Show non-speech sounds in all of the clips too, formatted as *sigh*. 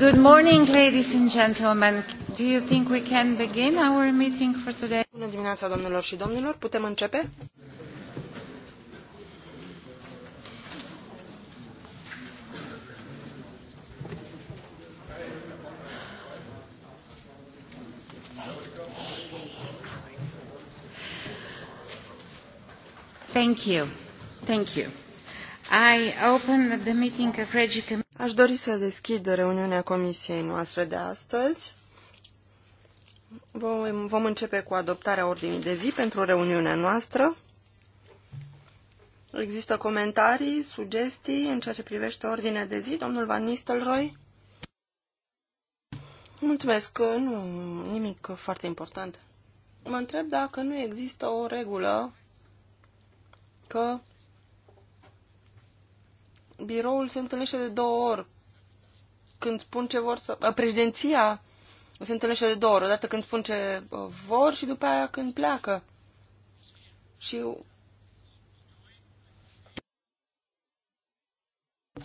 Good morning, ladies and gentlemen. Do you think we can begin our meeting for today? Bună dimineața, domnilor și domnilor. Putem începe? Thank you. Thank you. I open the meeting of Regi Committee. Aș dori să deschid reuniunea comisiei noastre de astăzi. Vom, vom începe cu adoptarea ordinii de zi pentru reuniunea noastră. Există comentarii, sugestii în ceea ce privește ordinea de zi? Domnul Van Nistelrooy? Mulțumesc, nu, nimic foarte important. Mă întreb dacă nu există o regulă că biroul se întâlnește de două ori când spun ce vor să... Președinția se întâlnește de două ori, odată când spun ce vor și după aia când pleacă. Și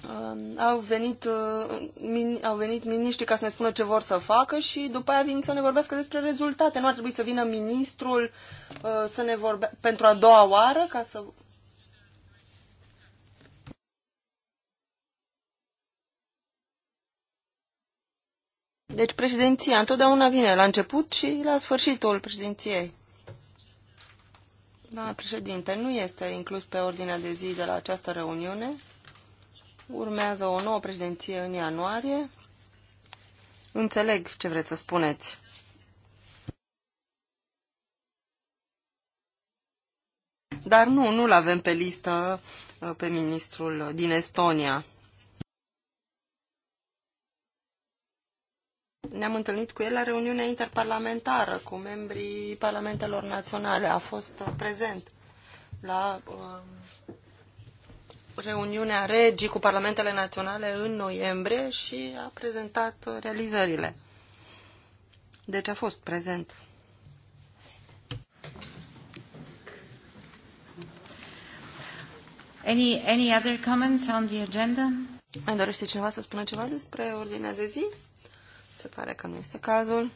Uh, au venit, uh, min, au venit miniștri ca să ne spună ce vor să facă și după aia vin să ne vorbească despre rezultate. Nu ar trebui să vină ministrul uh, să ne vorbe- pentru a doua oară ca să Deci președinția întotdeauna vine la început și la sfârșitul președinției. Doamna președinte, nu este inclus pe ordinea de zi de la această reuniune. Urmează o nouă președinție în ianuarie. Înțeleg ce vreți să spuneți. Dar nu, nu-l avem pe listă uh, pe ministrul din Estonia. ne-am întâlnit cu el la reuniunea interparlamentară cu membrii parlamentelor naționale. A fost uh, prezent la uh, reuniunea regii cu parlamentele naționale în noiembrie și a prezentat uh, realizările. Deci a fost prezent. Any, any other comments on the agenda? Mai dorește cineva să spună ceva despre ordinea de zi? Se pare că nu este cazul.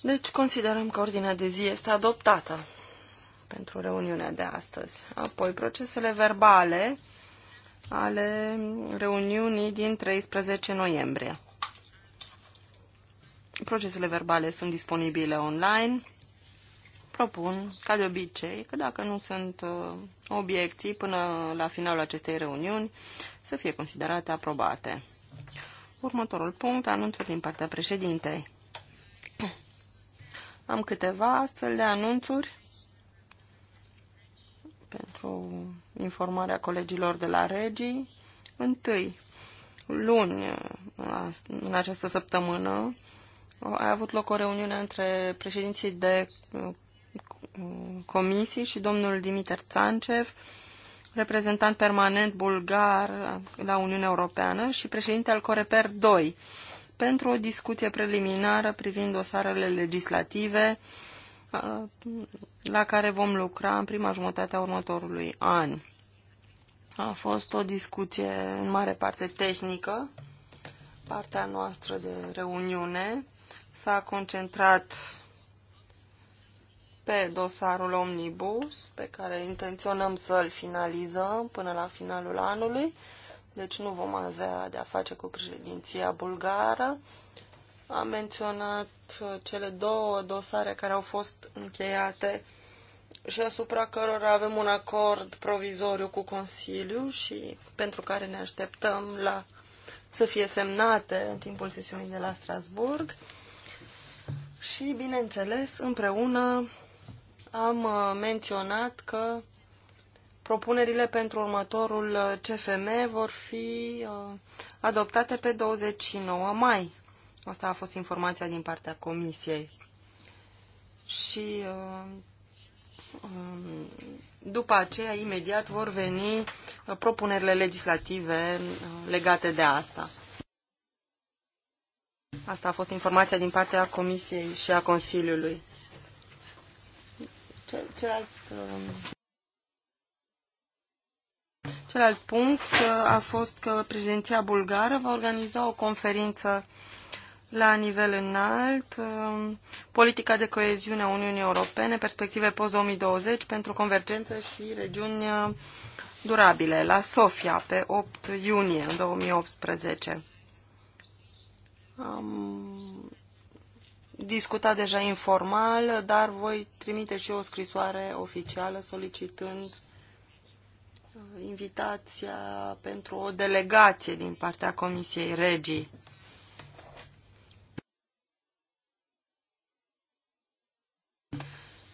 Deci considerăm că ordinea de zi este adoptată pentru reuniunea de astăzi. Apoi procesele verbale ale reuniunii din 13 noiembrie. Procesele verbale sunt disponibile online. Propun, ca de obicei, că dacă nu sunt uh, obiecții până la finalul acestei reuniuni, să fie considerate aprobate. Următorul punct, anunțuri din partea președintei. *clears throat* Am câteva astfel de anunțuri pentru informarea colegilor de la Regii. Întâi, luni, în această săptămână, a avut loc o reuniune între președinții de uh, comisii și domnul Dimitar Țancev, reprezentant permanent bulgar la Uniunea Europeană și președinte al Coreper 2 pentru o discuție preliminară privind dosarele legislative la care vom lucra în prima jumătate a următorului an. A fost o discuție în mare parte tehnică. Partea noastră de reuniune s-a concentrat pe dosarul Omnibus, pe care intenționăm să-l finalizăm până la finalul anului, deci nu vom avea de-a face cu președinția bulgară. Am menționat cele două dosare care au fost încheiate și asupra cărora avem un acord provizoriu cu Consiliu și pentru care ne așteptăm la să fie semnate în timpul sesiunii de la Strasburg și, bineînțeles, împreună am uh, menționat că propunerile pentru următorul uh, CFM vor fi uh, adoptate pe 29 mai. Asta a fost informația din partea Comisiei. Și um, după aceea, imediat, vor veni propunerile legislative legate de asta. Asta a fost informația din partea Comisiei și a Consiliului celălalt, um, celălalt punct uh, a fost că președinția bulgară va organiza o conferință la nivel înalt, um, politica de coeziune a Uniunii Europene, perspective post-2020 pentru convergență și regiuni uh, durabile, la Sofia, pe 8 iunie 2018 discutat deja informal, dar voi trimite și o scrisoare oficială solicitând uh, invitația pentru o delegație din partea Comisiei Regii.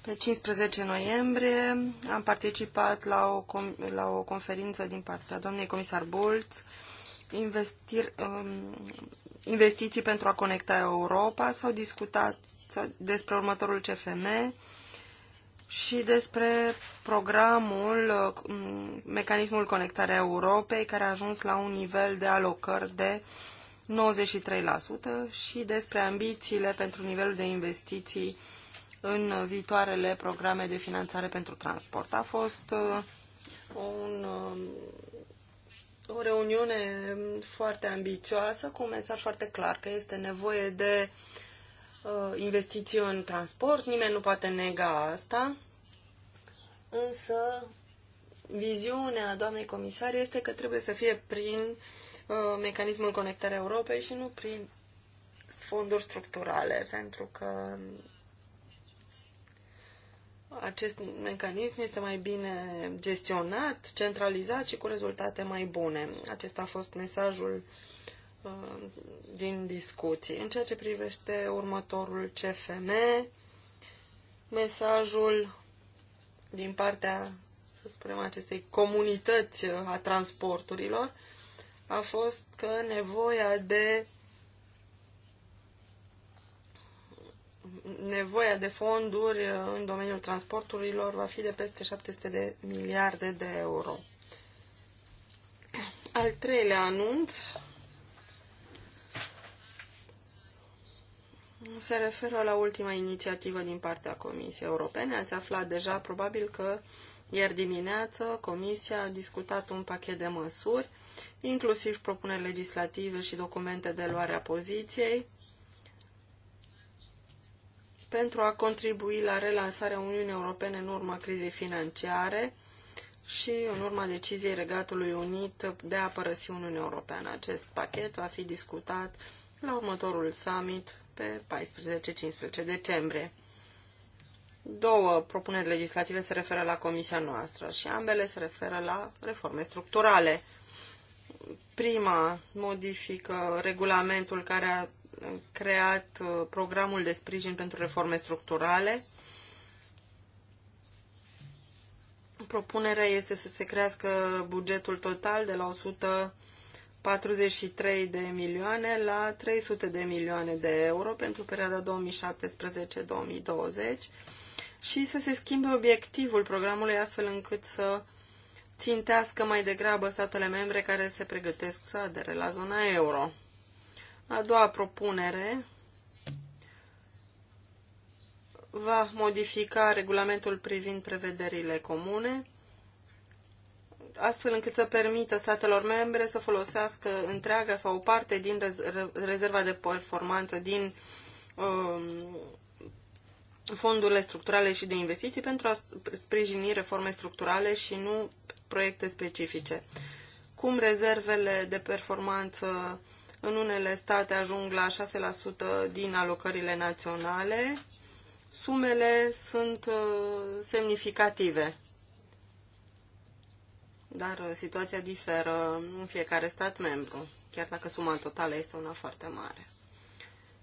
Pe 15 noiembrie am participat la o, com- la o conferință din partea doamnei comisar Bulț, investir, um, investiții pentru a conecta Europa, s-au discutat despre următorul CFM și despre programul, uh, mecanismul conectarea Europei, care a ajuns la un nivel de alocări de 93% și despre ambițiile pentru nivelul de investiții în viitoarele programe de finanțare pentru transport. A fost uh, uniune foarte ambițioasă cu un mesaj foarte clar că este nevoie de uh, investiții în transport, nimeni nu poate nega asta, însă viziunea doamnei comisar este că trebuie să fie prin uh, mecanismul conectării Europei și nu prin fonduri structurale, pentru că acest mecanism este mai bine gestionat, centralizat și cu rezultate mai bune. Acesta a fost mesajul uh, din discuții. În ceea ce privește următorul CFM, mesajul din partea, să spunem, acestei comunități a transporturilor a fost că nevoia de nevoia de fonduri uh, în domeniul transporturilor va fi de peste 700 de miliarde de euro. *clears throat* Al treilea anunț se referă la ultima inițiativă din partea Comisiei Europene. Ați aflat deja probabil că ieri dimineață Comisia a discutat un pachet de măsuri, inclusiv propuneri legislative și documente de luare a poziției pentru a contribui la relansarea Uniunii Europene în urma crizei financiare și în urma deciziei Regatului Unit de a părăsi Uniunea Europeană. Acest pachet va fi discutat la următorul summit pe 14-15 decembrie. Două propuneri legislative se referă la comisia noastră și ambele se referă la reforme structurale. Prima modifică regulamentul care a creat uh, programul de sprijin pentru reforme structurale. Propunerea este să se crească bugetul total de la 143 de milioane la 300 de milioane de euro pentru perioada 2017-2020 și să se schimbe obiectivul programului astfel încât să țintească mai degrabă statele membre care se pregătesc să adere la zona euro. A doua propunere va modifica regulamentul privind prevederile comune, astfel încât să permită statelor membre să folosească întreaga sau o parte din rezerva de performanță din um, fondurile structurale și de investiții pentru a sprijini reforme structurale și nu proiecte specifice. Cum rezervele de performanță în unele state ajung la 6% din alocările naționale. Sumele sunt uh, semnificative. Dar uh, situația diferă în fiecare stat membru, chiar dacă suma totală este una foarte mare.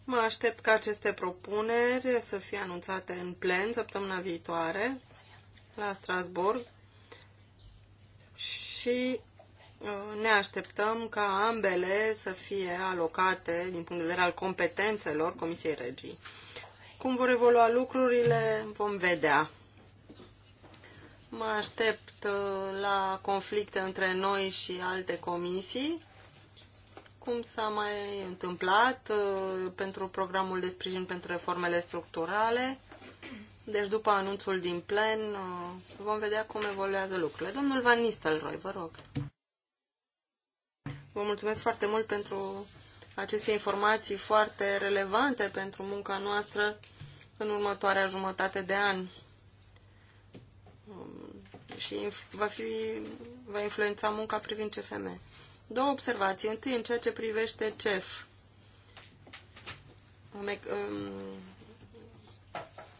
Mă aștept ca aceste propuneri să fie anunțate în plen săptămâna viitoare la Strasburg și ne așteptăm ca ambele să fie alocate din punct de vedere al competențelor Comisiei Regii. Cum vor evolua lucrurile, vom vedea. Mă aștept uh, la conflicte între noi și alte comisii, cum s-a mai întâmplat uh, pentru programul de sprijin pentru reformele structurale. Deci după anunțul din plen uh, vom vedea cum evoluează lucrurile. Domnul Van Nistelrooy, vă rog. Vă mulțumesc foarte mult pentru aceste informații foarte relevante pentru munca noastră în următoarea jumătate de an. Um, și va, fi, va influența munca privind CFM. Două observații. Întâi, în ceea ce privește CEF. Me um,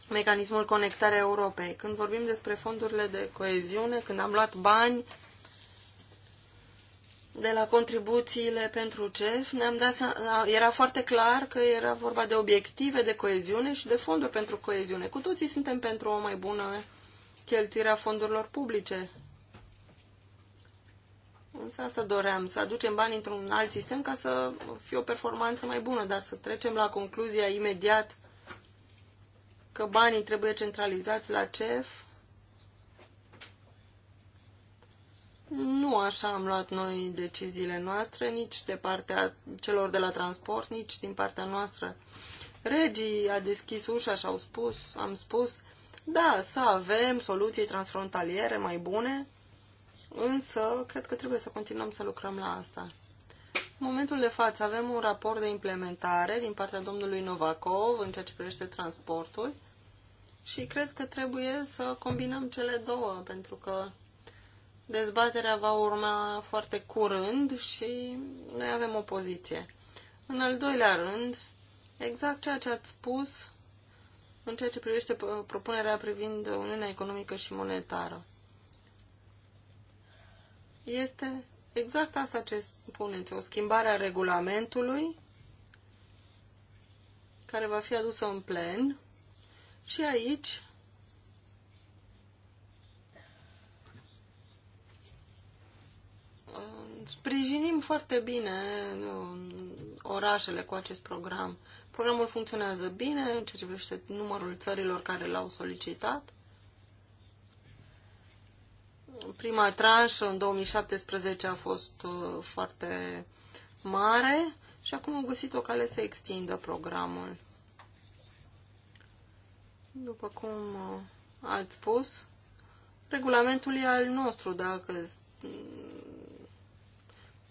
mecanismul conectarea Europei. Când vorbim despre fondurile de coeziune, când am luat bani de la contribuțiile pentru CEF, ne-am dat seama, era foarte clar că era vorba de obiective de coeziune și de fonduri pentru coeziune. Cu toții suntem pentru o mai bună cheltuire a fondurilor publice. Însă asta doream, să aducem bani într-un alt sistem ca să fie o performanță mai bună, dar să trecem la concluzia imediat că banii trebuie centralizați la CEF, Nu așa am luat noi deciziile noastre, nici de partea celor de la transport, nici din partea noastră. Regii a deschis ușa și au spus, am spus, da, să avem soluții transfrontaliere mai bune, însă cred că trebuie să continuăm să lucrăm la asta. În momentul de față avem un raport de implementare din partea domnului Novakov în ceea ce privește transportul și cred că trebuie să combinăm cele două, pentru că Dezbaterea va urma foarte curând și noi avem o poziție. În al doilea rând, exact ceea ce ați spus în ceea ce privește propunerea privind Uniunea Economică și Monetară. Este exact asta ce spuneți, o schimbare a regulamentului care va fi adusă în plen și aici sprijinim foarte bine orașele cu acest program. Programul funcționează bine în ceea ce privește numărul țărilor care l-au solicitat. Prima tranșă în 2017 a fost uh, foarte mare și acum au găsit o cale să extindă programul. După cum uh, ați spus, regulamentul e al nostru. Dacă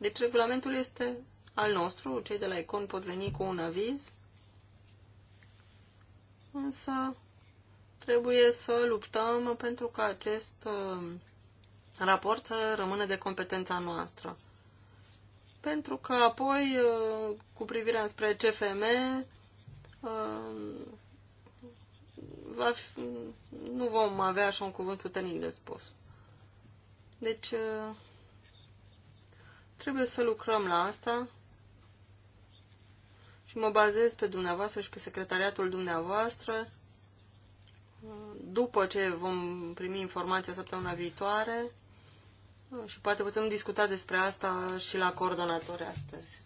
deci regulamentul este al nostru, cei de la Econ pot veni cu un aviz, însă trebuie să luptăm pentru ca acest uh, raport să rămână de competența noastră. Pentru că apoi, uh, cu privirea spre CFM, uh, va fi, nu vom avea așa un cuvânt puternic de spus. Deci, Trebuie să lucrăm la asta și mă bazez pe dumneavoastră și pe secretariatul dumneavoastră. După ce vom primi informația săptămâna viitoare și poate putem discuta despre asta și la coordonatori astăzi.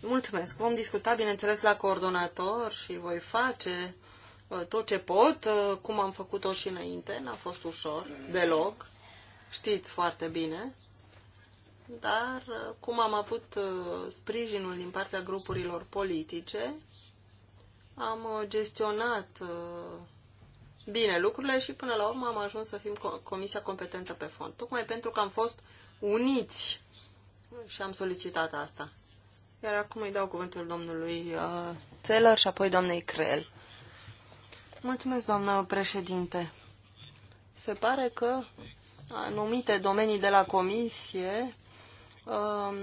Mulțumesc. Vom discuta, bineînțeles, la coordonator și voi face uh, tot ce pot, uh, cum am făcut-o și înainte. N-a fost ușor, deloc știți foarte bine, dar uh, cum am avut uh, sprijinul din partea grupurilor politice, am uh, gestionat bine lucrurile și până la urmă am ajuns să fim comisia competentă pe fond. Tocmai pentru că am fost uniți și am solicitat asta. Iar acum îi dau cuvântul domnului uh, Țelăr și apoi doamnei Creel. Mulțumesc, doamnă președinte. Se pare că anumite domenii de la comisie um,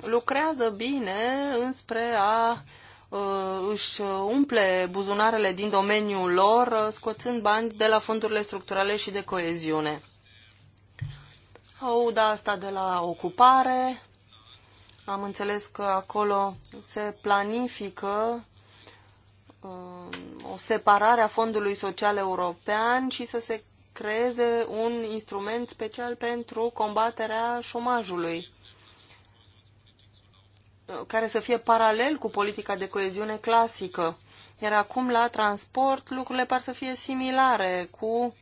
lucrează bine înspre a uh, își umple buzunarele din domeniul lor, uh, scoțând bani de la fondurile structurale și de coeziune. au da asta de la ocupare. Am înțeles că acolo se planifică um, o separare a Fondului Social European și să se creeze un instrument special pentru combaterea șomajului, care să fie paralel cu politica de coeziune clasică. Iar acum la transport lucrurile par să fie similare, cu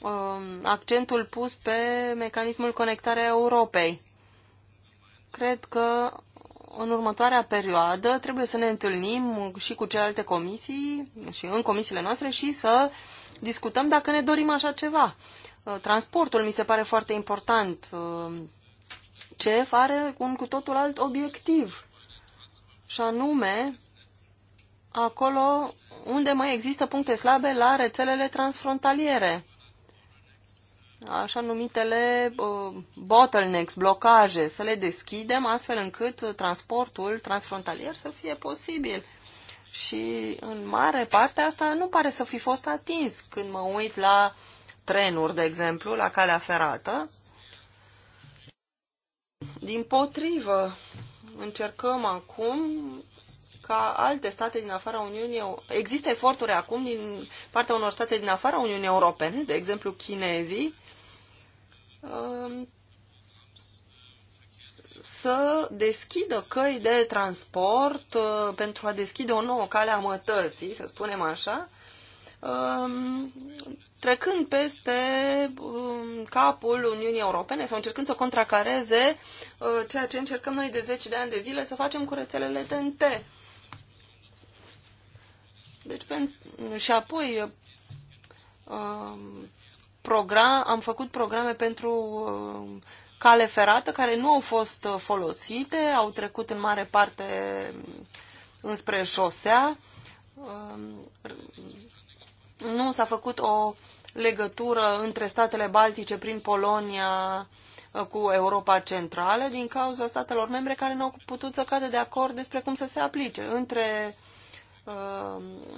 um, accentul pus pe mecanismul conectarea Europei. Cred că în următoarea perioadă trebuie să ne întâlnim și cu celelalte comisii și în comisiile noastre și să discutăm dacă ne dorim așa ceva. Uh, transportul mi se pare foarte important. Uh, CEF are un cu totul alt obiectiv și anume acolo unde mai există puncte slabe la rețelele transfrontaliere așa numitele uh, bottlenecks, blocaje, să le deschidem astfel încât transportul transfrontalier să fie posibil. Și în mare parte asta nu pare să fi fost atins. Când mă uit la trenuri, de exemplu, la calea ferată, din potrivă, încercăm acum ca alte state din afara Uniunii... Există eforturi acum din partea unor state din afara Uniunii Europene, de exemplu chinezii, Um, să deschidă căi de transport uh, pentru a deschide o nouă cale a mătăsii, să spunem așa, um, trecând peste um, capul Uniunii Europene sau încercând să contracareze uh, ceea ce încercăm noi de 10 de ani de zile să facem cu rețelele TNT. Deci, și apoi uh, program, am făcut programe pentru uh, cale ferată care nu au fost uh, folosite, au trecut în mare parte mm, înspre șosea. Um, nu s-a făcut o legătură între statele baltice prin Polonia uh, cu Europa Centrală din cauza statelor membre care nu au putut să cadă de acord despre cum să se aplice. Între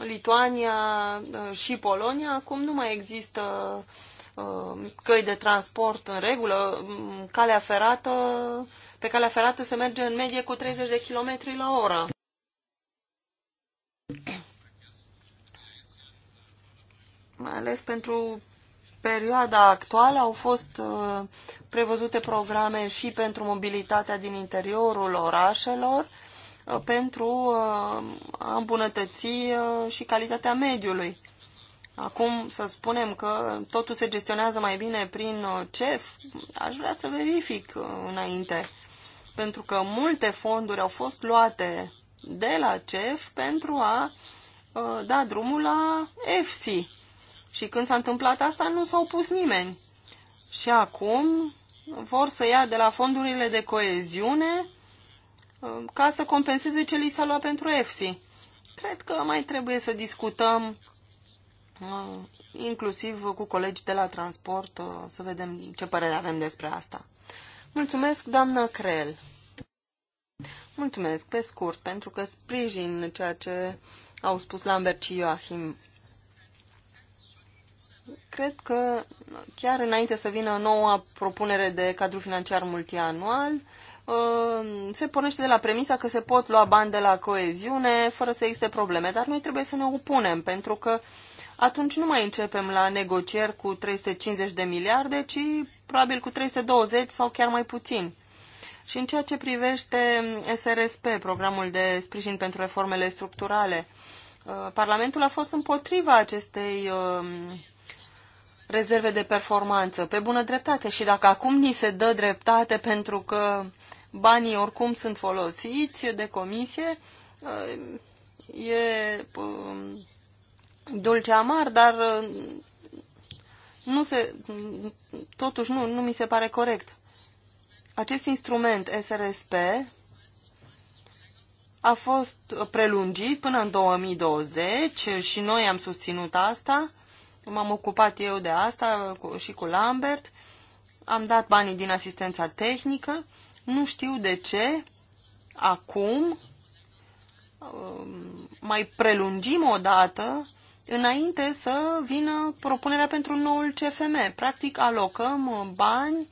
Lituania și Polonia acum nu mai există uh, Uh, căi de transport în regulă, mm, calea ferată, pe calea ferată se merge în medie cu 30 de km la oră. *clears throat* Mai ales pentru perioada actuală au fost uh, prevăzute programe și pentru mobilitatea din interiorul orașelor, uh, pentru a îmbunătăți și calitatea mediului Acum să spunem că totul se gestionează mai bine prin uh, CEF, aș vrea să verific uh, înainte. Pentru că multe fonduri au fost luate de la CEF pentru a uh, da drumul la FC. Și când s-a întâmplat asta, nu s-a opus nimeni. Și acum vor să ia de la fondurile de coeziune ca să compenseze ce li s-a luat pentru EFSI. Cred că mai trebuie să discutăm Uh, inclusiv cu colegi de la transport, uh, să vedem ce părere avem despre asta. Mulțumesc, doamnă Creel. Mulțumesc, pe scurt, pentru că sprijin ceea ce au spus Lambert și Joachim. Cred că chiar înainte să vină noua propunere de cadru financiar multianual, uh, se pornește de la premisa că se pot lua bani de la coeziune fără să existe probleme, dar noi trebuie să ne opunem, pentru că atunci nu mai începem la negocieri cu 350 de miliarde, ci probabil cu 320 sau chiar mai puțin. Și în ceea ce privește SRSP, programul de sprijin pentru reformele structurale, uh, Parlamentul a fost împotriva acestei um, rezerve de performanță, pe bună dreptate. Și dacă acum ni se dă dreptate pentru că banii oricum sunt folosiți de comisie, uh, e um, dulce-amar, dar uh, nu se, totuși nu, nu mi se pare corect. Acest instrument SRSP a fost prelungit până în 2020 și noi am susținut asta. M-am ocupat eu de asta și cu Lambert. Am dat banii din asistența tehnică. Nu știu de ce acum um, mai prelungim o dată înainte să vină propunerea pentru noul CFM. Practic alocăm bani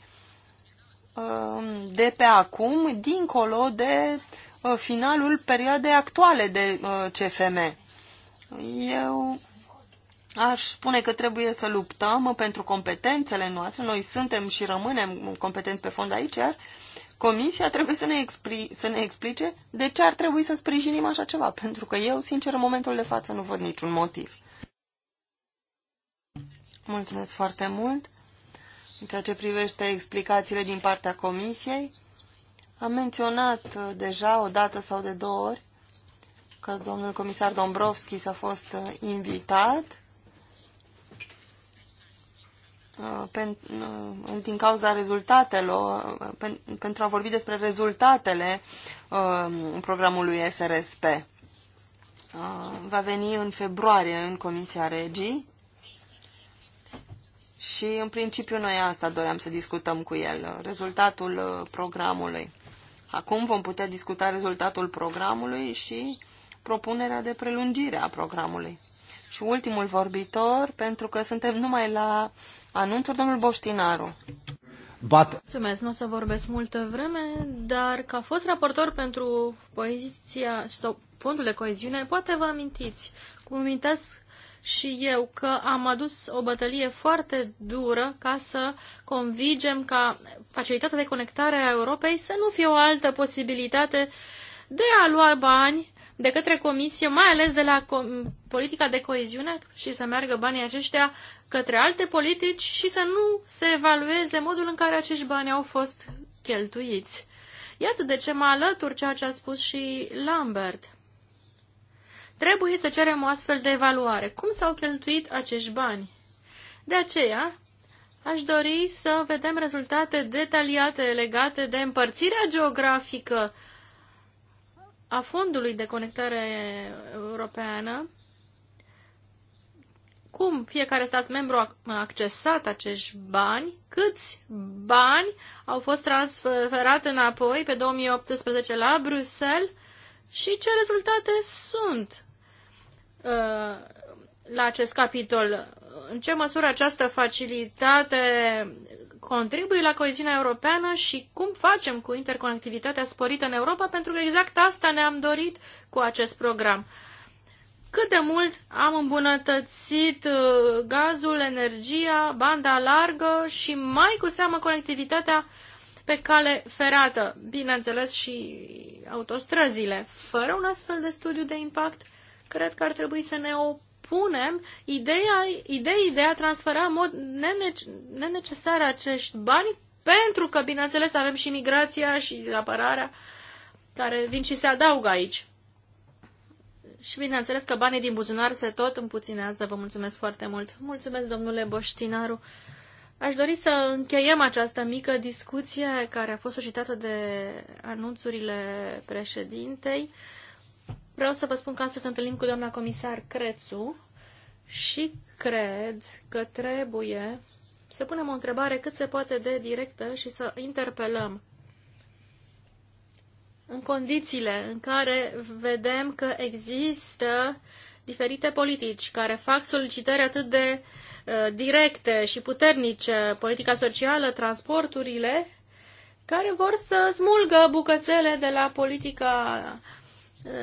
um, de pe acum, dincolo de uh, finalul perioadei actuale de uh, CFM. Eu aș spune că trebuie să luptăm pentru competențele noastre. Noi suntem și rămânem competenți pe fond aici, iar Comisia trebuie să ne, expri, să ne explice de ce ar trebui să sprijinim așa ceva, pentru că eu, sincer, în momentul de față nu văd niciun motiv. Mulțumesc foarte mult. În ceea ce privește explicațiile din partea Comisiei, am menționat uh, deja o dată sau de două ori că domnul comisar Dombrovski s-a fost uh, invitat uh, din cauza rezultatelor, pentru a vorbi despre rezultatele programului SRSP. Va veni în februarie în Comisia Regii și în principiu noi asta doream să discutăm cu el, rezultatul uh, programului. Acum vom putea discuta rezultatul programului și propunerea de prelungire a programului. Și ultimul vorbitor, pentru că suntem numai la anunțuri, domnul Boștinaru. But... Mulțumesc, nu o să vorbesc multă vreme, dar ca fost raportor pentru poziția, stop, fondul de coeziune, poate vă amintiți cum amintesc și eu că am adus o bătălie foarte dură ca să convingem ca facilitatea de conectare a Europei să nu fie o altă posibilitate de a lua bani de către Comisie, mai ales de la politica de coeziune și să meargă banii aceștia către alte politici și să nu se evalueze modul în care acești bani au fost cheltuiți. Iată de ce mă alătur ceea ce a spus și Lambert. Trebuie să cerem o astfel de evaluare. Cum s-au cheltuit acești bani? De aceea, aș dori să vedem rezultate detaliate legate de împărțirea geografică a fondului de conectare europeană, cum fiecare stat membru a accesat acești bani, câți bani au fost transferate înapoi pe 2018 la Bruxelles și ce rezultate sunt Uh, la acest capitol. În ce măsură această facilitate contribuie la coeziunea europeană și cum facem cu interconectivitatea sporită în Europa, pentru că exact asta ne-am dorit cu acest program. Cât de mult am îmbunătățit uh, gazul, energia, banda largă și mai cu seamă conectivitatea pe cale ferată, bineînțeles și autostrăzile, fără un astfel de studiu de impact? cred că ar trebui să ne opunem ideea, ideii de a transfera în mod nenece- nenecesar acești bani, pentru că, bineînțeles, avem și migrația și apărarea care vin și se adaugă aici. Și bineînțeles că banii din buzunar se tot împuținează. Vă mulțumesc foarte mult. Mulțumesc, domnule Boștinaru. Aș dori să încheiem această mică discuție care a fost suscitată de anunțurile președintei. Vreau să vă spun că astăzi ne întâlnim cu doamna comisar Crețu și cred că trebuie să punem o întrebare cât se poate de directă și să interpelăm în condițiile în care vedem că există diferite politici care fac solicitări atât de uh, directe și puternice, politica socială, transporturile, care vor să smulgă bucățele de la politica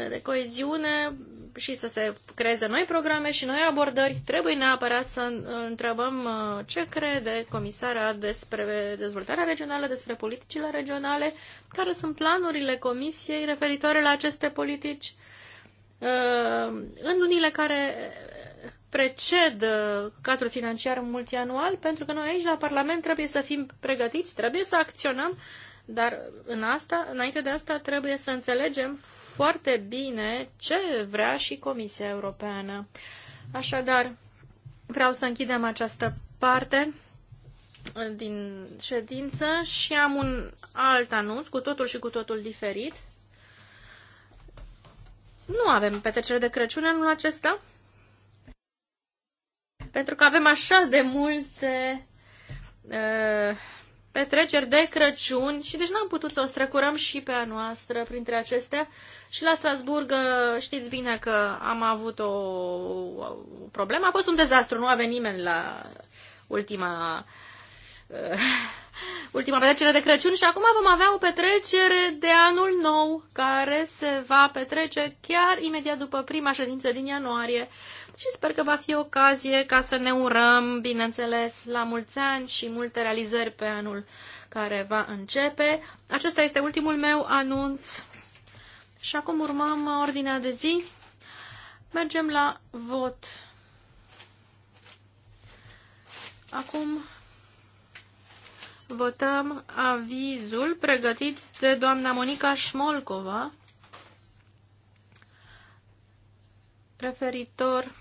de coeziune și să se creeze noi programe și noi abordări, trebuie neapărat să întrebăm uh, ce crede comisara despre dezvoltarea regională, despre politicile regionale, care sunt planurile comisiei referitoare la aceste politici uh, în lunile care preced uh, cadrul financiar multianual, pentru că noi aici la Parlament trebuie să fim pregătiți, trebuie să acționăm, dar în asta, înainte de asta trebuie să înțelegem foarte bine ce vrea și Comisia Europeană. Așadar, vreau să închidem această parte din ședință și am un alt anunț, cu totul și cu totul diferit. Nu avem petrecere de Crăciun anul acesta, pentru că avem așa de multe uh, petreceri de Crăciun și deci n-am putut să o strecurăm și pe a noastră printre acestea. Și la Strasburg uh, știți bine că am avut o, o problemă. A fost un dezastru, nu a venit nimeni la ultima uh, *laughs* ultima petrecere de Crăciun și acum vom avea o petrecere de anul nou care se va petrece chiar imediat după prima ședință din ianuarie. Uh, și sper că va fi ocazie ca să ne urăm, bineînțeles, la mulți ani și multe realizări pe anul care va începe. Acesta este ultimul meu anunț. Și acum urmăm ordinea de zi. Mergem la vot. Acum votăm avizul pregătit de doamna Monica Șmolcova referitor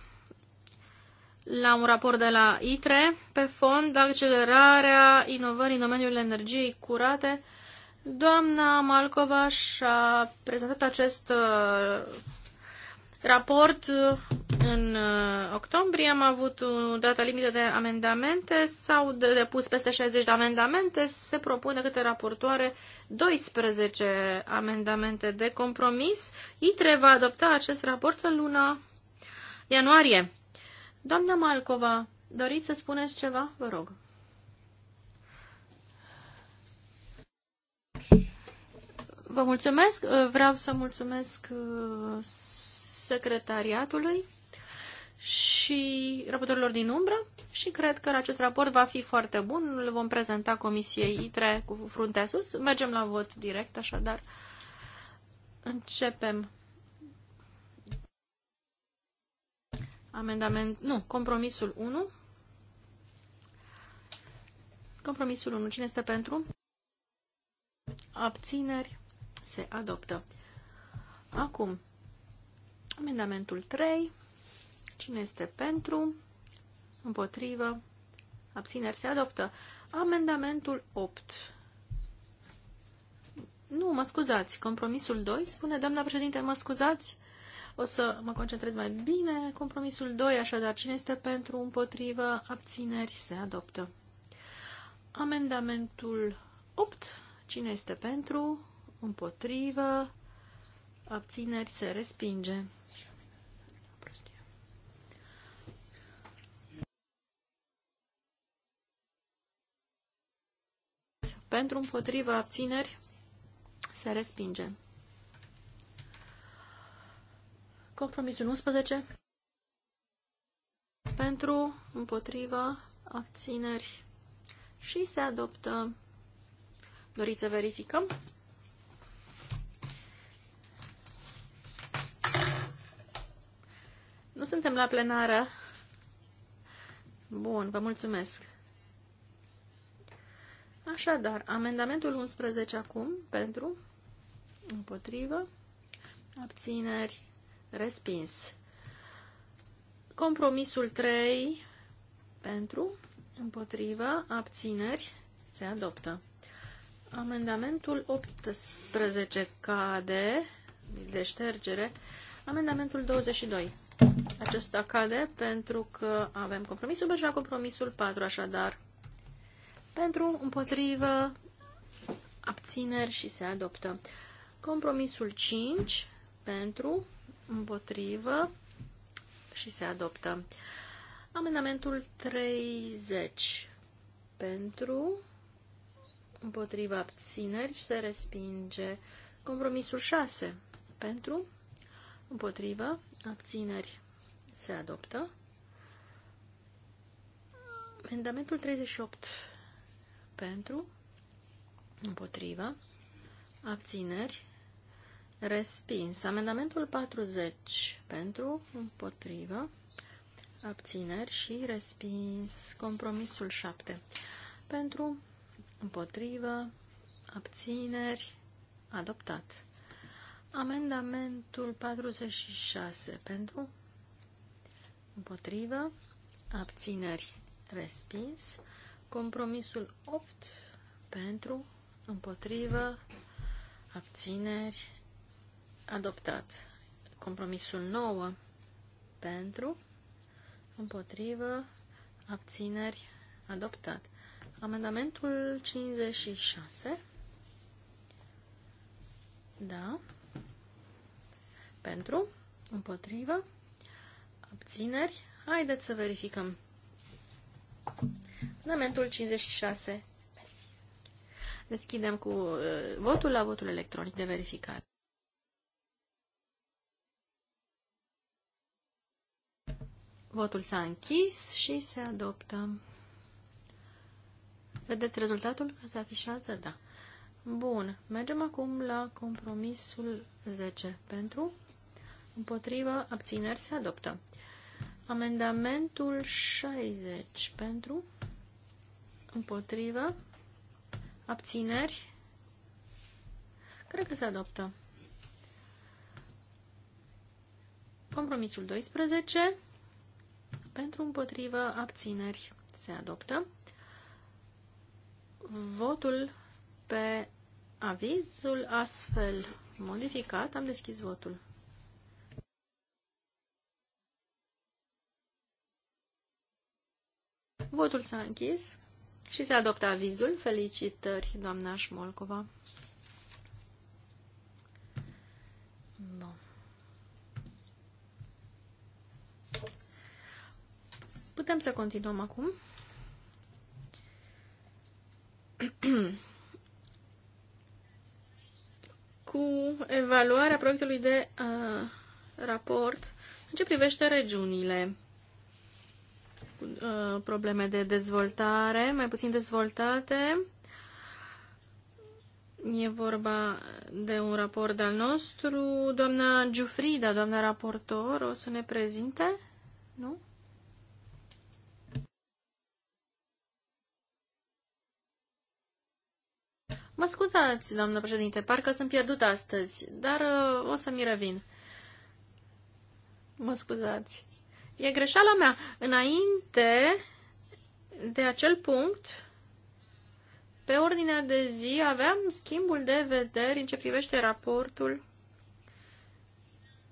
la un raport de la ITRE pe fond accelerarea inovării în domeniul energiei curate. Doamna Malcova și-a prezentat acest uh, raport uh, în uh, octombrie. Am avut o dată limită de amendamente, s-au depus peste 60 de amendamente, se propune câte raportoare 12 amendamente de compromis. ITRE va adopta acest raport în luna ianuarie. Doamna Malcova, doriți să spuneți ceva? Vă rog. Vă mulțumesc. Vreau să mulțumesc uh, secretariatului și raportorilor din umbră și cred că acest raport va fi foarte bun. Îl vom prezenta Comisiei ITRE cu fruntea sus. Mergem la vot direct, așadar. Începem Amendament, nu, compromisul 1. Compromisul 1. Cine este pentru? Abțineri. Se adoptă. Acum, amendamentul 3. Cine este pentru? Împotrivă. Abțineri. Se adoptă. Amendamentul 8. Nu, mă scuzați. Compromisul 2 spune, doamna președinte, mă scuzați. O să mă concentrez mai bine. Compromisul 2, așadar, cine este pentru, împotrivă, abțineri, se adoptă. Amendamentul 8, cine este pentru, împotrivă, abțineri, se respinge. Pentru împotrivă abțineri se respinge. Compromisul 11. Pentru, împotriva, abțineri și se adoptă. Doriți să verificăm? Nu suntem la plenară. Bun, vă mulțumesc. Așadar, amendamentul 11 acum, pentru, împotrivă, abțineri, Respins. Compromisul 3 pentru, împotrivă, abțineri, se adoptă. Amendamentul 18 cade de ștergere. Amendamentul 22. Acesta cade pentru că avem compromisul deja. compromisul 4, așadar. Pentru, împotrivă, abțineri și se adoptă. Compromisul 5 pentru, împotrivă și se adoptă. Amendamentul 30 pentru, împotriva abțineri se respinge. Compromisul 6 pentru, împotriva abțineri se adoptă. Amendamentul 38 pentru, împotriva abțineri Respins. Amendamentul 40 pentru, împotrivă, abțineri și respins. Compromisul 7 pentru, împotrivă, abțineri, adoptat. Amendamentul 46 pentru, împotrivă, abțineri, respins. Compromisul 8 pentru, împotrivă, abțineri, adoptat. Compromisul 9 pentru, împotrivă, abțineri, adoptat. Amendamentul 56, da, pentru, împotrivă, abțineri. Haideți să verificăm. Amendamentul 56. Deschidem cu uh, votul la votul electronic de verificare. Votul s-a închis și se adoptă. Vedeți rezultatul că se afișează? Da. Bun. Mergem acum la compromisul 10. Pentru, împotrivă, abțineri se adoptă. Amendamentul 60. Pentru, împotrivă, abțineri, cred că se adoptă. Compromisul 12 pentru împotrivă abțineri se adoptă. Votul pe avizul astfel modificat. Am deschis votul. Votul s-a închis și se adoptă avizul. Felicitări, doamna Șmolcova. Bun. Putem să continuăm acum. *clears throat* cu evaluarea proiectului de uh, raport în ce privește regiunile cu uh, probleme de dezvoltare, mai puțin dezvoltate. E vorba de un raport al nostru. Doamna Giufrida, doamna raportor, o să ne prezinte, nu? Mă scuzați, doamnă președinte, parcă sunt pierdut astăzi, dar uh, o să mi revin. Mă scuzați. E greșeala mea. Înainte de acel punct, pe ordinea de zi aveam schimbul de vederi în ce privește raportul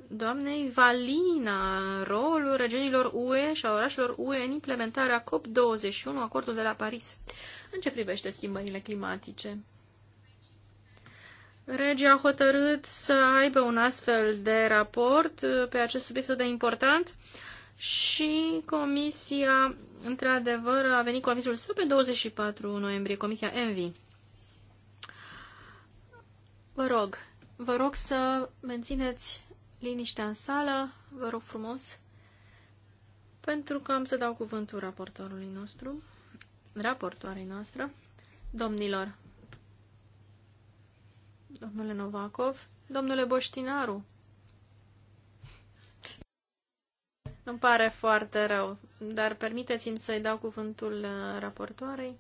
doamnei Valina, rolul regiunilor UE și a orașelor UE în implementarea COP21, acordul de la Paris, în ce privește schimbările climatice. Regia a hotărât să aibă un astfel de raport uh, pe acest subiect de important și comisia, într-adevăr, a venit cu avizul său pe 24 noiembrie, comisia Envi. Vă rog, vă rog să mențineți liniștea în sală, vă rog frumos, pentru că am să dau cuvântul raportorului nostru, raportoarei noastră, domnilor domnule Novakov. Domnule Boștinaru, îmi pare foarte rău, dar permiteți-mi să-i dau cuvântul uh, raportoarei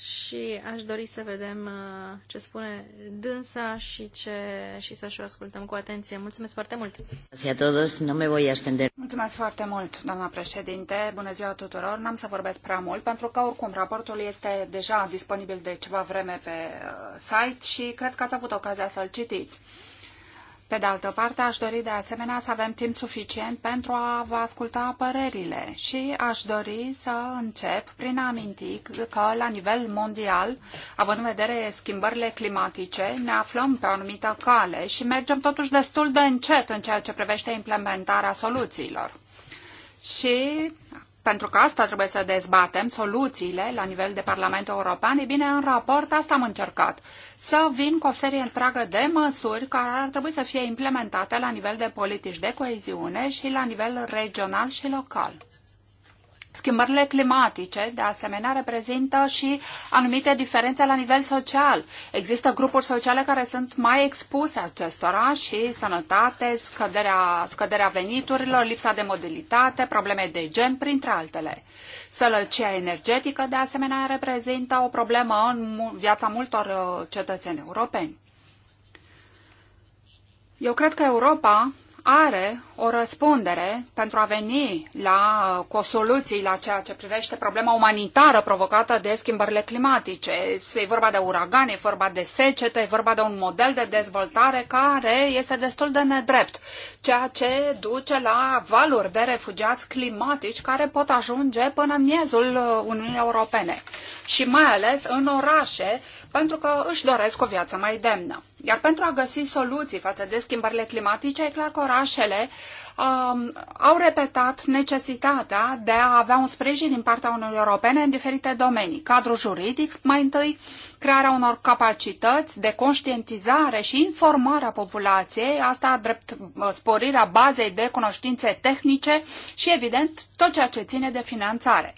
și aș dori să vedem uh, ce spune dânsa și, ce, și să-și o ascultăm cu atenție. Mulțumesc foarte mult! Mulțumesc foarte mult, doamna președinte! Bună ziua tuturor! N-am să vorbesc prea mult, pentru că oricum raportul este deja disponibil de ceva vreme pe uh, site și cred că ați avut ocazia să-l citiți. Pe de altă parte, aș dori de asemenea să avem timp suficient pentru a vă asculta părerile și aș dori să încep prin a aminti că la nivel mondial, având în vedere schimbările climatice, ne aflăm pe o anumită cale și mergem totuși destul de încet în ceea ce privește implementarea soluțiilor. Și pentru că asta trebuie să dezbatem, soluțiile la nivel de Parlament European, e bine, în raport asta am încercat. Să vin cu o serie întreagă de măsuri care ar trebui să fie implementate la nivel de politici de coeziune și la nivel regional și local. Schimbările climatice, de asemenea, reprezintă și anumite diferențe la nivel social. Există grupuri sociale care sunt mai expuse acestora și sănătate, scăderea, scăderea veniturilor, lipsa de modalitate, probleme de gen, printre altele. Sălăcia energetică, de asemenea, reprezintă o problemă în viața multor uh, cetățeni europeni. Eu cred că Europa are o răspundere pentru a veni la, uh, cu o soluție la ceea ce privește problema umanitară provocată de schimbările climatice. E vorba de uragane, e vorba de secete, e vorba de un model de dezvoltare care este destul de nedrept, ceea ce duce la valuri de refugiați climatici care pot ajunge până în miezul uh, Uniunii Europene și mai ales în orașe, pentru că își doresc o viață mai demnă. Iar pentru a găsi soluții față de schimbările climatice, e clar că orașele Um, au repetat necesitatea de a avea un sprijin din partea Uniunii Europene în diferite domenii. cadru juridic, mai întâi, crearea unor capacități de conștientizare și informare a populației, asta drept uh, sporirea bazei de cunoștințe tehnice și, evident, tot ceea ce ține de finanțare.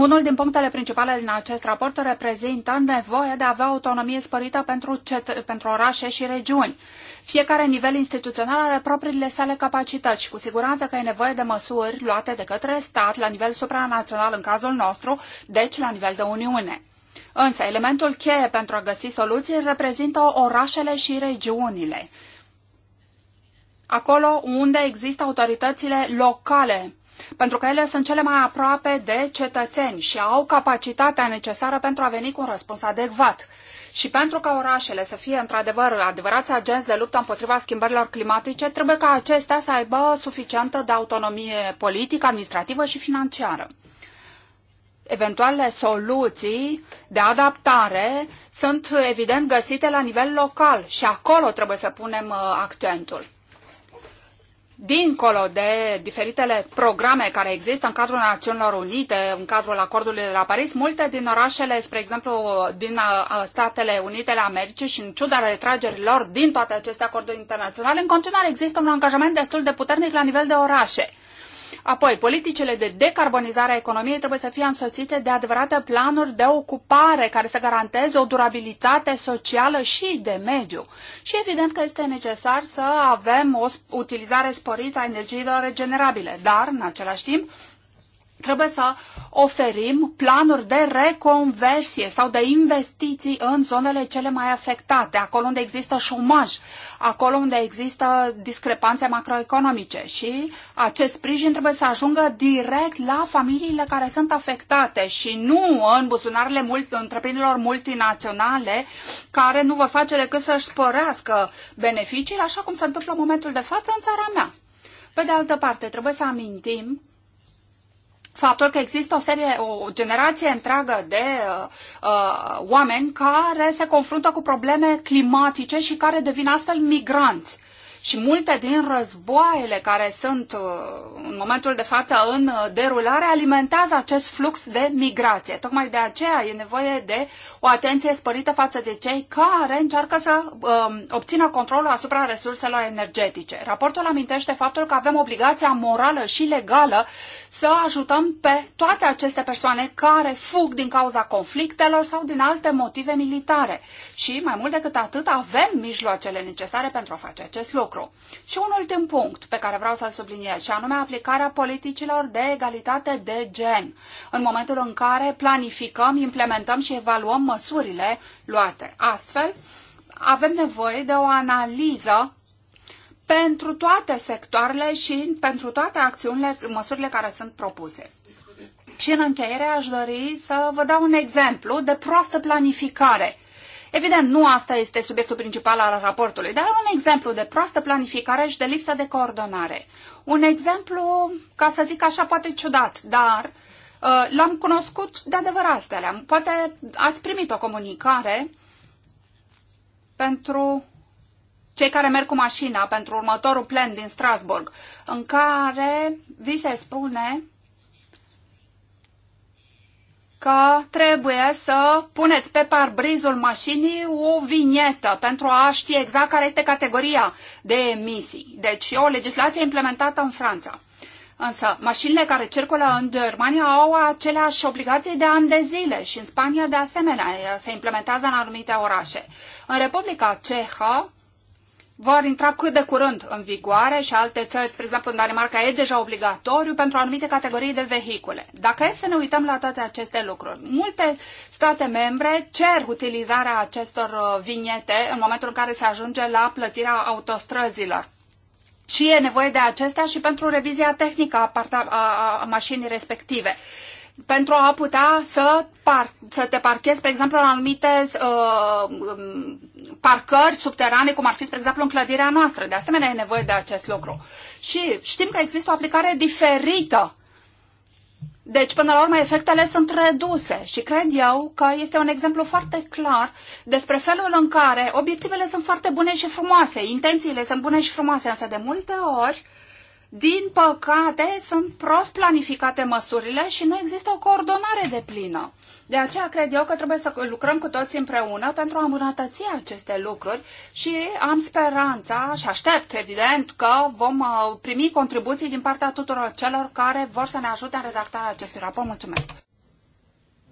Unul din punctele principale din acest raport reprezintă nevoia de a avea autonomie sporită pentru, pentru orașe și regiuni. Fiecare nivel instituțional are propriile sale capacități și cu siguranță că e nevoie de măsuri luate de către stat la nivel supranațional în cazul nostru, deci la nivel de Uniune. Însă, elementul cheie pentru a găsi soluții reprezintă orașele și regiunile. Acolo unde există autoritățile locale pentru că ele sunt cele mai aproape de cetățeni și au capacitatea necesară pentru a veni cu un răspuns adecvat. Și pentru ca orașele să fie într-adevăr adevărați agenți de luptă împotriva schimbărilor climatice, trebuie ca acestea să aibă suficientă de autonomie politică, administrativă și financiară eventuale soluții de adaptare sunt evident găsite la nivel local și acolo trebuie să punem uh, accentul dincolo de diferitele programe care există în cadrul Națiunilor Unite, în cadrul acordului de la Paris, multe din orașele, spre exemplu, din uh, Statele Unite ale Americii și în ciuda retragerilor din toate aceste acorduri internaționale, în continuare există un angajament destul de puternic la nivel de orașe. Apoi, politicile de decarbonizare a economiei trebuie să fie însoțite de adevărate planuri de ocupare care să garanteze o durabilitate socială și de mediu. Și evident că este necesar să avem o utilizare sporită a energiilor regenerabile, dar, în același timp, trebuie să oferim planuri de reconversie sau de investiții în zonele cele mai afectate, acolo unde există șomaj, acolo unde există discrepanțe macroeconomice și acest sprijin trebuie să ajungă direct la familiile care sunt afectate și nu în buzunarele mult, întreprinderilor multinaționale care nu vor face decât să-și spărească beneficiile, așa cum se întâmplă în momentul de față în țara mea. Pe de altă parte, trebuie să amintim faptul că există o serie, o generație întreagă de uh, uh, oameni care se confruntă cu probleme climatice și care devin astfel migranți și multe din războaiele care sunt uh, în momentul de față în uh, derulare alimentează acest flux de migrație. Tocmai de aceea e nevoie de o atenție sporită față de cei care încearcă să um, obțină controlul asupra resurselor energetice. Raportul amintește faptul că avem obligația morală și legală să ajutăm pe toate aceste persoane care fug din cauza conflictelor sau din alte motive militare. Și mai mult decât atât avem mijloacele necesare pentru a face acest lucru lucru. Și un ultim punct pe care vreau să-l subliniez, și anume aplicarea politicilor de egalitate de gen, în momentul în care planificăm, implementăm și evaluăm măsurile luate. Astfel, avem nevoie de o analiză pentru toate sectoarele și pentru toate acțiunile, măsurile care sunt propuse. Și în încheiere aș dori să vă dau un exemplu de proastă planificare Evident, nu asta este subiectul principal al raportului, dar un exemplu de proastă planificare și de lipsă de coordonare. Un exemplu, ca să zic așa, poate ciudat, dar uh, l-am cunoscut de adevărat de alea. Poate ați primit o comunicare pentru cei care merg cu mașina pentru următorul plen din Strasburg, în care vi se spune că trebuie să puneți pe parbrizul mașinii o vinietă pentru a ști exact care este categoria de emisii. Deci e o legislație implementată în Franța. Însă, mașinile care circulă în Germania au aceleași obligații de ani de zile și în Spania de asemenea se implementează în anumite orașe. În Republica Cehă, vor intra cât de curând în vigoare și alte țări, spre exemplu în Danemarca, e deja obligatoriu pentru anumite categorii de vehicule. Dacă e să ne uităm la toate aceste lucruri, multe state membre cer utilizarea acestor uh, vignete în momentul în care se ajunge la plătirea autostrăzilor. Și e nevoie de acestea și pentru revizia tehnică a, parta, a, a mașinii respective pentru a putea să, par, să te parchezi, spre exemplu, în anumite uh, um, parcări subterane, cum ar fi, spre exemplu, în clădirea noastră. De asemenea, e nevoie de acest lucru. Și știm că există o aplicare diferită. Deci, până la urmă, efectele sunt reduse și cred eu că este un exemplu foarte clar despre felul în care obiectivele sunt foarte bune și frumoase, intențiile sunt bune și frumoase, însă de multe ori uh, din păcate, sunt prost planificate măsurile și nu există o coordonare de plină. De aceea cred eu că trebuie să lucrăm cu toți împreună pentru a îmbunătăți aceste lucruri și am speranța și aștept, evident, că vom uh, primi contribuții din partea tuturor celor care vor să ne ajute în redactarea acestui raport. Mulțumesc!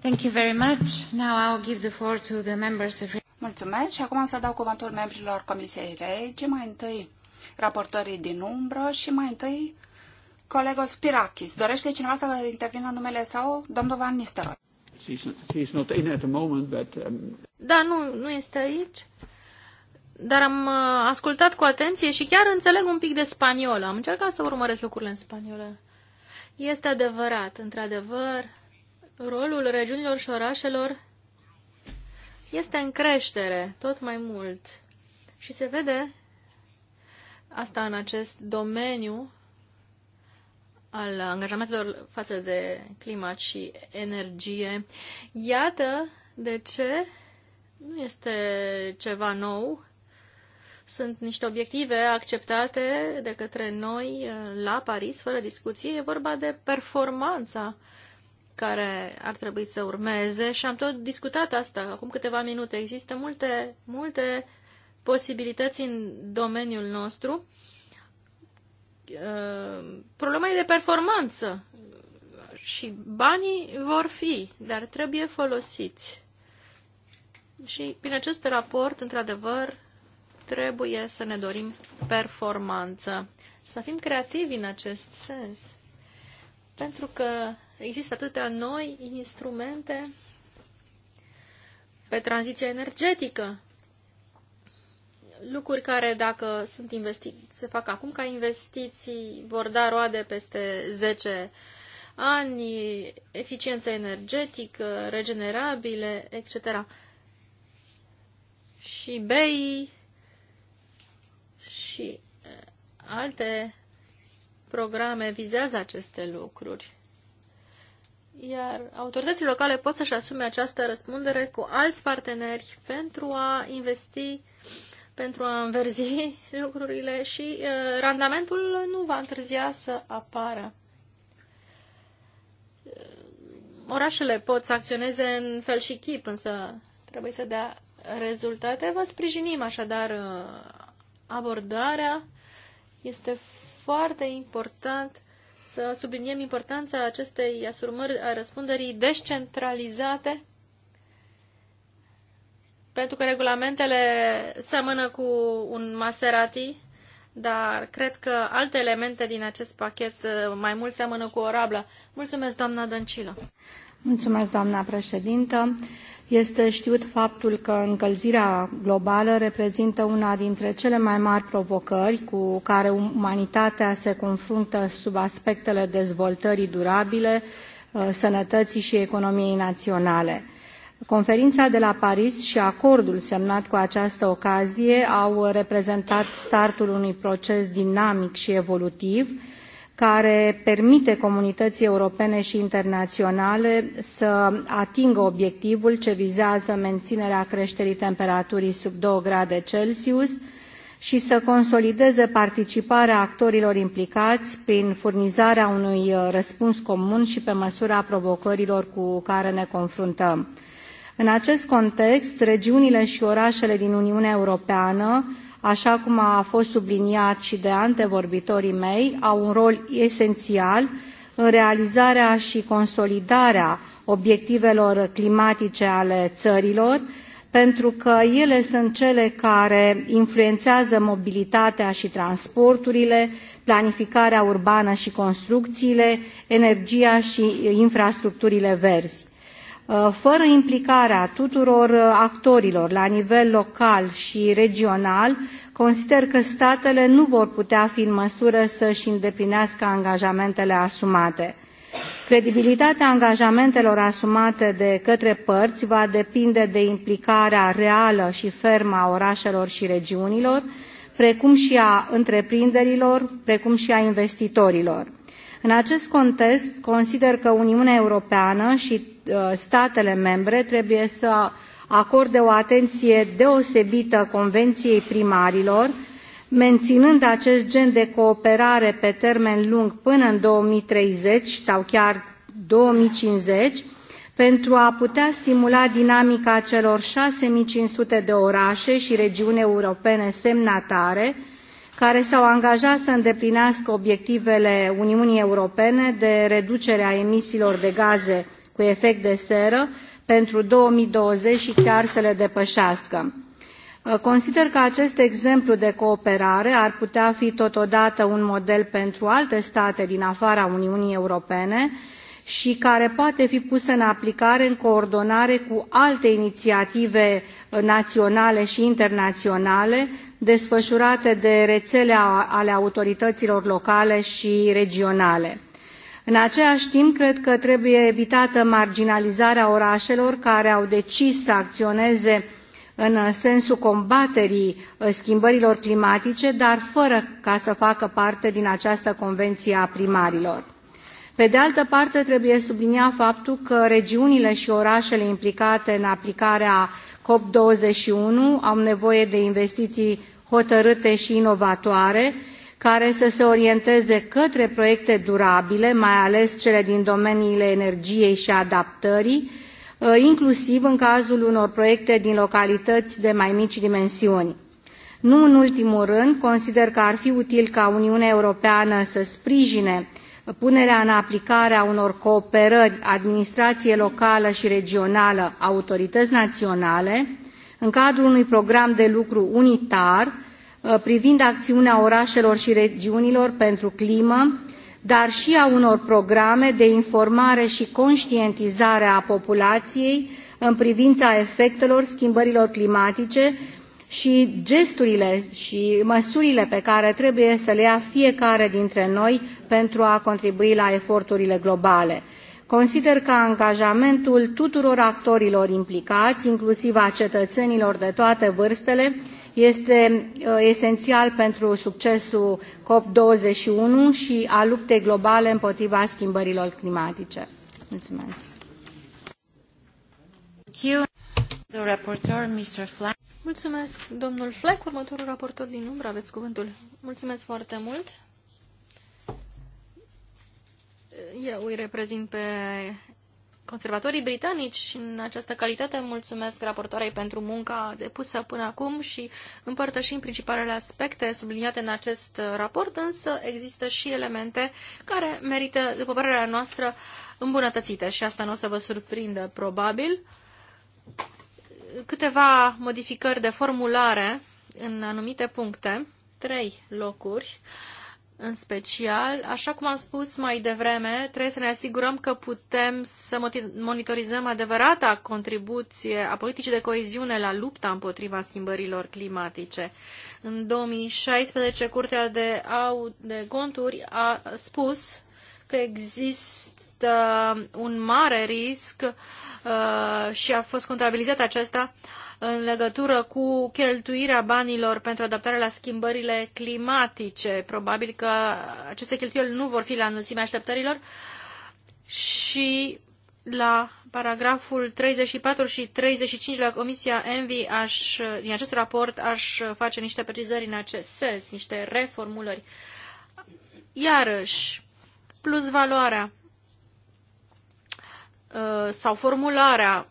Thank you very much. Now I'll give the floor to the members of... Mulțumesc și acum să dau cuvântul membrilor Comisiei Regi. Mai întâi raportorii din umbră și mai întâi colegul Spirakis. Dorește cineva să intervină numele sau domnul Van Nistelrooy? not in at the moment, but, um, Da, nu, nu este aici. Dar am uh, ascultat cu atenție și chiar înțeleg un pic de spaniolă. Am încercat să urmăresc lucrurile în spaniolă. Este adevărat, într-adevăr, rolul regiunilor și orașelor este în creștere tot mai mult. Și se vede Asta în acest domeniu al angajamentelor față de climat și energie. Iată de ce nu este ceva nou. Sunt niște obiective acceptate de către noi uh, la Paris, fără discuție. E vorba de performanța care ar trebui să urmeze și am tot discutat asta acum câteva minute. Există multe, multe posibilități în domeniul nostru. Uh, problema e de performanță și banii vor fi, dar trebuie folosiți. Și prin acest raport, într-adevăr, trebuie să ne dorim performanță, să fim creativi în acest sens. Pentru că există atâtea noi instrumente pe tranziția energetică, lucruri care, dacă sunt investiți, se fac acum ca investiții, vor da roade peste 10 ani, eficiență energetică, regenerabile, etc. Și BEI și eh, alte programe vizează aceste lucruri. Iar autoritățile locale pot să-și asume această răspundere cu alți parteneri pentru a investi pentru a înverzi *laughs* lucrurile și uh, randamentul nu va întârzia să apară. Uh, orașele pot să acționeze în fel și chip, însă trebuie să dea rezultate. Vă sprijinim așadar uh, abordarea. Este foarte important să subliniem importanța acestei asumări a răspunderii descentralizate pentru că regulamentele seamănă cu un Maserati, dar cred că alte elemente din acest pachet uh, mai mult seamănă cu o rablă. Mulțumesc, doamna Dăncilă. Mulțumesc, doamna președintă. Este știut faptul că încălzirea globală reprezintă una dintre cele mai mari provocări cu care umanitatea se confruntă sub aspectele dezvoltării durabile, uh, sănătății și economiei naționale Conferința de la Paris și acordul semnat cu această ocazie au reprezentat startul unui proces dinamic și evolutiv care permite comunității europene și internaționale să atingă obiectivul ce vizează menținerea creșterii temperaturii sub 2 grade Celsius și să consolideze participarea actorilor implicați prin furnizarea unui răspuns comun și pe măsura provocărilor cu care ne confruntăm. În acest context, regiunile și orașele din Uniunea Europeană, așa cum a fost subliniat și de antevorbitorii mei, au un rol esențial în realizarea și consolidarea obiectivelor climatice ale țărilor, pentru că ele sunt cele care influențează mobilitatea și transporturile, planificarea urbană și construcțiile, energia și infrastructurile verzi. Uh, fără implicarea tuturor uh, actorilor la nivel local și regional, consider că statele nu vor putea fi în măsură să-și îndeplinească angajamentele asumate. Credibilitatea angajamentelor asumate de către părți va depinde de implicarea reală și fermă a orașelor și regiunilor, precum și a întreprinderilor, precum și a investitorilor. În acest context, consider că Uniunea Europeană și uh, statele membre trebuie să acorde o atenție deosebită Convenției Primarilor, menținând acest gen de cooperare pe termen lung până în 2030 sau chiar 2050, pentru a putea stimula dinamica celor 6500 de orașe și regiuni europene semnatare, care s-au angajat să îndeplinească obiectivele Uniunii Europene de reducere a emisiilor de gaze cu efect de seră pentru 2020 și chiar să le depășească. Uh, consider că acest exemplu de cooperare ar putea fi totodată un model pentru alte state din afara Uniunii Europene, și care poate fi pusă în aplicare în coordonare cu alte inițiative uh, naționale și internaționale desfășurate de rețele ale autorităților locale și regionale. În același timp, cred că trebuie evitată marginalizarea orașelor care au decis să acționeze în uh, sensul combaterii uh, schimbărilor climatice, dar fără ca să facă parte din această convenție a primarilor pe de altă parte, trebuie subliniat faptul că regiunile și orașele implicate în aplicarea COP21 au nevoie de investiții hotărâte și inovatoare, care să se orienteze către proiecte durabile, mai ales cele din domeniile energiei și adaptării, uh, inclusiv în cazul unor proiecte din localități de mai mici dimensiuni. Nu în ultimul rând, consider că ar fi util ca Uniunea Europeană să sprijine punerea în aplicare a unor cooperări administrație locală și regională autorități naționale în cadrul unui program de lucru unitar uh, privind acțiunea orașelor și regiunilor pentru climă, dar și a unor programe de informare și conștientizare a populației în privința efectelor schimbărilor climatice și gesturile și măsurile pe care trebuie să le ia fiecare dintre noi pentru a contribui la eforturile globale. Consider că angajamentul tuturor actorilor implicați, inclusiv a cetățenilor de toate vârstele, este uh, esențial pentru succesul COP21 și a luptei globale împotriva schimbărilor climatice. Mulțumesc. Mulțumesc, domnul Fleck, următorul raportor din umbră, aveți cuvântul. Mulțumesc foarte mult. Eu îi reprezint pe conservatorii britanici și în această calitate mulțumesc raportoarei pentru munca depusă până acum și împărtășim principalele aspecte subliniate în acest raport, însă există și elemente care merită, după părerea noastră, îmbunătățite și asta nu o să vă surprindă probabil câteva modificări de formulare în anumite puncte, trei locuri în special. Așa cum am spus mai devreme, trebuie să ne asigurăm că putem să monitorizăm adevărata contribuție a politicii de coeziune la lupta împotriva schimbărilor climatice. În 2016, Curtea de, Au- de Conturi a spus că există un mare risc uh, Uh, și a fost contabilizat aceasta în legătură cu cheltuirea banilor pentru adaptarea la schimbările climatice. Probabil că aceste cheltuieli nu vor fi la înălțimea așteptărilor și la paragraful 34 și 35 la Comisia Envi aș, din acest raport aș face niște precizări în acest sens, niște reformulări. Iarăși, plus valoarea Uh, sau formularea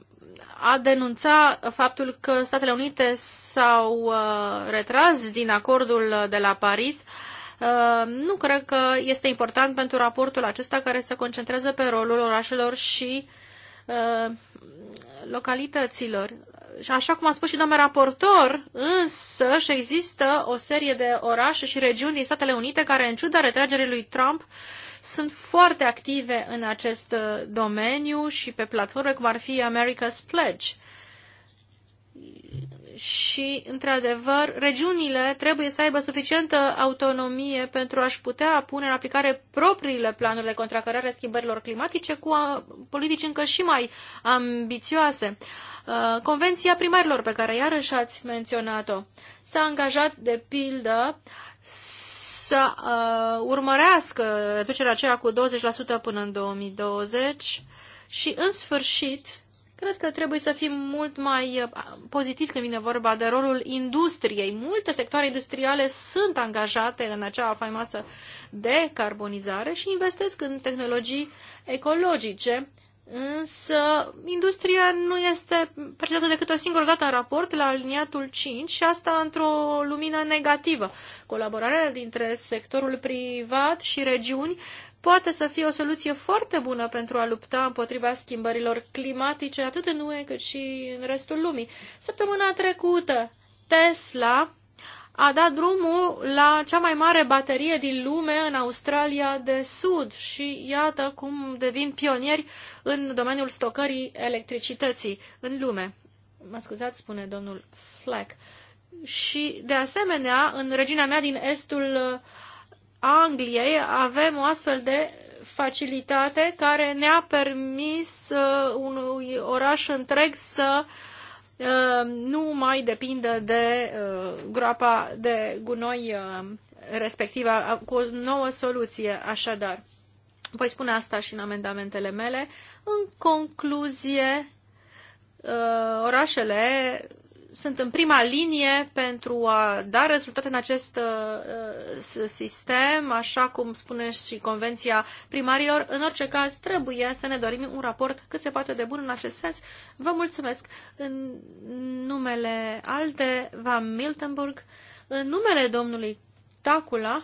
a denunța faptul că Statele Unite s-au uh, retras din acordul de la Paris uh, nu cred că este important pentru raportul acesta care se concentrează pe rolul orașelor și localităților. Și așa cum a spus și domnul raportor, însă și există o serie de orașe și regiuni din Statele Unite care, în ciuda retragerii lui Trump, uh, sunt foarte active în acest uh, domeniu și pe platforme cum ar fi America's Pledge. Și, într-adevăr, regiunile trebuie să aibă suficientă autonomie pentru a-și putea pune în aplicare propriile planuri de contracărare a schimbărilor climatice cu uh, politici încă și mai ambițioase. Uh, Convenția primarilor, pe care iarăși ați menționat-o, s-a angajat, de pildă, să uh, urmărească reducerea aceea cu 20% până în 2020 și, în sfârșit, cred că trebuie să fim mult mai uh, pozitiv când vine vorba de rolul industriei. Multe sectoare industriale sunt angajate în acea faimoasă decarbonizare și investesc în tehnologii ecologice Însă, industria nu este prezentată decât o singură dată în raport, la aliniatul 5, și asta într-o lumină negativă. Colaborarea dintre sectorul privat și regiuni poate să fie o soluție foarte bună pentru a lupta împotriva schimbărilor climatice, atât în UE cât și în restul lumii. Săptămâna trecută, Tesla a dat drumul la cea mai mare baterie din lume în Australia de Sud și iată cum devin pionieri în domeniul stocării electricității în lume. Mă scuzați, spune domnul Fleck. Și, de asemenea, în regiunea mea din estul uh, Angliei avem o astfel de facilitate care ne-a permis uh, unui oraș întreg să uh, Uh, nu mai depindă de uh, groapa de gunoi uh, respectivă, cu o nouă soluție, așadar. Voi spune asta și în amendamentele mele. În concluzie, orașele sunt în prima linie pentru a da rezultate în acest uh, sistem, așa cum spune și Convenția Primarilor. În orice caz, trebuie să ne dorim un raport cât se poate de bun în acest sens. Vă mulțumesc în numele alte, Van Miltenburg, în numele domnului Tacula,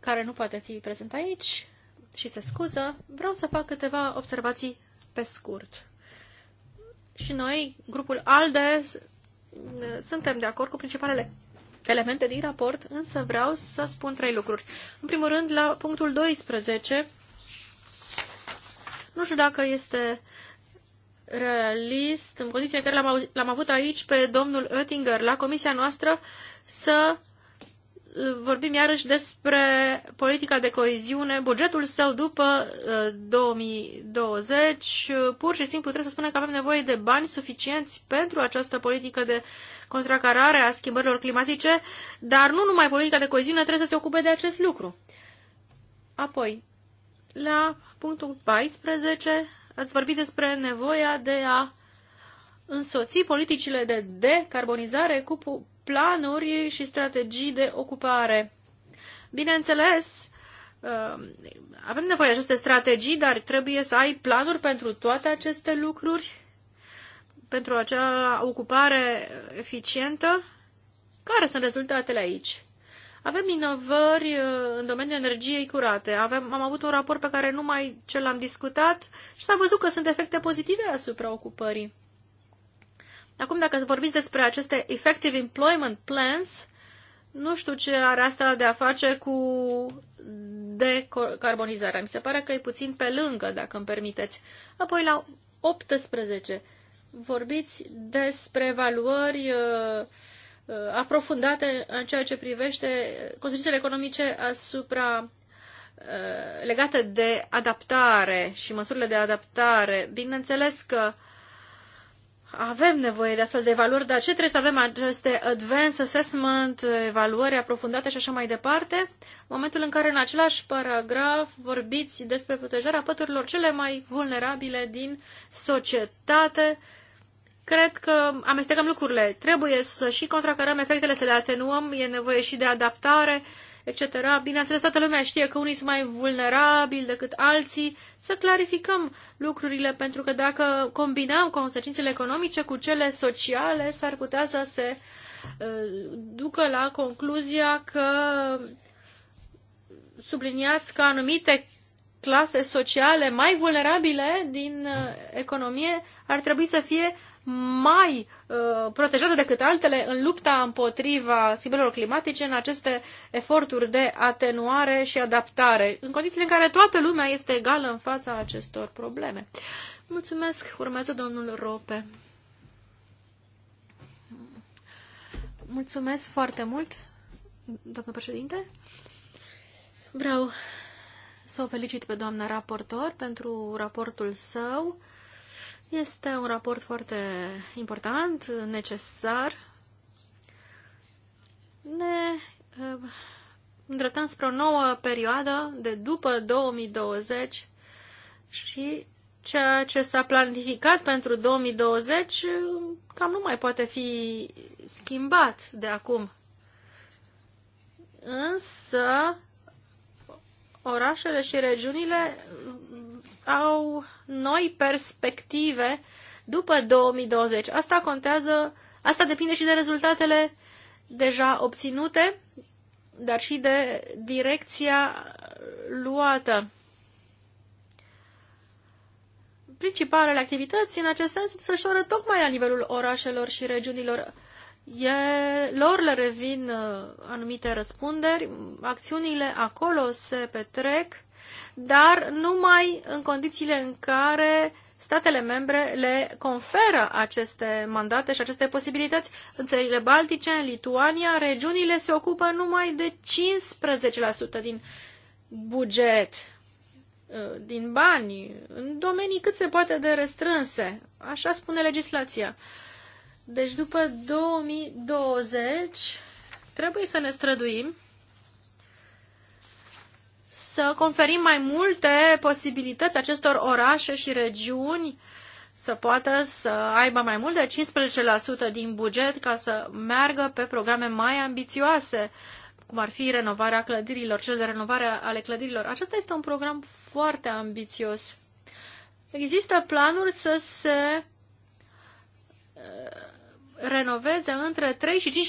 care nu poate fi prezent aici și se scuză, vreau să fac câteva observații pe scurt și noi, grupul ALDE, suntem de acord cu principalele elemente din raport, însă vreau să spun trei lucruri. În primul rând, la punctul 12, nu știu dacă este realist, în condiții în care l-am avut aici pe domnul Oettinger la comisia noastră, să vorbim iarăși despre politica de coeziune, bugetul său după 2020. Uh, uh, pur și simplu trebuie să spunem că avem nevoie de bani suficienți pentru această politică de contracarare a schimbărilor climatice, dar nu numai politica de coeziune trebuie să se ocupe de acest lucru. Apoi, la punctul 14, ați vorbit despre nevoia de a însoți politicile de decarbonizare cu planuri și strategii de ocupare. Bineînțeles, um, avem nevoie de aceste strategii, dar trebuie să ai planuri pentru toate aceste lucruri, pentru acea ocupare eficientă. Care sunt rezultatele aici? Avem inovări uh, în domeniul energiei curate. Avem, am avut un raport pe care numai cel l-am discutat și s-a văzut că sunt efecte pozitive asupra ocupării. Acum, dacă vorbiți despre aceste Effective Employment Plans, nu știu ce are asta de a face cu decarbonizarea. Mi se pare că e puțin pe lângă, dacă îmi permiteți. Apoi, la 18, vorbiți despre evaluări uh, uh, aprofundate în ceea ce privește consecințele economice asupra uh, legate de adaptare și măsurile de adaptare. Bineînțeles că uh, avem nevoie de astfel de evaluări, dar ce trebuie să avem aceste advanced assessment, evaluări aprofundate și așa mai departe, în momentul în care în același paragraf vorbiți despre protejarea păturilor cele mai vulnerabile din societate, cred că amestecăm lucrurile. Trebuie să și contracarăm efectele, să le atenuăm, e nevoie și de adaptare, uh, etc. Bineînțeles, toată lumea știe că unii sunt mai vulnerabili decât alții. Să clarificăm lucrurile, pentru că dacă combinăm consecințele economice cu cele sociale, s-ar putea să se uh, ducă la concluzia că subliniați că anumite clase sociale mai vulnerabile din uh, economie ar trebui să fie mai uh, protejată decât altele în lupta împotriva schimbărilor climatice în aceste eforturi de atenuare și adaptare, în condițiile în care toată lumea este egală în fața acestor probleme. Mulțumesc. Urmează domnul Rope. Mulțumesc foarte mult, doamnă președinte. Vreau să o felicit pe doamna raportor pentru raportul său este un raport foarte important, necesar. Ne uh, îndreptăm spre o nouă perioadă de după 2020 și ceea ce s-a planificat pentru 2020 uh, cam nu mai poate fi schimbat de acum. Însă orașele și regiunile au noi perspective după 2020. Asta contează, asta depinde și de rezultatele deja obținute, dar și de direcția luată. Principalele activități în acest sens se desfășoară tocmai la nivelul orașelor și regiunilor. E, lor le revin uh, anumite răspunderi, acțiunile acolo se petrec dar numai în condițiile în care statele membre le conferă aceste mandate și aceste posibilități. În țările Baltice, în Lituania, regiunile se ocupă numai de 15% din buget, uh, din bani, în domenii cât se poate de restrânse. Așa spune legislația. Deci după 2020 trebuie să ne străduim să conferim mai multe posibilități acestor orașe și regiuni să poată să aibă mai mult de 15% din buget ca să meargă pe programe mai ambițioase, cum ar fi renovarea clădirilor, cel de renovare ale clădirilor. Acesta este un program foarte ambițios. Există planuri să se uh, renoveze între 3 și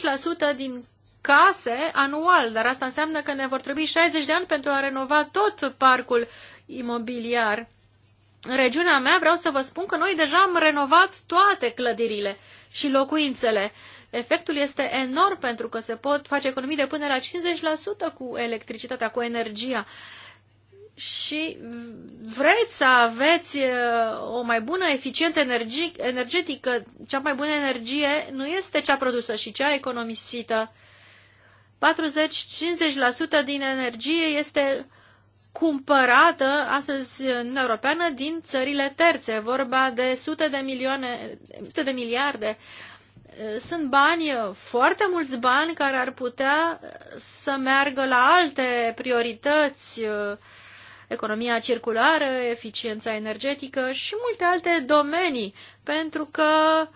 5% din case anual, dar asta înseamnă că ne vor trebui 60 de ani pentru a renova tot parcul imobiliar. În regiunea mea vreau să vă spun că noi deja am renovat toate clădirile și locuințele. Efectul este enorm pentru că se pot face economii de până la 50% cu electricitatea, cu energia. Și vreți să aveți uh, o mai bună eficiență energetică, cea mai bună energie nu este cea produsă și cea economisită, 40-50% din energie este cumpărată astăzi în Europeană din țările terțe. Vorba de sute de milioane, sute de miliarde. Sunt bani, foarte mulți bani, care ar putea să meargă la alte priorități, economia circulară, eficiența energetică și multe alte domenii, pentru că uh,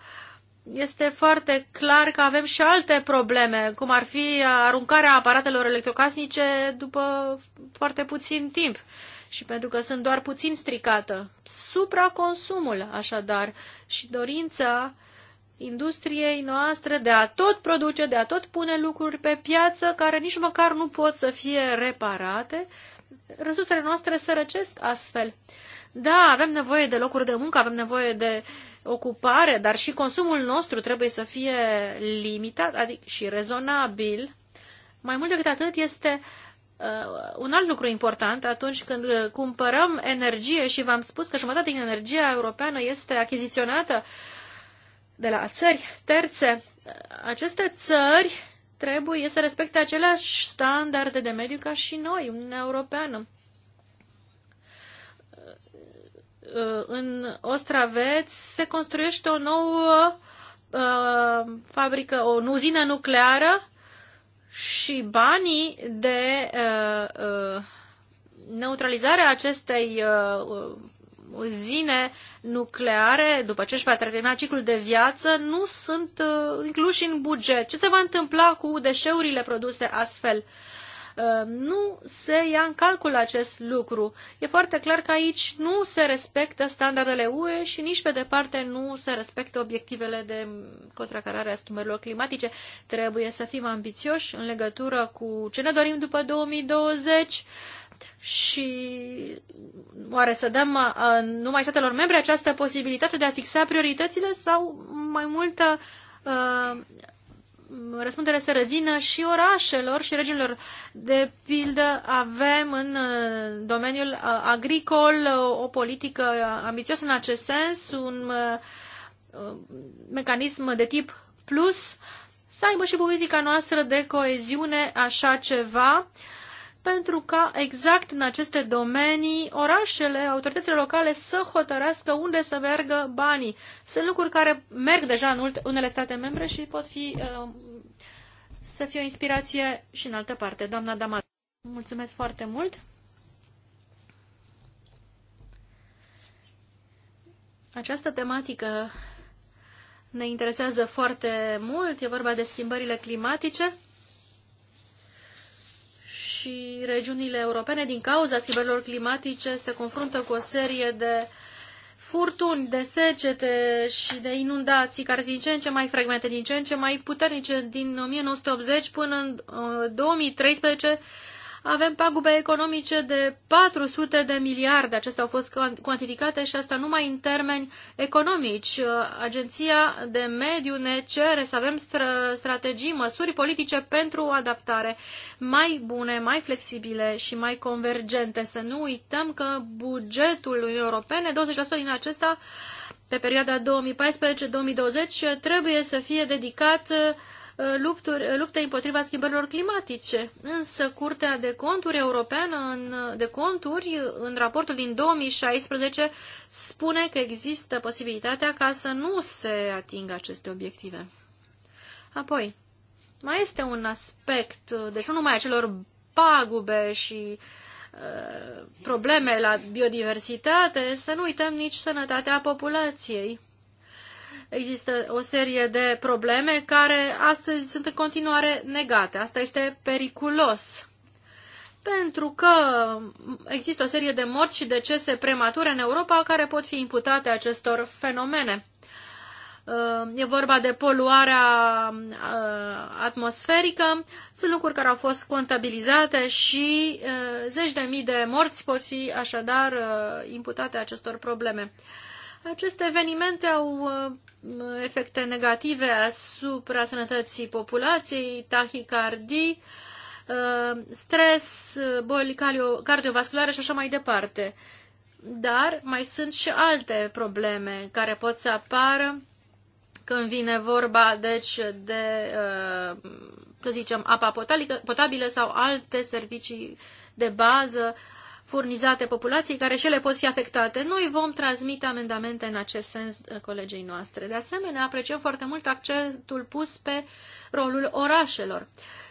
este foarte clar că avem și alte probleme, cum ar fi aruncarea aparatelor electrocasnice după foarte puțin timp și pentru că sunt doar puțin stricată. Supraconsumul, așadar, și dorința industriei noastre de a tot produce, de a tot pune lucruri pe piață care nici măcar nu pot să fie reparate, resursele noastre sărăcesc astfel. Da, avem nevoie de locuri de muncă, avem nevoie de uh, ocupare, dar și consumul nostru trebuie să fie limitat adică și rezonabil. Mai mult decât atât este uh, un alt lucru important atunci când uh, cumpărăm energie și v-am spus că jumătate din energia europeană este achiziționată de la țări terțe. Uh, aceste țări trebuie să respecte aceleași standarde de mediu ca și noi, Uniunea Europeană. Uh, în Ostraveț se construiește o nouă uh, fabrică, o uzină nucleară și banii de uh, neutralizare a acestei uzine nucleare, după ce își va termina ciclul de viață, nu sunt incluși în buget. Ce se va întâmpla cu deșeurile produse astfel? Uh, Uh, nu se ia în calcul acest lucru. E foarte clar că aici nu se respectă standardele UE și nici pe departe nu se respectă obiectivele de contracarare a schimbărilor climatice. Trebuie să fim ambițioși în legătură cu ce ne dorim după 2020 și oare să dăm uh, numai statelor membre această posibilitate de a fixa prioritățile sau mai multă uh, răspunderea să revină și orașelor și regiunilor. De pildă, avem în uh, domeniul uh, agricol uh, o politică ambițioasă în acest sens, un mecanism de tip plus, să aibă și politica noastră de coeziune așa ceva, pentru ca exact în aceste domenii orașele, autoritățile locale să hotărească unde să meargă banii. Sunt lucruri care merg deja în unele state membre și pot fi uh, să fie o inspirație și în altă parte. Doamna Damat, mulțumesc foarte mult! Această tematică ne interesează foarte mult, e vorba de schimbările climatice și regiunile europene, din cauza schimbărilor climatice, se confruntă cu o serie de furtuni, de secete și de inundații care sunt din ce în ce mai frecvente, din ce în ce mai puternice. Din 1980 până în 2013 uh, avem pagube economice de 400 de miliarde. Acestea au fost cuantificate și asta numai în termeni economici. Uh, Agenția de Mediu ne cere să avem strategii, măsuri politice pentru o adaptare mai bune, mai flexibile și mai convergente. Să nu uităm că bugetul Uniunii Europene, 20% din acesta pe perioada 2014-2020 trebuie să fie dedicat uh, Uh, lupturi, uh, luptei împotriva schimbărilor climatice. Însă Curtea de Conturi Europeană în, uh, de Conturi, în raportul din 2016, spune că există posibilitatea ca să nu se atingă aceste obiective. Apoi, mai este un aspect, deci nu numai acelor pagube și probleme la biodiversitate, să nu uităm nici sănătatea populației. Există o serie de probleme care astăzi sunt în continuare negate. Asta este periculos. Pentru că există o serie de morți și decese premature în Europa care pot fi imputate acestor fenomene. Uh, e vorba de poluarea uh, atmosferică. Sunt lucruri care au fost contabilizate și uh, zeci de mii de morți pot fi așadar imputate acestor probleme. Aceste evenimente au uh, efecte negative asupra sănătății populației, tahicardii, uh, stres, boli cardiovasculare și așa mai departe. Dar mai sunt și alte probleme care pot să apară când vine vorba deci, de, uh, să zicem, apa potabilă sau alte servicii de bază furnizate populației care și ele pot fi afectate. Noi vom transmite amendamente în acest sens uh, colegii noastre. De asemenea, apreciem foarte mult accentul pus pe rolul orașelor.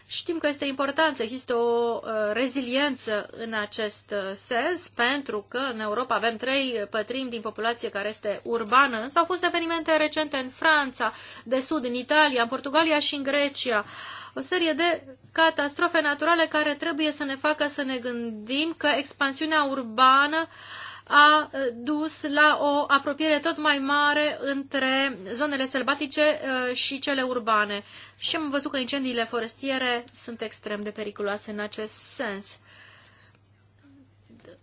Știm că este important să există o uh, reziliență în acest uh, sens, pentru că în Europa avem trei pătrimi din populație care este urbană. S-au fost evenimente recente în Franța, de sud, în Italia, în Portugalia și în Grecia. Uh, o serie de catastrofe naturale care trebuie să ne facă să ne gândim că expansiunea urbană a dus la o apropiere tot mai mare între zonele sălbatice uh, și cele urbane. Și am văzut că incendiile forestiere sunt extrem de periculoase în acest sens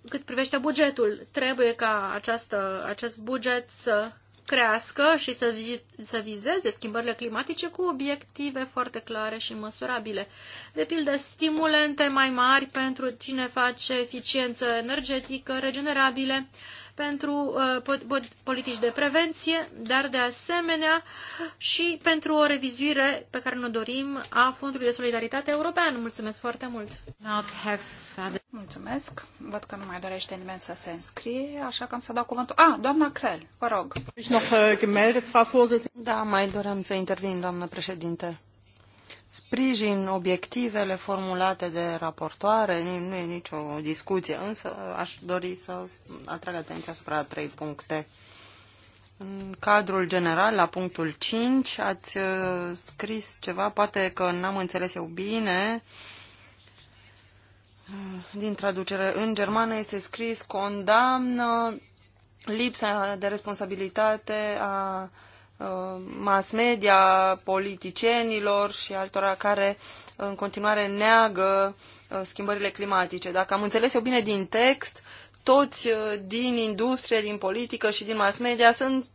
cât privește bugetul, trebuie ca această, acest buget să crească și să, vizit, să vizeze schimbările climatice cu obiective foarte clare și măsurabile. De pildă, stimulente mai mari pentru cine face eficiență energetică, regenerabile, pentru uh, politici de prevenție, dar de asemenea și pentru o revizuire pe care ne dorim a Fondului de Solidaritate European. Mulțumesc foarte mult! Mulțumesc. Văd că nu mai dorește nimeni să se înscrie, așa că am să dau cuvântul. A, ah, doamna Crel, vă rog. Äh, da, mai doream să intervin, doamnă președinte. Sprijin obiectivele formulate de raportoare, nu e nicio discuție, însă aș dori să atrag atenția asupra trei puncte. În cadrul general, la punctul 5, ați uh, scris ceva, poate că n-am înțeles eu bine, din traducere în germană este scris condamnă lipsa de responsabilitate a mass media, politicienilor și altora care în continuare neagă schimbările climatice. Dacă am înțeles eu bine din text, toți din industrie, din politică și din mass media sunt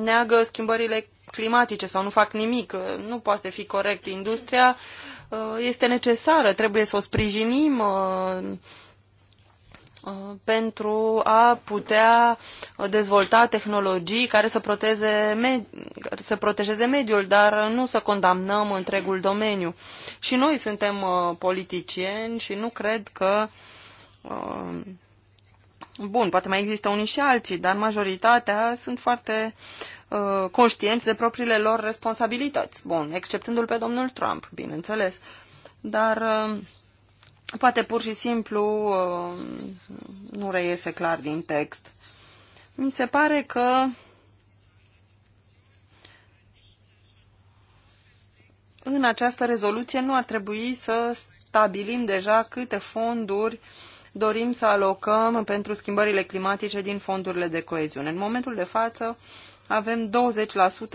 neagă schimbările climatice sau nu fac nimic. Nu poate fi corect. Industria uh, este necesară, trebuie să o sprijinim uh, uh, pentru a putea dezvolta tehnologii care să, proteze med- care să protejeze mediul, dar nu să condamnăm întregul domeniu. Și noi suntem politicieni și nu cred că Bun, poate mai există unii și alții, dar majoritatea sunt foarte uh, conștienți de propriile lor responsabilități. Bun, exceptându-l pe domnul Trump, bineînțeles. Dar uh, poate pur și simplu uh, nu reiese clar din text. Mi se pare că în această rezoluție nu ar trebui să stabilim deja câte fonduri uh, dorim să alocăm pentru schimbările climatice din fondurile de coeziune. În momentul de față avem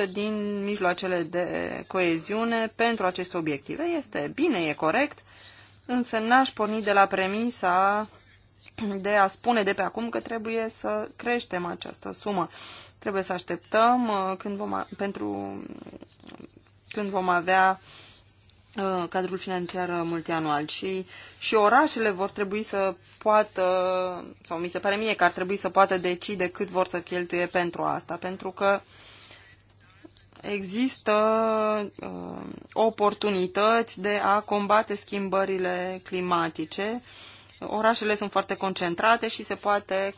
20% din mijloacele de coeziune pentru aceste obiective. Este bine, e corect, însă n-aș porni de la premisa de a spune de pe acum că trebuie să creștem această sumă. Trebuie să așteptăm uh, când vom, pentru, când vom avea uh, Uh, cadrul financiar multianual și, și orașele vor trebui să poată, sau mi se pare mie că ar trebui să poată decide cât vor să cheltuie pentru asta, pentru că există uh, oportunități de a combate schimbările climatice. Orașele sunt foarte concentrate și se poate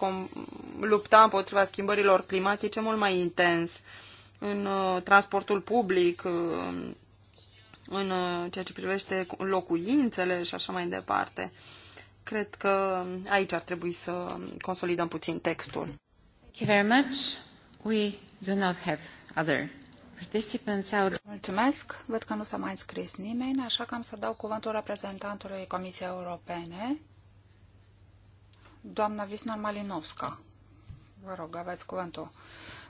lupta împotriva schimbărilor climatice mult mai intens în uh, transportul public, uh, în uh, ceea ce privește locuințele și așa mai departe. Cred că aici ar trebui să consolidăm puțin textul. Thank you very much. We do not have other participants out. Mulțumesc. Văd că nu s-a mai scris nimeni, așa că am să dau cuvântul reprezentantului Comisiei Europene, doamna Visna Malinovska. Vă rog, aveți cuvântul.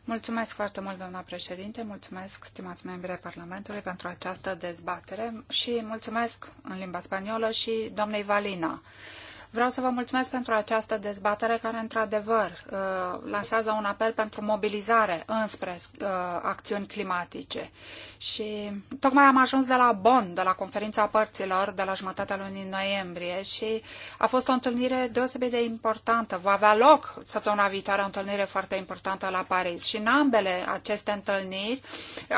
Mulțumesc foarte mult, doamna președinte, mulțumesc, stimați membri ai Parlamentului, pentru această dezbatere și mulțumesc în limba spaniolă și doamnei Valina Vreau să vă mulțumesc pentru această dezbatere care, într-adevăr, uh, lansează un apel pentru mobilizare înspre uh, acțiuni climatice. Și tocmai am ajuns de la Bonn, de la conferința părților, de la jumătatea lunii noiembrie și a fost o întâlnire deosebit de importantă. Va avea loc săptămâna viitoare o întâlnire foarte importantă la Paris și în ambele aceste întâlniri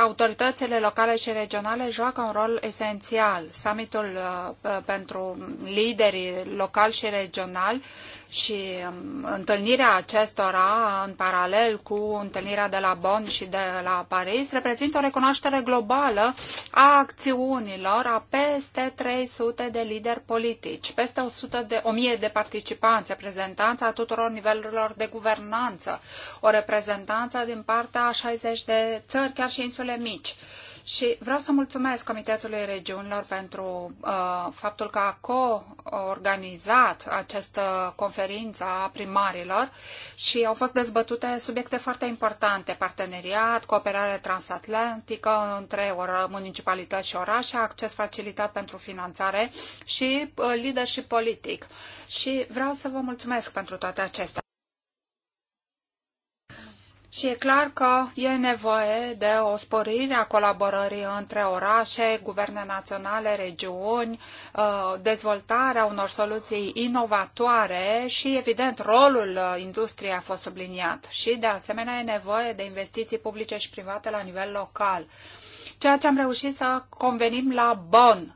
autoritățile locale și regionale joacă un rol esențial. Summitul uh, pentru liderii locali și și regional și um, întâlnirea acestora în paralel cu întâlnirea de la Bonn și de la Paris reprezintă o recunoaștere globală a acțiunilor a peste 300 de lideri politici, peste 100 de, 1000 de participanți, reprezentanța a tuturor nivelurilor de guvernanță, o reprezentanță din partea a 60 de țări, chiar și insule mici. Și vreau să mulțumesc Comitetului Regiunilor pentru uh, faptul că a co-organizat această conferință a primarilor și au fost dezbătute subiecte foarte importante, parteneriat, cooperare transatlantică între municipalități și orașe, acces facilitat pentru finanțare și uh, leadership politic. Și vreau să vă mulțumesc pentru toate acestea. Și e clar că e nevoie de o sporire a colaborării între orașe, guverne naționale, regiuni, uh, dezvoltarea unor soluții inovatoare și, evident, rolul uh, industriei a fost subliniat. Și, de asemenea, e nevoie de investiții publice și private la nivel local. Ceea ce am reușit să convenim la Bonn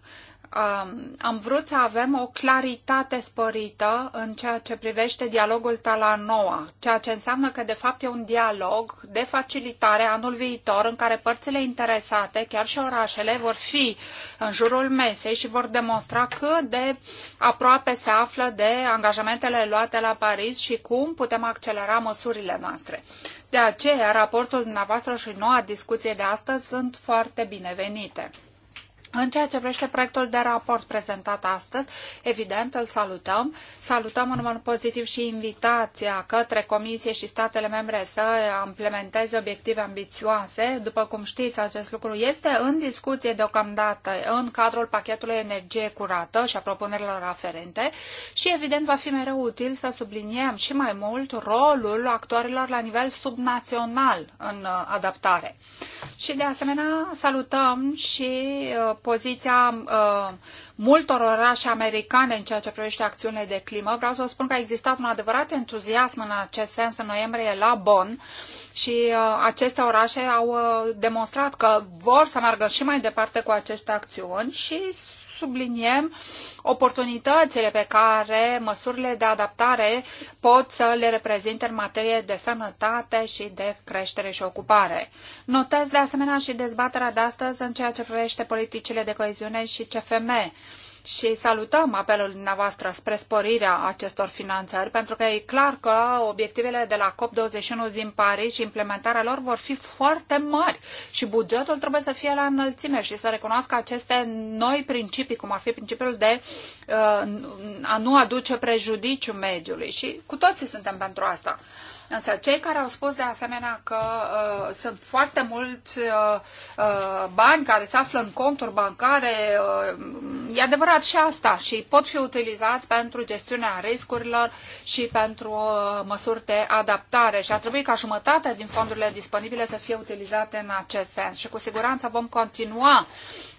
um, am vrut să avem o claritate sporită în ceea ce privește dialogul Talanoa, ceea ce înseamnă că de fapt e un dialog de facilitare anul viitor în care părțile interesate, chiar și orașele, vor fi în jurul mesei și vor demonstra cât de aproape se află de angajamentele luate la Paris și cum putem accelera măsurile noastre. De aceea, raportul dumneavoastră și noua discuție de astăzi sunt foarte binevenite. În ceea ce privește proiectul de raport prezentat astăzi, evident îl salutăm. Salutăm în mod pozitiv și invitația către Comisie și statele membre să implementeze obiective ambițioase. După cum știți, acest lucru este în discuție deocamdată în cadrul pachetului energie curată și a propunerilor aferente și evident va fi mereu util să subliniem și mai mult rolul actorilor la nivel subnațional în uh, adaptare. Și de asemenea salutăm și uh, poziția uh, multor orașe americane în ceea ce privește acțiunile de climă. Vreau să vă spun că a existat un adevărat entuziasm în acest sens în noiembrie la Bonn și uh, aceste orașe au uh, demonstrat că vor să meargă și mai departe cu aceste acțiuni și subliniem oportunitățile pe care măsurile de adaptare pot să le reprezinte în materie de sănătate și de creștere și ocupare. Notez de asemenea și dezbaterea de astăzi în ceea ce privește politicile de coeziune și CFM și salutăm apelul dumneavoastră spre sporirea acestor finanțări, pentru că e clar că obiectivele de la COP21 din Paris și implementarea lor vor fi foarte mari și bugetul trebuie să fie la înălțime și să recunoască aceste noi principii, cum ar fi principiul de uh, a nu aduce prejudiciu mediului și cu toții suntem pentru asta. Însă cei care au spus de asemenea că uh, sunt foarte mulți uh, uh, bani care se află în conturi bancare, uh, e adevărat și asta și pot fi utilizați pentru gestiunea riscurilor și pentru uh, măsuri de adaptare și ar trebui ca jumătate din fondurile disponibile să fie utilizate în acest sens și cu siguranță vom continua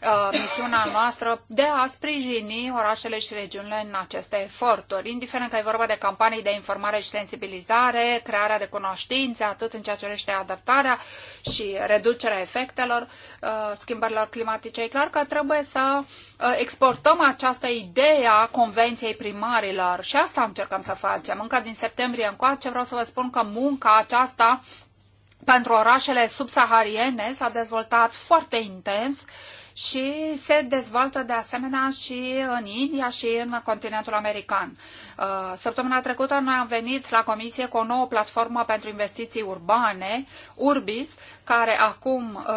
uh, misiunea noastră de a sprijini orașele și regiunile în aceste eforturi, indiferent că e vorba de campanii de informare și sensibilizare, crearea de cunoștințe, atât în ceea ce privește adaptarea și reducerea efectelor uh, schimbărilor climatice. E clar că trebuie să uh, exportăm această idee a Convenției Primarilor și asta încercăm să facem. Încă din septembrie încoace vreau să vă spun că munca aceasta pentru orașele subsahariene s-a dezvoltat foarte intens și se dezvoltă de asemenea și în India și în continentul american. Uh, săptămâna trecută noi am venit la Comisie cu o nouă platformă pentru investiții urbane, Urbis, care acum uh,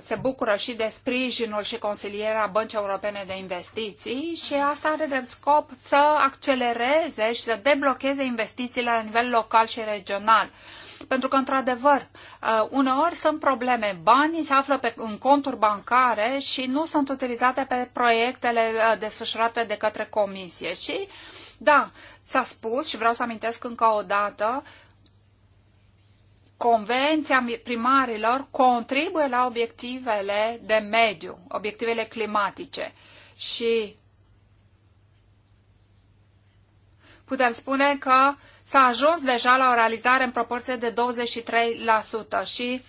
se bucură și de sprijinul și consilierea Băncii Europene de Investiții și asta are drept scop să accelereze și să deblocheze investițiile la nivel local și regional pentru că, într-adevăr, uh, uneori sunt probleme. Banii se află pe, în conturi bancare și nu sunt utilizate pe proiectele uh, desfășurate de către comisie. Și, da, s-a spus și vreau să amintesc încă o dată, Convenția primarilor contribuie la obiectivele de mediu, obiectivele climatice. Și putem spune că s-a ajuns deja la o realizare în proporție de 23% și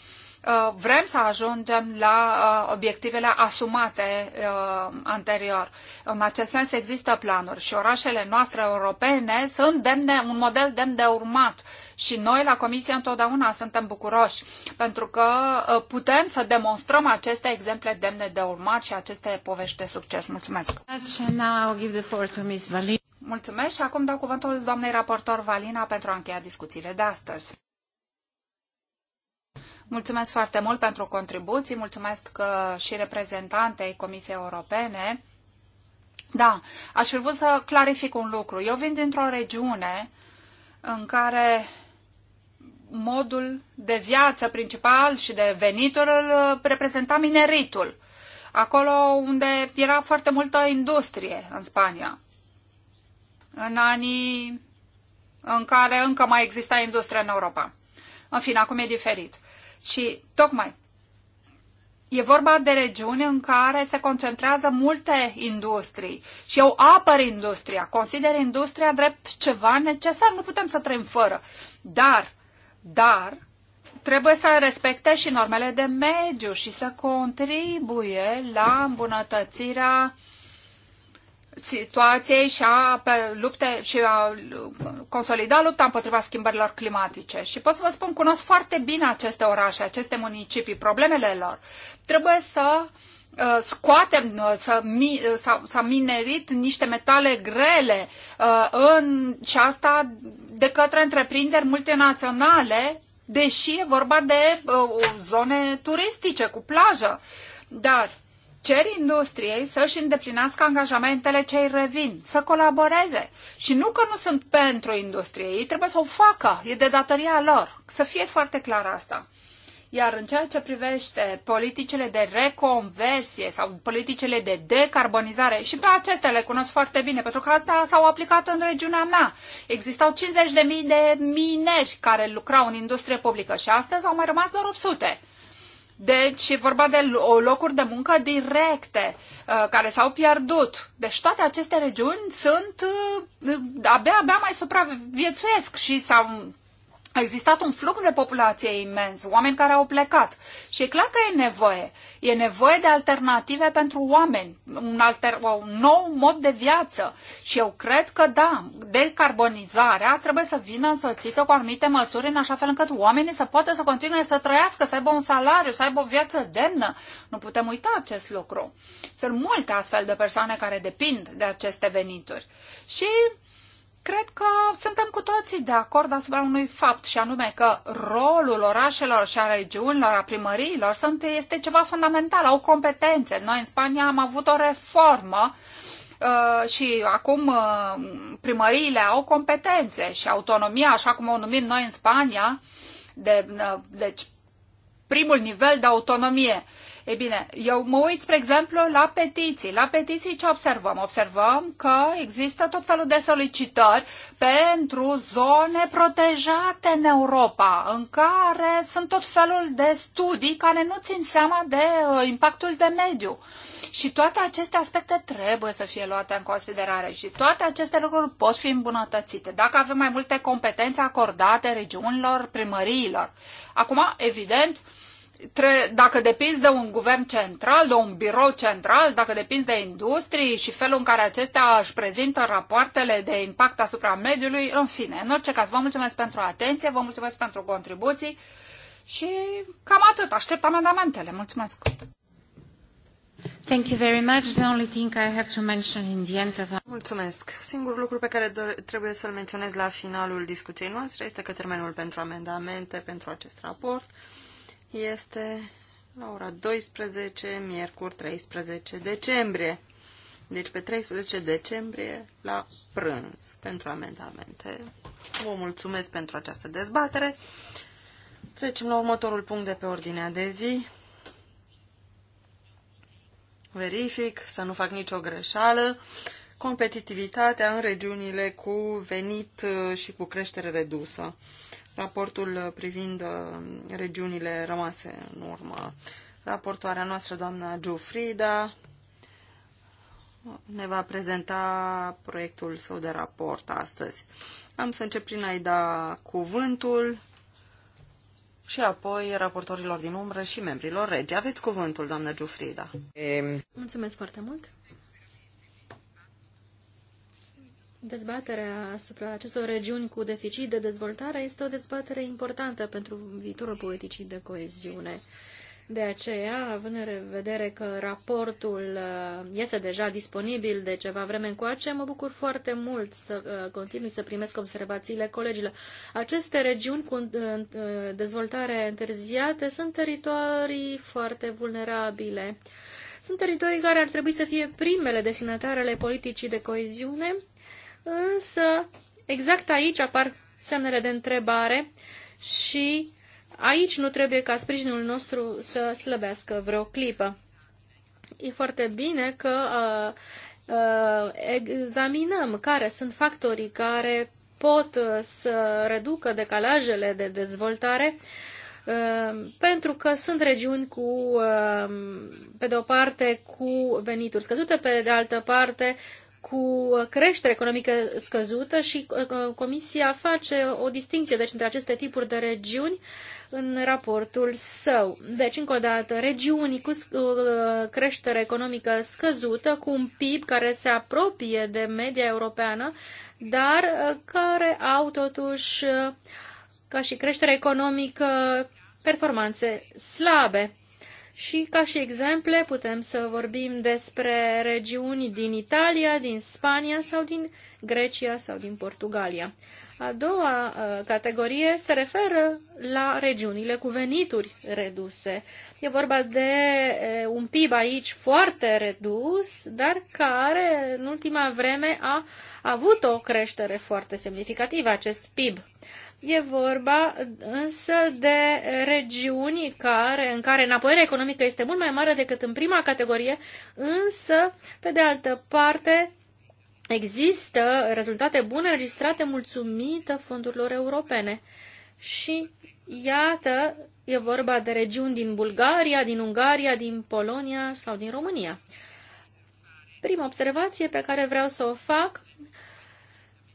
uh, vrem să ajungem la uh, obiectivele asumate uh, anterior. În acest sens există planuri și orașele noastre europene sunt demne, un model demn de urmat și noi la Comisie întotdeauna suntem bucuroși pentru că uh, putem să demonstrăm aceste exemple demne de urmat și aceste povești de succes. Mulțumesc! Mulțumesc și acum dau cuvântul doamnei raportor Valina pentru a încheia discuțiile de astăzi. Mulțumesc foarte mult pentru contribuții, mulțumesc că uh, și reprezentantei Comisiei Europene. Da, aș fi vrut să clarific un lucru. Eu vin dintr-o regiune în care modul de viață principal și de venituri îl uh, reprezenta mineritul. Acolo unde era foarte multă industrie în Spania în anii în care încă mai exista industria în Europa. În fine, acum e diferit. Și tocmai E vorba de regiuni în care se concentrează multe industrii și eu apăr industria, consider industria drept ceva necesar, nu putem să trăim fără. Dar, dar, trebuie să respecte și normele de mediu și să contribuie la îmbunătățirea uh, situației și a lupte și a consolida lupta împotriva schimbărilor climatice. Și pot să vă spun, cunosc foarte bine aceste orașe, aceste municipii, problemele lor. Trebuie să uh, scoatem, uh, să, mi, s-a, uh, s-a minerit niște metale grele uh, în, și asta de către întreprinderi multinaționale, deși e vorba de uh, zone turistice cu plajă. Dar Cer industriei să-și îndeplinească angajamentele ce îi revin, să colaboreze. Și nu că nu sunt pentru industrie, ei trebuie să o facă, e de datoria lor. Să fie foarte clar asta. Iar în ceea ce privește politicile de reconversie sau politicile de decarbonizare, și pe acestea le cunosc foarte bine, pentru că asta s-au aplicat în regiunea mea. Existau 50.000 de mineri care lucrau în industrie publică și astăzi au mai rămas doar 800. Deci e vorba de locuri de muncă directe uh, care s-au pierdut. Deci toate aceste regiuni sunt uh, abia, abia mai supraviețuiesc și s-au a existat un flux de populație imens, oameni care au plecat. Și e clar că e nevoie. E nevoie de alternative pentru oameni, un, alter, un nou mod de viață. Și eu cred că, da, decarbonizarea trebuie să vină însoțită cu anumite măsuri în așa fel încât oamenii să poată să continue să trăiască, să aibă un salariu, să aibă o viață demnă. Nu putem uita acest lucru. Sunt multe astfel de persoane care depind de aceste venituri. Și Cred că suntem cu toții de acord asupra unui fapt și anume că rolul orașelor și a regiunilor, a primăriilor sunt, este ceva fundamental, au competențe. Noi în Spania am avut o reformă uh, și acum uh, primăriile au competențe și autonomia, așa cum o numim noi în Spania, de, uh, deci primul nivel de autonomie E bine, eu mă uit, spre exemplu, la petiții. La petiții ce observăm? Observăm că există tot felul de solicitări pentru zone protejate în Europa, în care sunt tot felul de studii care nu țin seama de uh, impactul de mediu. Și toate aceste aspecte trebuie să fie luate în considerare și toate aceste lucruri pot fi îmbunătățite dacă avem mai multe competențe acordate regiunilor, primăriilor. Acum, evident, dacă depinzi de un guvern central, de un birou central, dacă depinzi de industrii și felul în care acestea își prezintă rapoartele de impact asupra mediului, în fine, în orice caz, vă mulțumesc pentru atenție, vă mulțumesc pentru contribuții și cam atât. Aștept amendamentele. Mulțumesc! Thank you very much. The only thing I have to mention in the end of... Mulțumesc. Singurul lucru pe care trebuie să-l menționez la finalul discuției noastre este că termenul pentru amendamente pentru acest raport este la ora 12, miercuri 13 decembrie. Deci pe 13 decembrie la prânz pentru amendamente. Vă mulțumesc pentru această dezbatere. Trecem la următorul punct de pe ordinea de zi. Verific să nu fac nicio greșeală competitivitatea în regiunile cu venit uh, și cu creștere redusă. Raportul uh, privind uh, regiunile rămase în urmă. Raportoarea noastră, doamna Giufrida, ne va prezenta proiectul său de raport astăzi. Am să încep prin a-i da cuvântul și apoi raportorilor din umbră și membrilor regi. Aveți cuvântul, doamna Giufrida. E... Mulțumesc foarte mult. Dezbaterea asupra acestor regiuni cu deficit de dezvoltare este o dezbatere importantă pentru viitorul politicii de coeziune. De aceea, având în vedere că raportul uh, este deja disponibil de ceva vreme încoace, mă bucur foarte mult să uh, continui să primesc observațiile colegilor. Aceste regiuni cu uh, dezvoltare întârziate sunt teritorii foarte vulnerabile. Sunt teritorii care ar trebui să fie primele ale politicii de coeziune însă exact aici apar semnele de întrebare și aici nu trebuie ca sprijinul nostru să slăbească vreo clipă. E foarte bine că uh, uh, examinăm care sunt factorii care pot uh, să reducă decalajele de dezvoltare uh, pentru că sunt regiuni cu, uh, pe de o parte, cu venituri scăzute, pe de altă parte, cu creștere economică scăzută și uh, uh, Comisia face o distinție deci, între aceste tipuri de regiuni în raportul său. Deci, încă o dată, regiuni cu uh, creștere economică scăzută, cu un PIB care se apropie de media europeană, dar care au totuși ca și creștere economică performanțe slabe. Și ca și exemple putem să vorbim despre regiuni din Italia, din Spania sau din Grecia sau din Portugalia. A doua uh, categorie se referă la regiunile cu venituri reduse. E vorba de uh, un PIB aici foarte redus, dar care în ultima vreme a avut o creștere foarte semnificativă, acest PIB. E vorba însă de regiuni care, în care înapoierea economică este mult mai mare decât în prima categorie, însă, pe de altă parte, există rezultate bune registrate mulțumită fondurilor europene. Și iată, e vorba de regiuni din Bulgaria, din Ungaria, din Polonia sau din România. Prima observație pe care vreau să o fac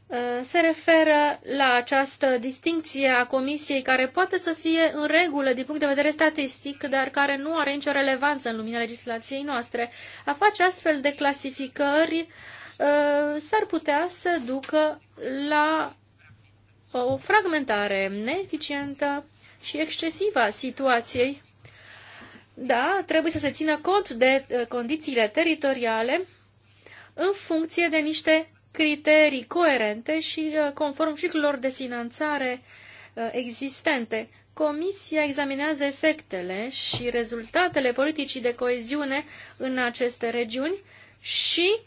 Uh, se referă la această distinție a comisiei care poate să fie în regulă din punct de vedere statistic, dar care nu are nicio relevanță în lumina legislației noastre. A face astfel de clasificări uh, s-ar putea să ducă la o fragmentare neeficientă și excesivă a situației. Da, trebuie să se țină cont de uh, condițiile teritoriale în funcție de niște criterii coerente și uh, conform ciclurilor de finanțare uh, existente. Comisia examinează efectele și rezultatele politicii de coeziune în aceste regiuni și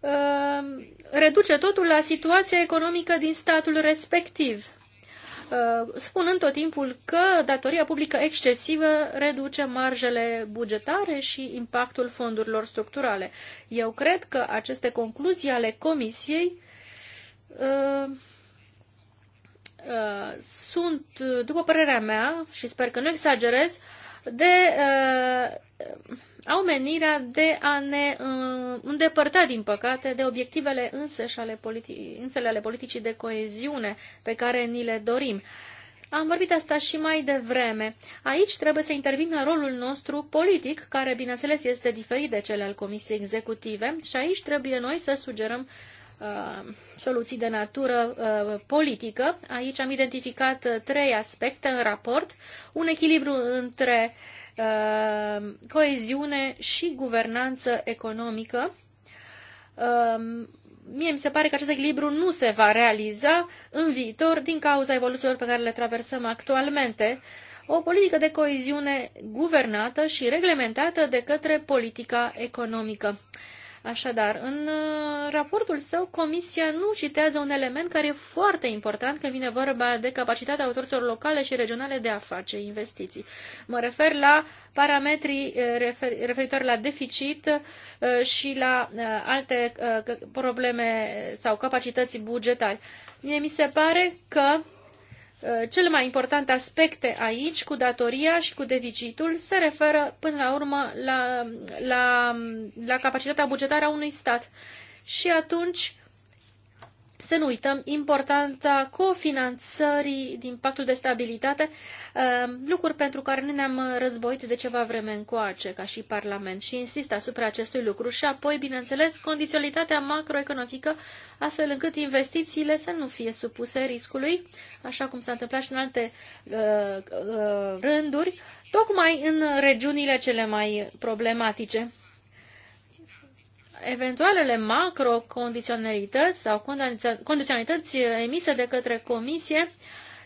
uh, reduce totul la situația economică din statul respectiv. Uh, spunând tot timpul că datoria publică excesivă reduce marjele bugetare și impactul fondurilor structurale. Eu cred că aceste concluzii ale Comisiei uh, uh, sunt, după părerea mea, și sper că nu exagerez, de uh, au menirea de a ne uh, îndepărta, din păcate, de obiectivele însăși ale politi- însăși ale politicii de coeziune pe care ni le dorim. Am vorbit asta și mai devreme. Aici trebuie să intervină rolul nostru politic, care, bineînțeles, este diferit de cel al Comisiei Executive și aici trebuie noi să sugerăm uh, soluții de natură uh, politică. Aici am identificat uh, trei aspecte în raport. Un echilibru între uh, Uh, coeziune și guvernanță economică. Uh, mie mi se pare că acest echilibru nu se va realiza în viitor din cauza evoluțiilor pe care le traversăm actualmente. O politică de coeziune guvernată și reglementată de către politica economică. Așadar, în uh, raportul său, Comisia nu citează un element care e foarte important când vine vorba de capacitatea autorităților locale și regionale de a face investiții. Mă refer la parametrii uh, referitor la deficit uh, și la alte probleme sau capacități bugetare. Mie mi se pare că Eh, cele mai importante aspecte aici, cu datoria și cu deficitul, se referă până la urmă la, la, la capacitatea bugetară a unui stat. Și atunci, să nu uităm importanța cofinanțării din pactul de stabilitate, um, lucruri pentru care nu ne-am războit de ceva vreme încoace ca și Parlament și insist asupra acestui lucru și apoi, bineînțeles, condiționalitatea macroeconomică, astfel încât investițiile să nu fie supuse riscului, așa cum s-a întâmplat și în alte uh, uh, rânduri, tocmai în regiunile cele mai problematice eventualele macrocondiționalități sau condiționalități emise de către comisie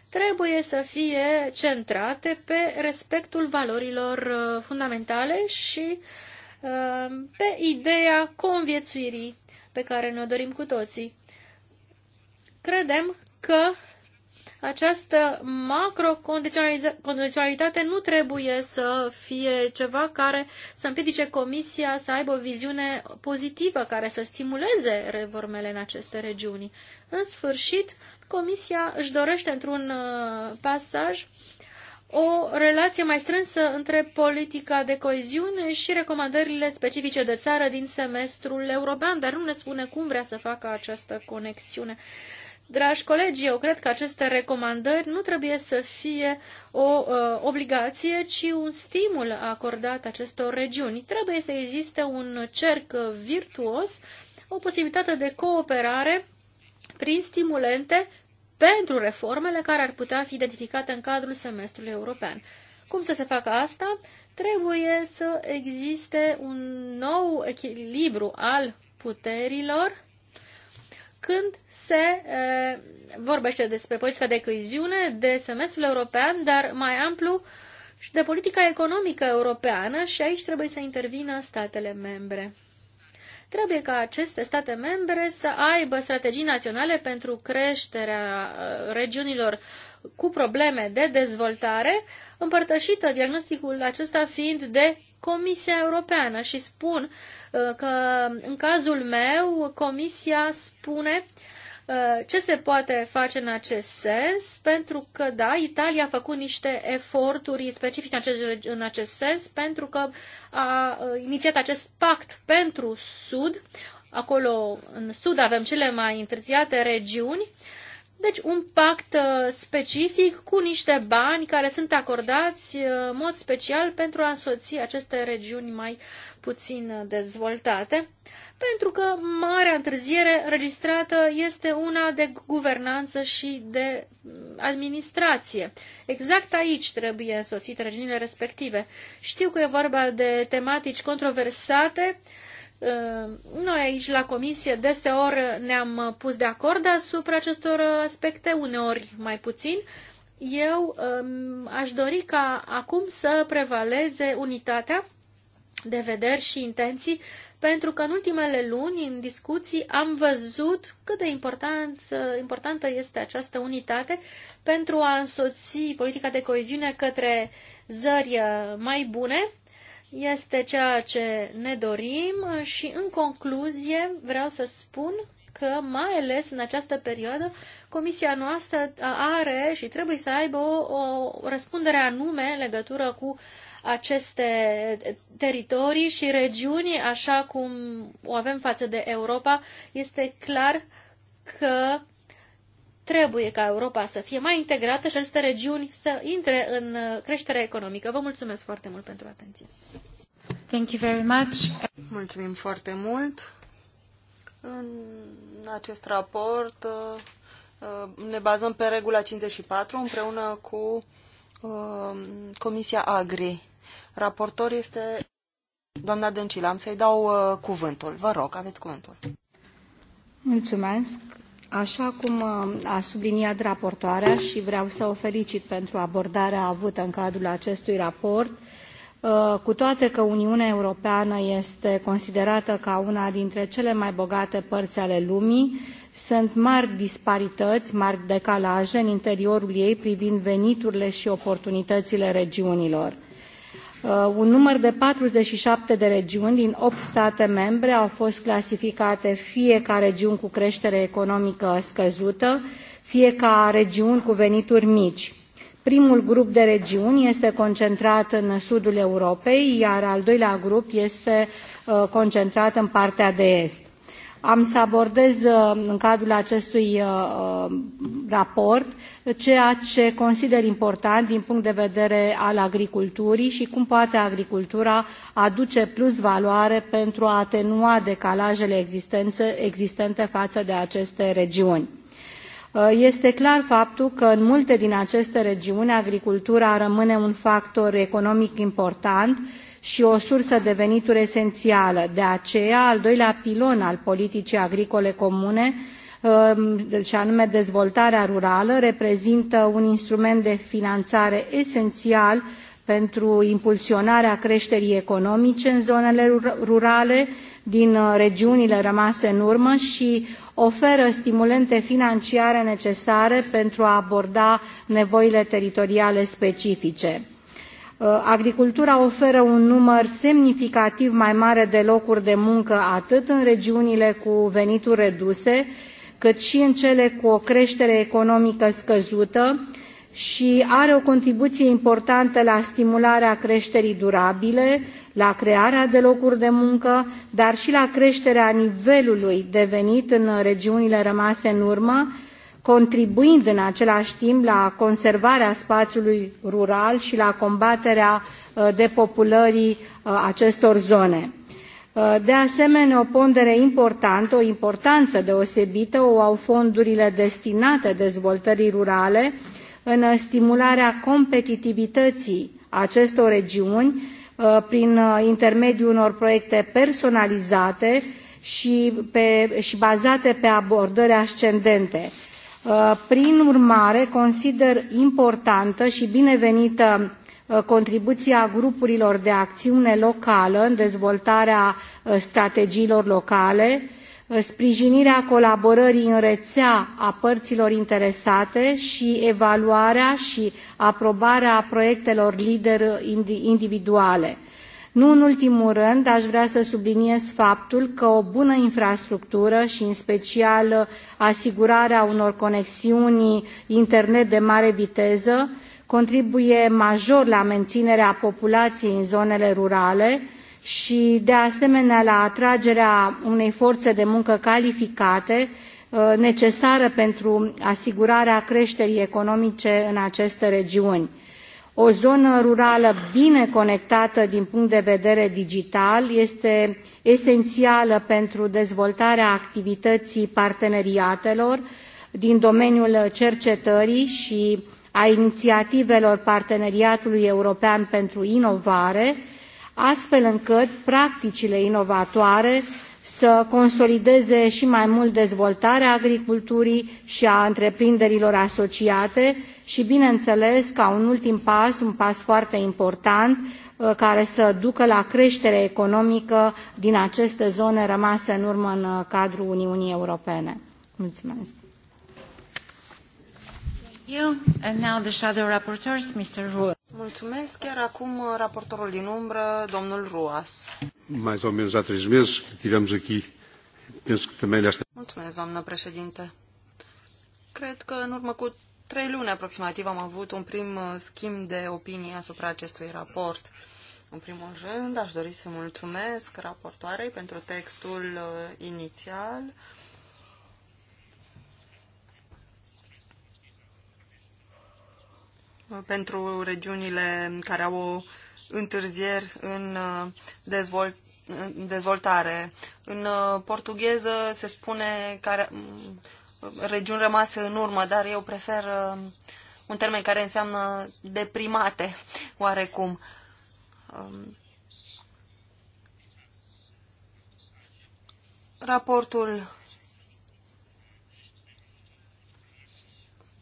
trebuie să fie centrate pe respectul valorilor uh, fundamentale și uh, pe ideea conviețuirii pe care ne-o dorim cu toții. Credem că această macrocondiționalitate nu trebuie să fie ceva care să împiedice Comisia să aibă o viziune pozitivă care să stimuleze reformele în aceste regiuni. În sfârșit, Comisia își dorește într-un uh, pasaj o relație mai strânsă între politica de coeziune și recomandările specifice de țară din semestrul european, dar nu ne spune cum vrea să facă această conexiune. Dragi colegi, eu cred că aceste recomandări nu trebuie să fie o uh, obligație, ci un stimul acordat acestor regiuni. Trebuie să existe un cerc virtuos, o posibilitate de cooperare prin stimulente pentru reformele care ar putea fi identificate în cadrul semestrului european. Cum să se facă asta? Trebuie să existe un nou echilibru al puterilor când se e, vorbește despre politica de coeziune, de semestrul european, dar mai amplu și de politica economică europeană și aici trebuie să intervină statele membre. Trebuie ca aceste state membre să aibă strategii naționale pentru creșterea regiunilor cu probleme de dezvoltare, împărtășită diagnosticul acesta fiind de Comisia Europeană și spun uh, că în cazul meu Comisia spune uh, ce se poate face în acest sens, pentru că, da, Italia a făcut niște eforturi specifice în acest, în acest sens, pentru că a uh, inițiat acest pact pentru Sud. Acolo, în Sud, avem cele mai întârziate regiuni deci un pact uh, specific cu niște bani care sunt acordați uh, în mod special pentru a însoți aceste regiuni mai puțin uh, dezvoltate, pentru că marea întârziere registrată este una de guvernanță și de mm, administrație. Exact aici trebuie însoțite regiunile respective. Știu că e vorba de tematici controversate, Uh, noi aici la comisie deseori ne-am pus de acord asupra acestor aspecte, uneori mai puțin. Eu um, aș dori ca acum să prevaleze unitatea de vederi și intenții, pentru că în ultimele luni, în discuții, am văzut cât de importantă este această unitate pentru a însoți politica de coeziune către zări mai bune este ceea ce ne dorim și în concluzie vreau să spun că mai ales în această perioadă comisia noastră are și trebuie să aibă o, o răspundere anume în legătură cu aceste teritorii și regiuni, așa cum o avem față de Europa, este clar că Trebuie ca Europa să fie mai integrată și aceste regiuni să intre în uh, creștere economică. Vă mulțumesc foarte mult pentru atenție. Thank you very much. Mulțumim foarte mult. În acest raport uh, uh, ne bazăm pe regula 54 împreună cu Comisia Agri. Raportor este doamna Dăncilă. Am să-i dau cuvântul. Vă rog, aveți cuvântul. Mulțumesc. Așa cum uh, a subliniat raportoarea și vreau să o felicit pentru abordarea avută în cadrul acestui raport, uh, cu toate că Uniunea Europeană este considerată ca una dintre cele mai bogate părți ale lumii, sunt mari disparități, mari decalaje în interiorul ei privind veniturile și oportunitățile regiunilor Uh, un număr de 47 de regiuni din 8 state membre au fost clasificate fie ca regiuni cu creștere economică scăzută, fie ca regiuni cu venituri mici. Primul grup de regiuni este concentrat în sudul Europei, iar al doilea grup este uh, concentrat în partea de est am să abordez uh, în cadrul acestui uh, uh, raport ceea ce consider important din punct de vedere al agriculturii și cum poate agricultura aduce plus valoare pentru a atenua decalajele existente față de aceste regiuni. Este clar faptul că în multe din aceste regiuni agricultura rămâne un factor economic important și o sursă de venituri esențială. De aceea, al doilea pilon al politicii agricole comune um, și anume dezvoltarea rurală, reprezintă un instrument de finanțare esențial pentru impulsionarea creșterii economice în zonele rurale din uh, regiunile rămase în urmă și oferă stimulente financiare necesare pentru a aborda nevoile teritoriale specifice. Uh, agricultura oferă un număr semnificativ mai mare de locuri de muncă atât în regiunile cu venituri reduse, cât și în cele cu o creștere economică scăzută și are o contribuție importantă la stimularea creșterii durabile, la crearea de locuri de muncă, dar și la creșterea nivelului de venit în regiunile rămase în urmă, contribuind în același timp la conservarea spațiului rural și la combaterea uh, depopulării uh, acestor zone. Uh, de asemenea, o pondere importantă, o importanță deosebită o au fondurile destinate dezvoltării rurale în stimularea competitivității acestor regiuni prin intermediul unor proiecte personalizate și, pe, și bazate pe abordări ascendente Uh, prin urmare, consider importantă și binevenită uh, contribuția grupurilor de acțiune locală în dezvoltarea uh, strategiilor locale, sprijinirea colaborării în rețea a părților interesate și evaluarea și aprobarea proiectelor lider individuale. Nu în ultimul rând, aș vrea să subliniez faptul că o bună infrastructură și în special asigurarea unor conexiuni internet de mare viteză contribuie major la menținerea populației în zonele rurale și de asemenea la atragerea unei forțe de muncă calificate uh, necesară pentru asigurarea creșterii economice în aceste regiuni. O zonă rurală bine conectată din punct de vedere digital este esențială pentru dezvoltarea activității parteneriatelor din domeniul cercetării și a inițiativelor Parteneriatului European pentru Inovare, astfel încât practicile inovatoare să consolideze și mai mult dezvoltarea agriculturii și a întreprinderilor asociate și, bineînțeles, ca un ultim pas, un pas foarte important, uh, care să ducă la creștere economică din aceste zone rămase în urmă în uh, cadrul Uniunii Europene. Mulțumesc. Mulțumesc. Iar acum uh, raportorul din umbră, domnul Ruas. Mai ou menos há três meses que tivemos aqui, penso que também Mulțumesc, doamnă președinte. Cred că în urmă cu trei luni aproximativ am avut un prim uh, schimb de opinie asupra acestui raport. În primul rând, aș dori să mulțumesc raportoarei pentru textul uh, inițial. Uh, pentru regiunile care au o întârzieri în dezvolt dezvoltare. În portugheză se spune care, regiuni rămase în urmă, dar eu prefer uh, un termen care înseamnă deprimate, *laughs* oarecum. Um, raportul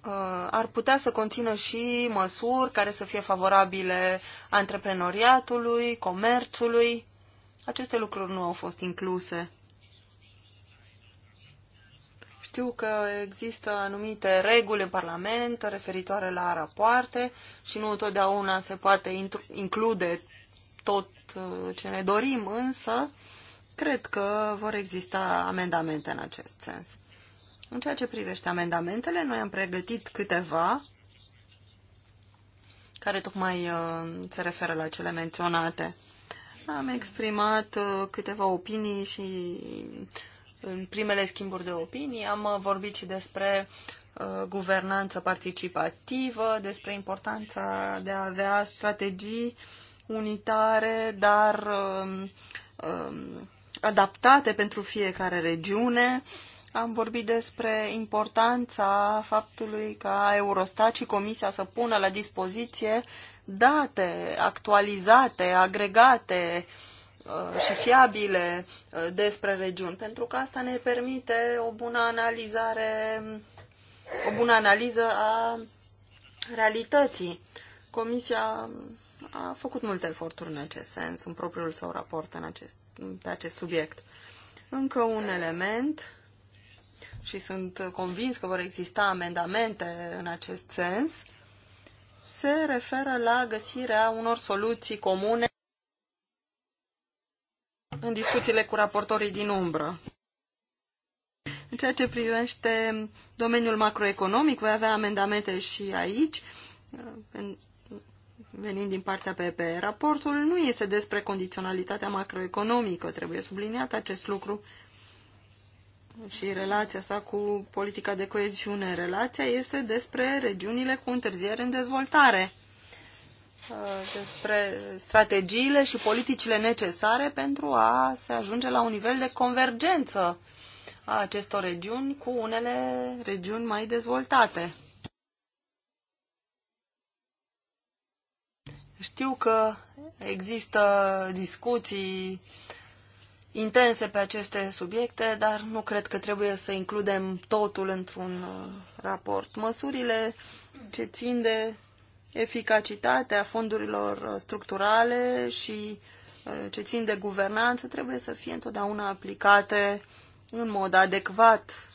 uh, ar putea să conțină și măsuri care să fie favorabile antreprenoriatului, comerțului. Aceste lucruri nu au fost incluse. Știu că există anumite reguli în Parlament referitoare la rapoarte și nu întotdeauna se poate include tot uh, ce ne dorim, însă cred că vor exista amendamente în acest sens. În ceea ce privește amendamentele, noi am pregătit câteva care tocmai uh, se referă la cele menționate. Am exprimat uh, câteva opinii și în primele schimburi de opinii am uh, vorbit și despre uh, guvernanță participativă, despre importanța de a avea strategii unitare, dar um, um, adaptate pentru fiecare regiune. Am vorbit despre importanța faptului ca Eurostat și Comisia să pună la dispoziție date actualizate, agregate, uh, Uh, și fiabile uh, despre regiuni, pentru că asta ne permite o bună analizare, o bună analiză a realității. Comisia a făcut multe eforturi în acest sens, în propriul său raport în acest, pe acest subiect. Încă un element, și sunt convins că vor exista amendamente în acest sens, se referă la găsirea unor soluții comune în discuțiile cu raportorii din umbră. În ceea ce privește domeniul macroeconomic, voi avea amendamente și aici, venind din partea PP. Raportul nu este despre condiționalitatea macroeconomică, trebuie subliniat acest lucru și relația sa cu politica de coeziune. Relația este despre regiunile cu întârziere în dezvoltare. Uh, despre strategiile și politicile necesare pentru a se ajunge la un nivel de convergență a acestor regiuni cu unele regiuni mai dezvoltate. Știu că există discuții intense pe aceste subiecte, dar nu cred că trebuie să includem totul într-un uh, raport. Măsurile ce țin de eficacitatea fondurilor structurale și uh, ce țin de guvernanță trebuie să fie întotdeauna aplicate în mod adecvat.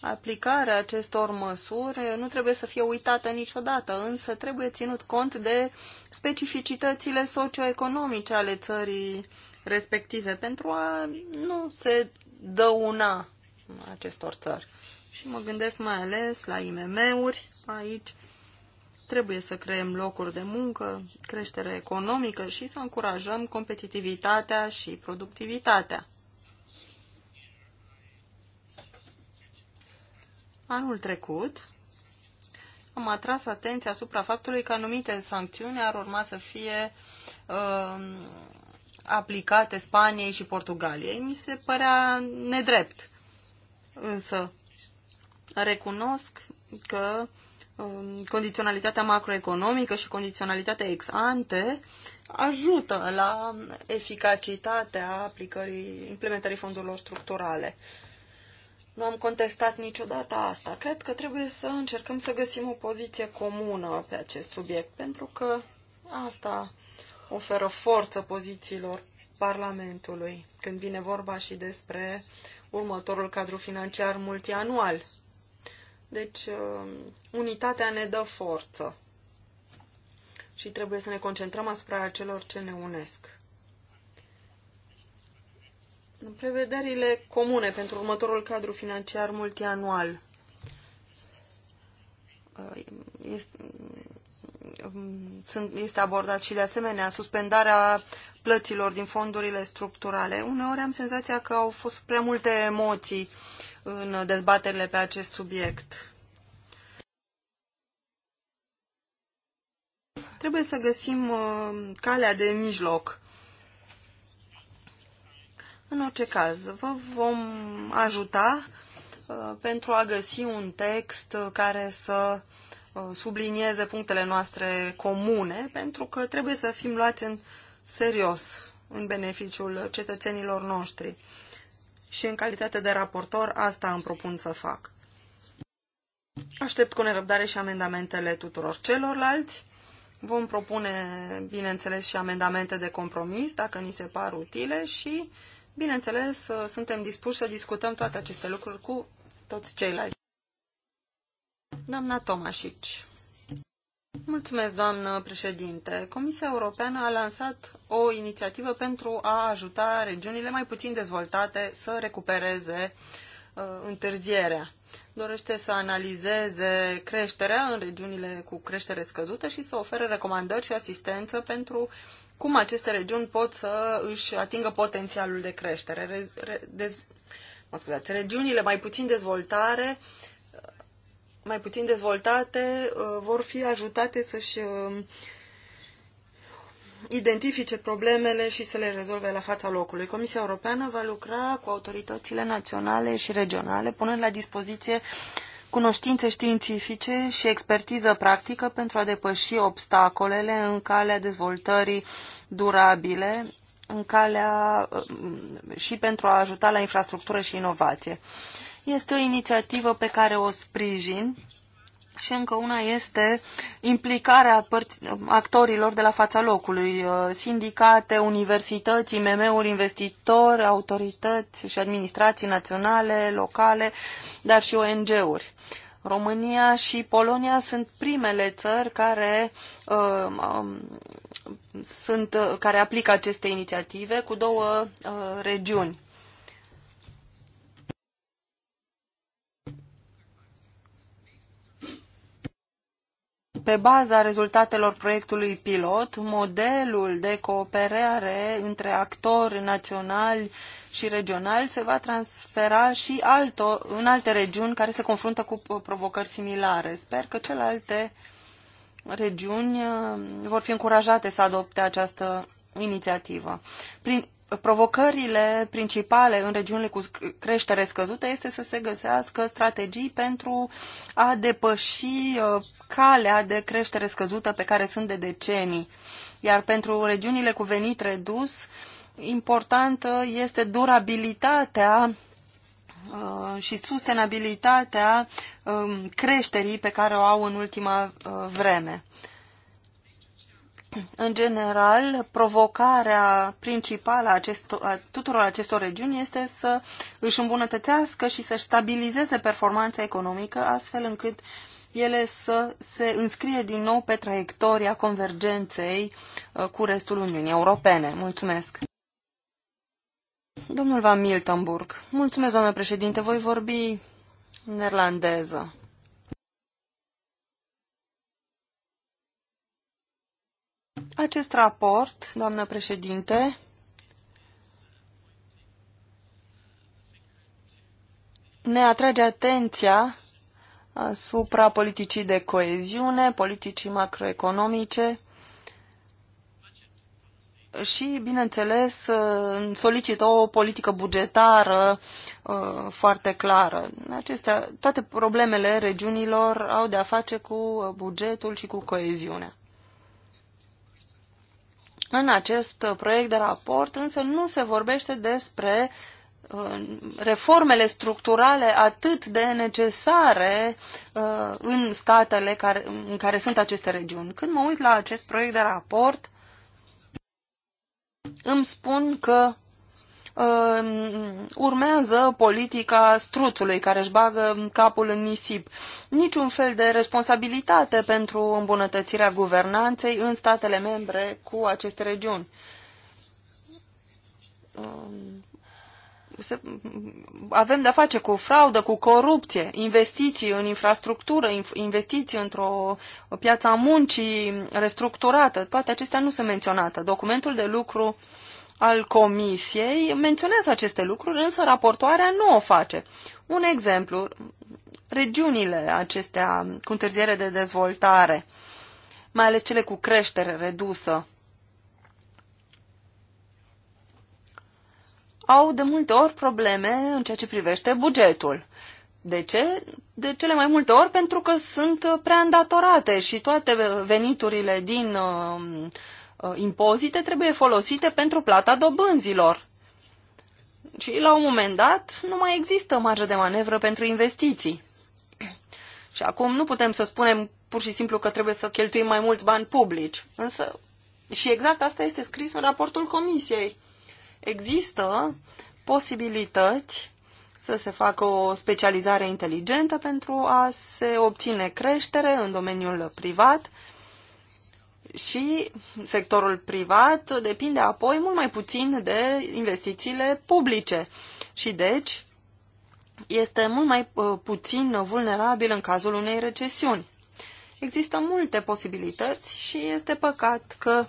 Aplicarea acestor măsuri nu trebuie să fie uitată niciodată, însă trebuie ținut cont de specificitățile socioeconomice ale țării respective pentru a nu se dăuna acestor țări. Și mă gândesc mai ales la IMM-uri aici Trebuie să creăm locuri de muncă, creștere economică și să încurajăm competitivitatea și productivitatea. Anul trecut am atras atenția asupra faptului că anumite sancțiuni ar urma să fie uh, aplicate Spaniei și Portugaliei. Mi se părea nedrept. Însă recunosc că Um, condiționalitatea macroeconomică și condiționalitatea ex ante ajută la eficacitatea aplicării, implementării fondurilor structurale. Nu am contestat niciodată asta. Cred că trebuie să încercăm să găsim o poziție comună pe acest subiect, pentru că asta oferă forță pozițiilor Parlamentului, când vine vorba și despre următorul cadru financiar multianual. Deci, um, unitatea ne dă forță și trebuie să ne concentrăm asupra celor ce ne unesc. În Prevederile comune pentru următorul cadru financiar multianual. Uh, um, este abordat și de asemenea suspendarea plăților din fondurile structurale. Uneori am senzația că au fost prea multe emoții uh, în dezbaterile pe acest subiect. Trebuie să găsim uh, calea de mijloc. În orice caz, vă vom ajuta uh, pentru a găsi un text care să uh, sublinieze punctele noastre comune, pentru că trebuie să fim luați în serios în beneficiul cetățenilor noștri și în calitate de raportor asta îmi propun să fac. Aștept cu nerăbdare și amendamentele tuturor celorlalți. Vom propune, bineînțeles, și amendamente de compromis, dacă ni se par utile și, bineînțeles, suntem dispuși să discutăm toate aceste lucruri cu toți ceilalți. Doamna Tomașici. Mulțumesc, doamnă președinte. Comisia Europeană a lansat o inițiativă pentru a ajuta regiunile mai puțin dezvoltate să recupereze uh, întârzierea. Dorește să analizeze creșterea în regiunile cu creștere scăzută și să ofere recomandări și asistență pentru cum aceste regiuni pot să își atingă potențialul de creștere. Re, re, dez, mă scuzați, regiunile mai puțin dezvoltate. uh, mai puțin dezvoltate uh, vor fi ajutate să-și uh, identifice problemele și să le rezolve la fața locului. Comisia Europeană va lucra cu autoritățile naționale și regionale, punând la dispoziție cunoștințe științifice și expertiză practică pentru a depăși obstacolele în calea dezvoltării durabile în calea uh, și pentru a ajuta la infrastructură și inovație. Este o inițiativă pe care o sprijin și încă una este implicarea actorilor de la fața locului, uh, sindicate, universități, IMM-uri, investitori, autorități și administrații naționale, locale, dar și ONG-uri. România și Polonia sunt primele țări care, uh, um, sunt, uh, care aplică aceste inițiative cu două uh, regiuni. Pe baza rezultatelor proiectului pilot, modelul de cooperare între actori naționali și regionali se va transfera și alto, în alte regiuni care se confruntă cu provocări similare. Sper că celelalte regiuni uh, vor fi încurajate să adopte această inițiativă. Prin provocările principale în regiunile cu creștere scăzută este să se găsească strategii pentru a depăși uh, calea de creștere scăzută pe care sunt de decenii. Iar pentru regiunile cu venit redus, importantă este durabilitatea uh, și sustenabilitatea um, creșterii pe care o au în ultima uh, vreme. În general, provocarea principală a, acestor, a tuturor acestor regiuni este să își îmbunătățească și să-și stabilizeze performanța economică, astfel încât uh, ele să se înscrie din nou pe traiectoria convergenței uh, cu restul Uniunii Europene. Mulțumesc! Domnul Van Miltenburg, mulțumesc, doamnă președinte, voi vorbi neerlandeză. Acest raport, doamnă președinte, ne atrage atenția asupra politicii de coeziune, politicii macroeconomice și, bineînțeles, uh, solicită o politică bugetară uh, foarte clară. Acestea, toate problemele regiunilor au de-a face cu bugetul și cu coeziunea. În acest proiect de raport însă nu se vorbește despre Uh, reformele structurale atât de necesare uh, în statele care, în care sunt aceste regiuni. Când mă uit la acest proiect de raport, îmi spun că uh, urmează politica struțului care își bagă capul în nisip. Niciun fel de responsabilitate pentru îmbunătățirea guvernanței în statele membre cu aceste regiuni se, avem de-a face cu fraudă, cu corupție, investiții în infrastructură, investiții într-o piață a muncii restructurată. Toate acestea nu sunt menționate. Documentul de lucru al comisiei menționează aceste lucruri, însă raportoarea nu o face. Un exemplu, regiunile acestea cu întârziere de dezvoltare, mai ales cele cu creștere redusă, au de multe ori probleme în ceea ce privește bugetul. De ce? De cele mai multe ori pentru că sunt prea îndatorate și toate veniturile din um, uh, impozite trebuie folosite pentru plata dobânzilor. Și la un moment dat nu mai există marjă de manevră pentru investiții. Și acum nu putem să spunem pur și simplu că trebuie să cheltuim mai mulți bani publici. Însă, și exact asta este scris în raportul comisiei. Există posibilități să se facă o specializare inteligentă pentru a se obține creștere în domeniul privat și sectorul privat depinde apoi mult mai puțin de investițiile publice și deci este mult mai uh, puțin vulnerabil în cazul unei recesiuni. Există multe posibilități și este păcat că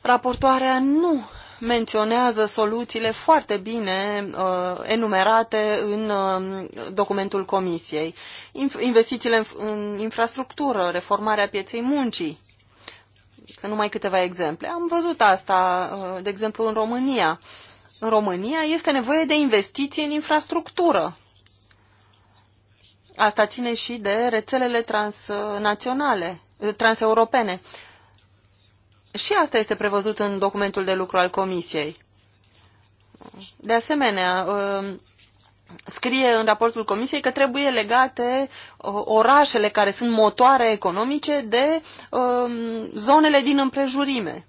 raportoarea nu menționează soluțiile foarte bine uh, enumerate în uh, documentul Comisiei. Inf investițiile în, în infrastructură, reformarea pieței muncii, să numai câteva exemple. Am văzut asta, uh, de exemplu, în România. În România este nevoie de investiții în infrastructură. Asta ține și de rețelele transnaționale, transeuropene. Uh, și asta este prevăzut în documentul de lucru al Comisiei. De asemenea, um, scrie în raportul Comisiei că trebuie legate orașele care sunt motoare economice de um, zonele din împrejurime.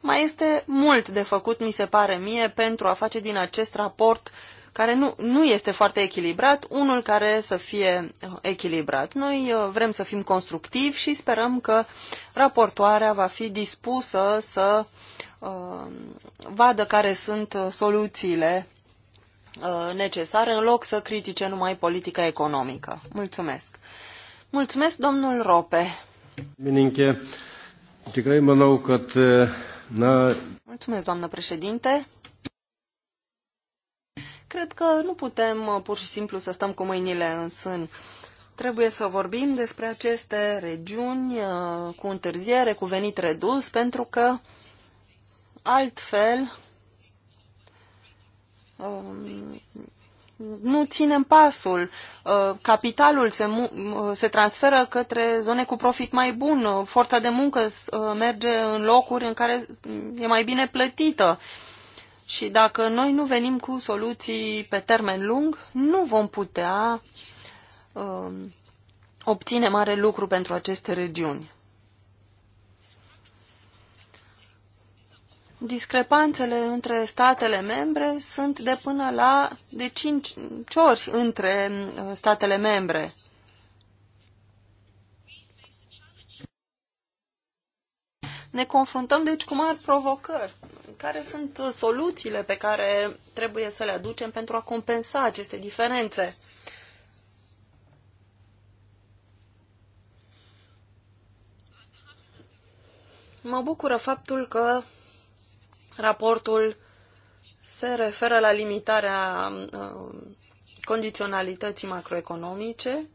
Mai este mult de făcut, mi se pare mie, pentru a face din acest raport care nu, nu este foarte echilibrat, unul care să fie uh, echilibrat. Noi uh, vrem să fim constructivi și sperăm că raportoarea va fi dispusă să uh, vadă care sunt uh, soluțiile uh, necesare în loc să critique numai politica economică. Mulțumesc. Mulțumesc, domnul Rope. Miniche, na... Mulțumesc, doamnă președinte. Cred că nu putem uh, pur și simplu să stăm cu mâinile în sân. Trebuie să vorbim despre aceste regiuni uh, cu întârziere, cu venit redus, pentru că altfel um, nu ținem pasul. Uh, capitalul se, se transferă către zone cu profit mai bun. Forța de muncă merge în locuri în care e mai bine plătită. Și dacă noi nu venim cu soluții pe termen lung, nu vom putea uh, obține mare lucru pentru aceste regiuni. Discrepanțele între statele membre sunt de până la de 5 ori între uh, statele membre. Ne confruntăm deci cu mari provocări care sunt uh, soluțiile pe care trebuie să le aducem pentru a compensa aceste diferențe. Mă bucură faptul că raportul se referă la limitarea uh, condiționalității macroeconomice.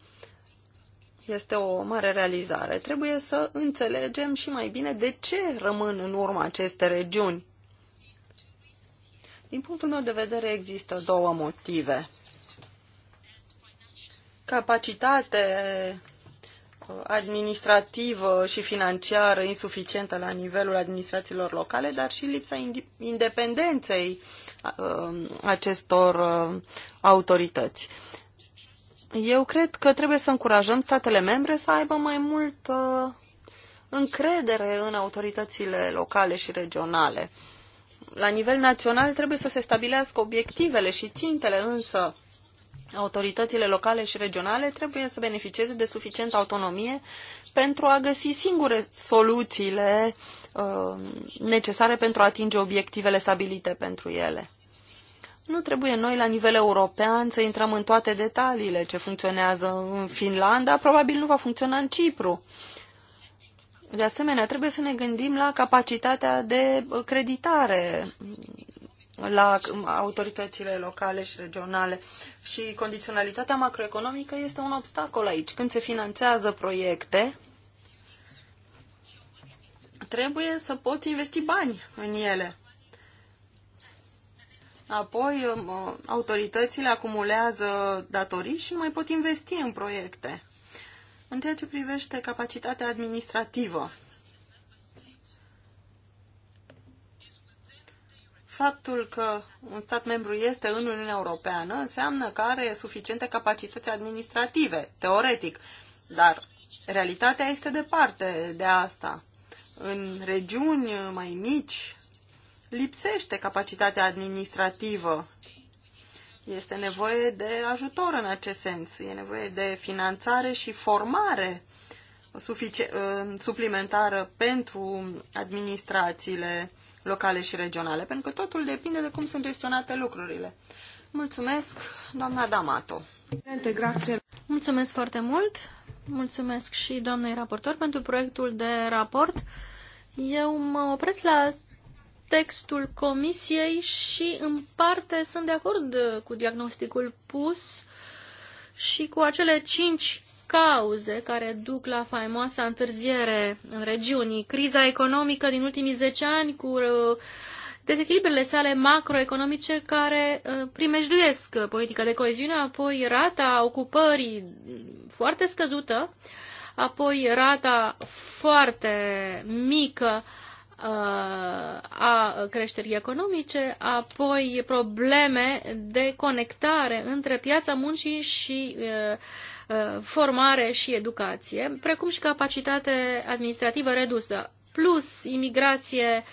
Este o mare realizare. Trebuie să înțelegem și mai bine de ce rămân în urmă aceste regiuni. Din punctul meu de vedere există două motive. Capacitate uh, administrativă și financiară insuficientă la nivelul administrațiilor locale, dar și lipsa independenței uh, acestor uh, autorități. Eu cred că trebuie să încurajăm statele membre să aibă mai mult încredere în autoritățile locale și regionale. La nivel național trebuie să se stabilească obiectivele și țintele, însă autoritățile locale și regionale trebuie să beneficieze de suficientă autonomie pentru a găsi singure soluțiile uh, necesare pentru a atinge obiectivele stabilite pentru ele. Nu trebuie noi, la nivel european, să intrăm în toate detaliile ce funcționează în Finlanda, probabil nu va funcționa în Cipru. Uh, de asemenea, trebuie să ne gândim la capacitatea de creditare la autoritățile locale și regionale și condiționalitatea macroeconomică este un obstacol aici. Când se finanțează proiecte, trebuie să poți investi bani în ele. Apoi, um, autoritățile acumulează datorii și mai pot investi în proiecte. În ceea ce privește capacitatea administrativă, faptul că un stat membru este în Uniunea Europeană înseamnă că are suficiente capacități administrative, teoretic, dar realitatea este departe de asta. În regiuni mai mici lipsește capacitatea administrativă este nevoie de ajutor în acest sens. E nevoie de finanțare și formare ă, suplimentară pentru administrațiile locale și regionale, pentru că totul depinde de cum sunt gestionate lucrurile. Mulțumesc, doamna Damato. Mulțumesc foarte mult. Mulțumesc și doamnei raportor pentru proiectul de raport. Eu mă opresc la textul comisiei și în parte sunt de acord cu diagnosticul pus și cu acele cinci cauze care duc la faimoasa întârziere în regiuni. Criza economică din ultimii 10 ani cu uh, dezechilibrele sale macroeconomice care uh, primejduiesc politica de coeziune, apoi rata ocupării foarte scăzută, apoi rata foarte mică a creșterii economice, apoi probleme de conectare între piața muncii și formare și educație, precum și capacitate administrativă redusă, plus imigrație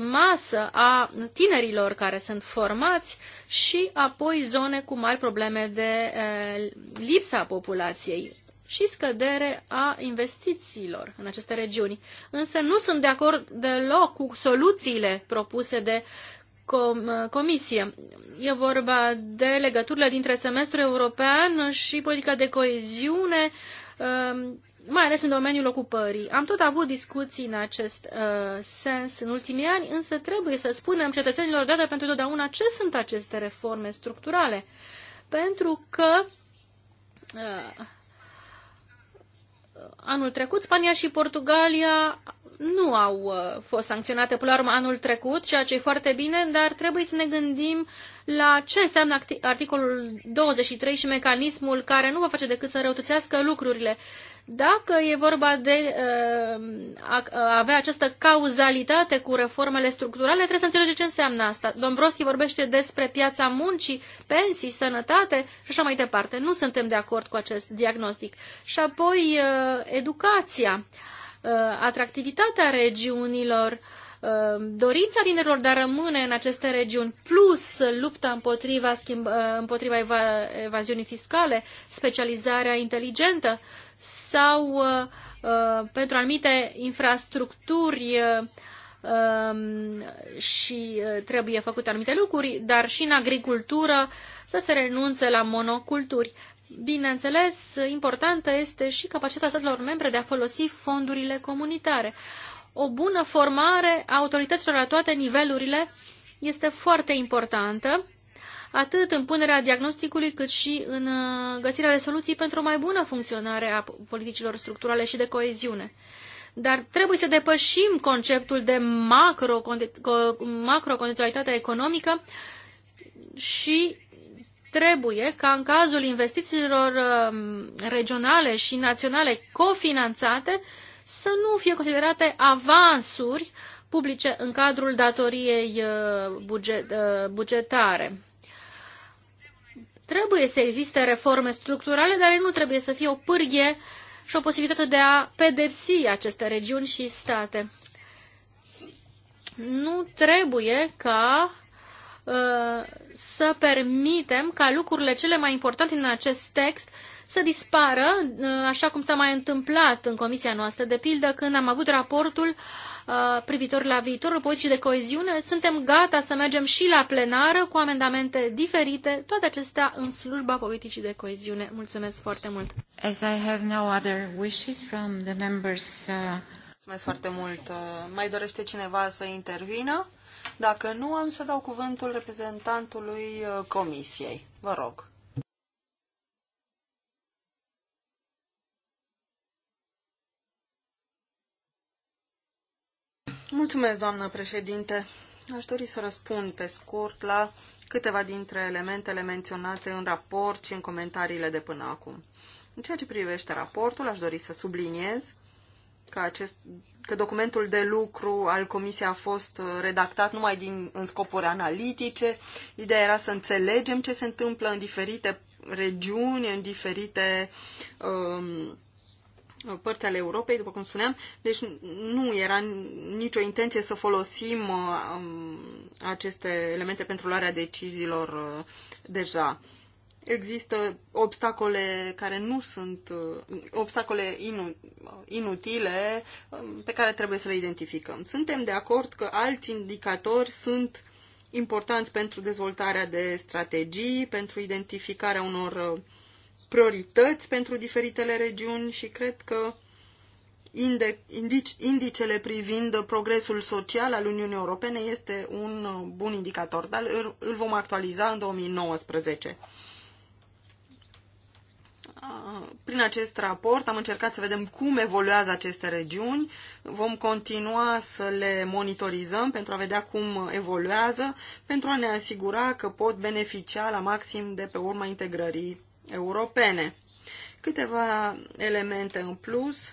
masă a tinerilor care sunt formați și apoi zone cu mari probleme de lipsa populației și scădere a investițiilor în aceste regiuni. Însă nu sunt de acord deloc cu soluțiile propuse de comisie. E vorba de legăturile dintre semestrul european și politica de coeziune, um, mai ales în domeniul ocupării. Am tot avut discuții în acest uh, sens în ultimii ani, însă trebuie să spunem cetățenilor dată pentru totdeauna ce sunt aceste reforme structurale. Pentru că uh, anul trecut. Spania și Portugalia nu au uh, fost sancționate până la urmă anul trecut, ceea ce e foarte bine, dar trebuie să ne gândim la ce înseamnă articolul 23 și mecanismul care nu va face decât să răutățească lucrurile. Dacă e vorba de uh, a uh, avea această cauzalitate cu reformele structurale, trebuie să înțelegem ce înseamnă asta. Dombrosi vorbește despre piața muncii, pensii, sănătate și așa mai departe. Nu suntem de acord cu acest diagnostic. Și apoi uh, educația, atractivitatea regiunilor, dorința tinerilor de a rămâne în aceste regiuni, plus lupta împotriva, schimb, împotriva evaziunii fiscale, specializarea inteligentă, sau uh, uh, pentru anumite infrastructuri uh, um, și uh, trebuie făcute anumite lucruri, dar și în agricultură să se renunțe la monoculturi. Bineînțeles, importantă este și capacitatea statelor membre de a folosi fondurile comunitare. O bună formare a autorităților la toate nivelurile este foarte importantă atât în punerea diagnosticului, cât și în uh, găsirea de soluții pentru o mai bună funcționare a politicilor structurale și de coeziune. Dar trebuie să depășim conceptul de macro, macrocondiționalitate economică și trebuie ca în cazul investițiilor um, regionale și naționale cofinanțate să nu fie considerate avansuri publice în cadrul datoriei uh, buget, uh, bugetare. Trebuie să existe reforme structurale, dar nu trebuie să fie o pârghie și o posibilitate de a pedepsi aceste regiuni și state. Nu trebuie ca uh, să permitem ca lucrurile cele mai importante din acest text să dispară, uh, așa cum s-a mai întâmplat în comisia noastră, de pildă când am avut raportul Uh, privitor la viitorul politicii de coeziune. Suntem gata să mergem și la plenară cu amendamente diferite, toate acestea în slujba politicii de coeziune. Mulțumesc foarte mult! As I have no other wishes from the members, uh... Mulțumesc foarte mult! Uh, mai dorește cineva să intervină? Dacă nu, am să dau cuvântul reprezentantului uh, Comisiei. Vă rog! Mulțumesc, doamnă președinte. Aș dori să răspund pe scurt la câteva dintre elementele menționate în raport și în comentariile de până acum. În ceea ce privește raportul, aș dori să subliniez că, acest, că documentul de lucru al comisiei a fost redactat numai din, în scopuri analitice. Ideea era să înțelegem ce se întâmplă în diferite regiuni, în diferite um, părți ale Europei, după cum spuneam, deci nu era nicio intenție să folosim um, aceste elemente pentru luarea deciziilor uh, deja. Există obstacole care nu sunt, uh, obstacole inutile um, pe care trebuie să le identificăm. Suntem de acord că alți indicatori sunt importanți pentru dezvoltarea de strategii, pentru identificarea unor uh, priorități pentru diferitele regiuni și cred că indicele privind progresul social al Uniunii Europene este un bun indicator, dar îl vom actualiza în 2019. Prin acest raport am încercat să vedem cum evoluează aceste regiuni, vom continua să le monitorizăm pentru a vedea cum evoluează, pentru a ne asigura că pot beneficia la maxim de pe urma integrării europene. Câteva elemente în plus.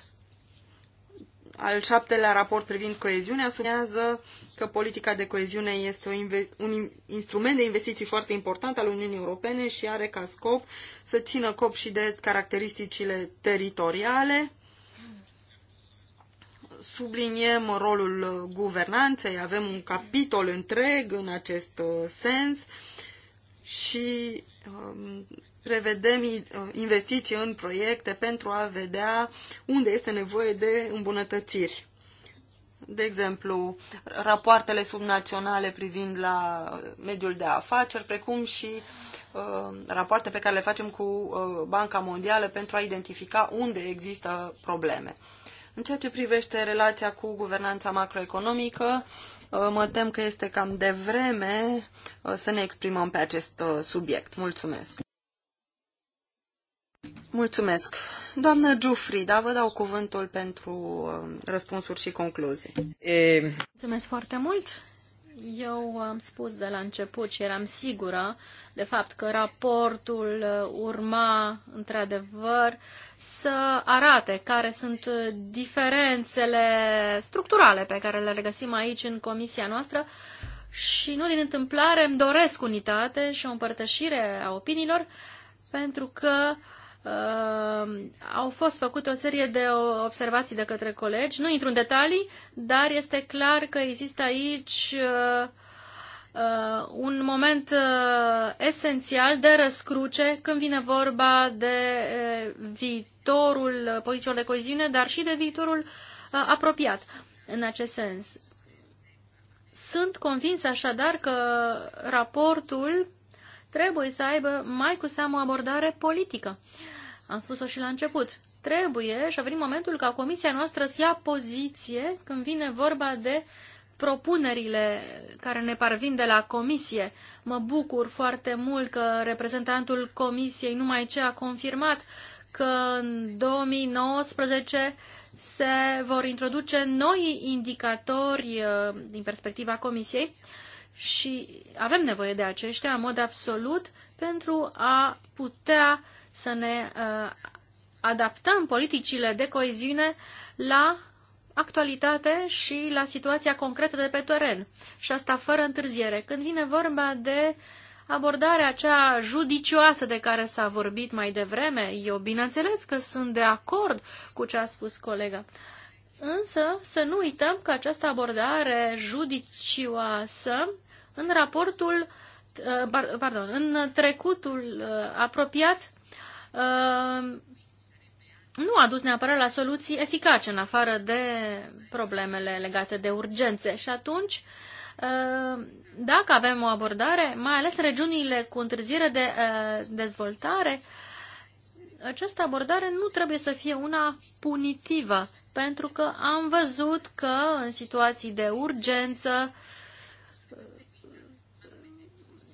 Al șaptelea raport privind coeziunea subliniază că politica de coeziune este un instrument de investiții foarte important al Uniunii Europene și are ca scop să țină cop și de caracteristicile teritoriale. Subliniem rolul guvernanței, avem un capitol întreg în acest uh, sens și um, prevedem uh, investiții în proiecte pentru a vedea unde este nevoie de îmbunătățiri. De exemplu, rapoartele subnaționale privind la mediul de afaceri, precum și uh, rapoarte pe care le facem cu uh, Banca Mondială pentru a identifica unde există probleme. În ceea ce privește relația cu guvernanța macroeconomică, uh, mă tem că este cam devreme uh, să ne exprimăm pe acest uh, subiect. Mulțumesc! Mulțumesc. Doamnă Giufri, da, vă dau cuvântul pentru uh, răspunsuri și concluzii. E... Mulțumesc foarte mult. Eu am spus de la început și eram sigură, de fapt, că raportul uh, urma, într-adevăr, să arate care sunt uh, diferențele structurale pe care le regăsim aici în comisia noastră și nu din întâmplare îmi doresc unitate și o împărtășire a opiniilor, pentru că uh, Uh, au fost făcute o serie de observații de către colegi. Nu intru în detalii, dar este clar că există aici uh, uh, un moment uh, esențial de răscruce când vine vorba de uh, viitorul politicilor de coziune, dar și de viitorul uh, apropiat în acest sens. Sunt convins așadar că raportul trebuie să aibă mai cu seamă o abordare politică. Uh, am spus-o și la început. Trebuie și a venit momentul ca comisia noastră să ia poziție când vine vorba de propunerile care ne parvin de la comisie. Mă bucur foarte mult că reprezentantul comisiei numai ce a confirmat că în 2019 se vor introduce noi indicatori uh, din perspectiva comisiei și avem nevoie de aceștia în mod absolut pentru a putea să ne uh, adaptăm politicile de coeziune la actualitate și la situația concretă de pe teren. Și asta fără întârziere. Când vine vorba de abordarea aceea judicioasă de care s-a vorbit mai devreme, eu bineînțeles că sunt de acord cu ce a spus colega. Uh, Însă să nu uităm că această abordare judicioasă în raportul, uh, pardon, în trecutul uh, apropiat uh, nu a dus neapărat la soluții eficace în afară de problemele legate de urgențe și atunci dacă avem o abordare, mai ales regiunile cu întârziere de dezvoltare, această abordare nu trebuie să fie una punitivă, pentru că am văzut că în situații de urgență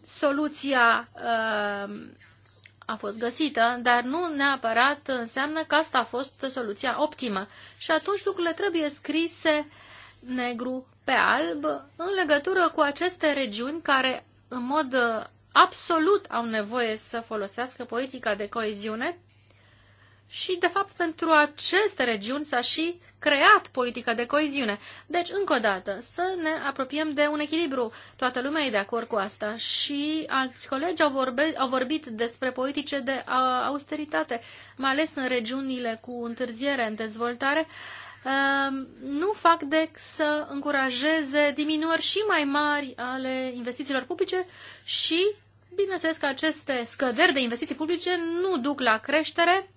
soluția uh, a fost găsită, dar nu neapărat înseamnă că asta a fost soluția optimă. Și atunci lucrurile trebuie scrise negru pe alb în legătură cu aceste regiuni care în mod absolut au nevoie să folosească politica de coeziune și, de fapt, pentru aceste regiuni s-a și creat politica de coeziune. Deci, încă o dată, să ne apropiem de un echilibru. Toată lumea e de acord cu asta și alți colegi au, vorbe, au vorbit despre politice de austeritate, mai ales în regiunile cu întârziere în dezvoltare. Ehm, nu fac decât să încurajeze diminuări și mai mari ale investițiilor publice și Bineînțeles că aceste scăderi de investiții publice nu duc la creștere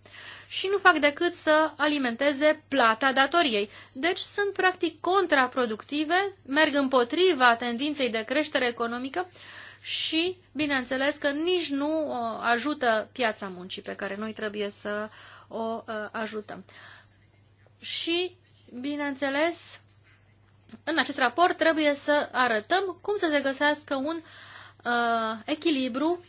și nu fac decât să alimenteze plata datoriei. Deci sunt practic contraproductive, merg împotriva tendinței de creștere economică și, bineînțeles, că nici nu uh, ajută piața muncii pe care noi trebuie să o uh, ajutăm. Și, bineînțeles, în acest raport trebuie să arătăm cum să se găsească un uh, echilibru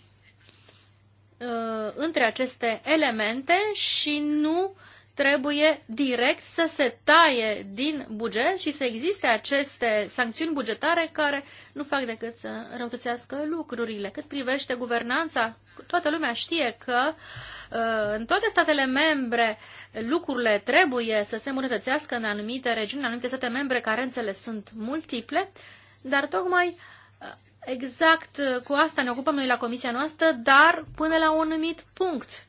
Uh, între aceste elemente și nu trebuie direct să se taie din buget și să existe aceste sancțiuni bugetare care nu fac decât să răutățească lucrurile. Cât privește guvernanța, toată lumea știe că uh, în toate statele membre lucrurile trebuie să se îmbunătățească în anumite regiuni, în anumite state membre, carențele sunt multiple, dar tocmai Exact uh, cu asta ne ocupăm noi la comisia noastră, dar până la un anumit punct.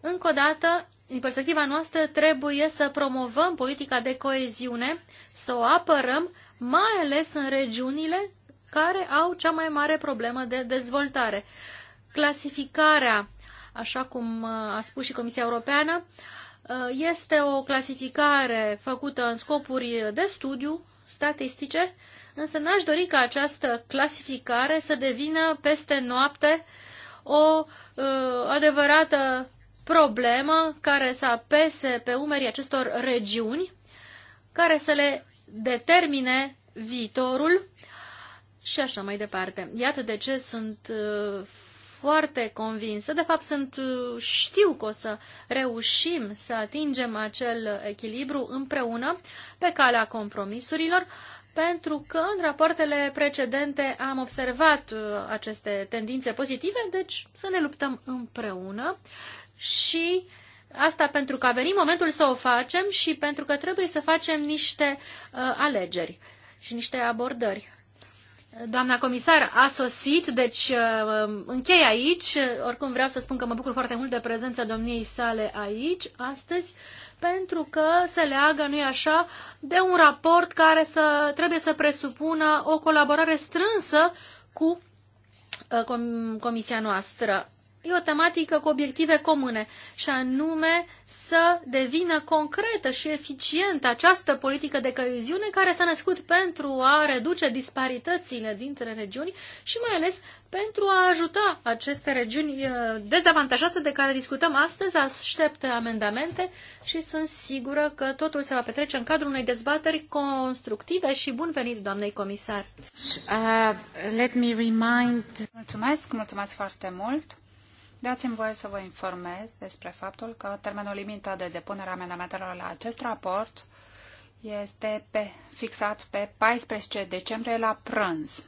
Încă o dată, din perspectiva noastră, trebuie să promovăm politica de coeziune, să o apărăm, mai ales în regiunile care au cea mai mare problemă de dezvoltare. Clasificarea, așa cum uh, a spus și Comisia Europeană, uh, este o clasificare făcută în scopuri de studiu statistice Însă n-aș dori ca această clasificare să devină peste noapte o uh, adevărată problemă care să apese pe umerii acestor regiuni, care să le determine viitorul și așa mai departe. Iată de ce sunt uh, foarte convinsă, de fapt sunt, uh, știu că o să reușim să atingem acel echilibru împreună pe calea compromisurilor, pentru că în rapoartele precedente am observat uh, aceste tendințe pozitive, deci să ne luptăm împreună și asta pentru că a venit momentul să o facem și pentru că trebuie să facem niște uh, alegeri și niște abordări. Doamna comisar a sosit, deci uh, închei aici. Oricum vreau să spun că mă bucur foarte mult de prezența domniei sale aici astăzi pentru că se leagă, nu-i așa, de un raport care să, trebuie să presupună o colaborare strânsă cu uh, comisia noastră. E o tematică cu obiective comune și anume să devină concretă și eficientă această politică de căiziune care s-a născut pentru a reduce disparitățile dintre regiuni și mai ales pentru a ajuta aceste regiuni eh, dezavantajate de care discutăm astăzi. Aștept amendamente și sunt sigură că totul se va petrece în cadrul unei dezbateri constructive și bun venit, doamnei comisar. Uh, let me remind... Mulțumesc, mulțumesc foarte mult. Dați-mi voie să vă informez despre faptul că termenul limită de depunere a amendamentelor la acest raport este pe, fixat pe 14 decembrie la prânz.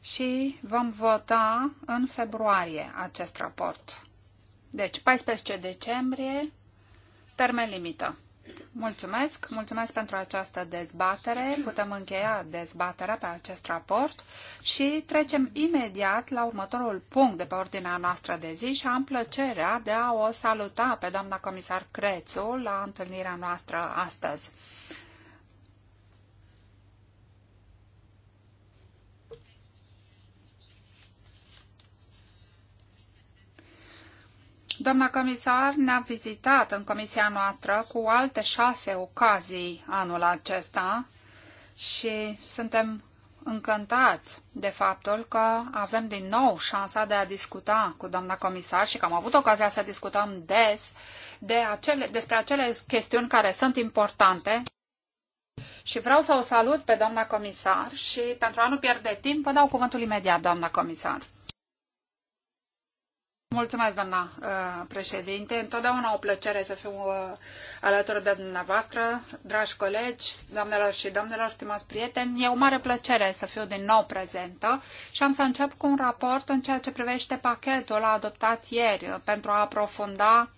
Și vom vota în februarie acest raport. Deci, 14 decembrie, termen limită. Mulțumesc, mulțumesc pentru această dezbatere. Putem încheia dezbaterea pe acest raport și trecem imediat la următorul punct de pe ordinea noastră de zi și am plăcerea de a o saluta pe doamna comisar Crețu la întâlnirea noastră astăzi. Doamna comisar ne-a vizitat în comisia noastră cu alte șase ocazii anul acesta și suntem încântați de faptul că avem din nou șansa de a discuta cu doamna comisar și că am avut ocazia să discutăm des de acele, despre acele chestiuni care sunt importante. Și vreau să o salut pe doamna comisar și pentru a nu pierde timp, vă dau cuvântul imediat, doamna comisar. Mulțumesc, doamna uh, președinte. Întotdeauna o plăcere să fiu uh, alături de dumneavoastră, dragi colegi, doamnelor și domnilor, stimați prieteni. E o mare plăcere să fiu din nou prezentă și am să încep cu un raport în ceea ce privește pachetul adoptat ieri pentru a aprofunda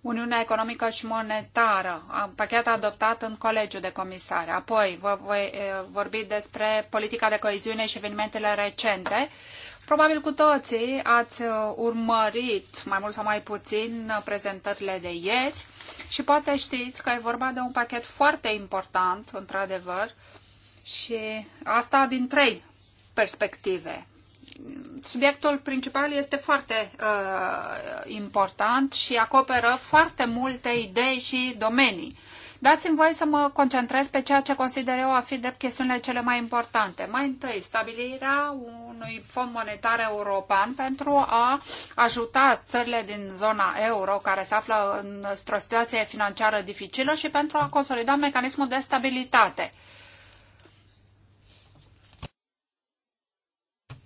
Uniunea Economică și Monetară, pachet adoptat în Colegiul de Comisari. Apoi voi uh, vorbi despre politica de coeziune și evenimentele recente Probabil cu toții ați uh, urmărit mai mult sau mai puțin uh, prezentările de ieri și poate știți că e vorba de un pachet foarte important, într-adevăr, și asta din trei perspective. Subiectul principal este foarte uh, important și acoperă foarte multe idei și domenii. Dați-mi voie să mă concentrez pe ceea ce consider eu a fi drept chestiunile cele mai importante. Mai întâi, stabilirea unui fond monetar european pentru a ajuta țările din zona euro care se află într-o situație financiară dificilă și pentru a consolida mecanismul de stabilitate. Uh,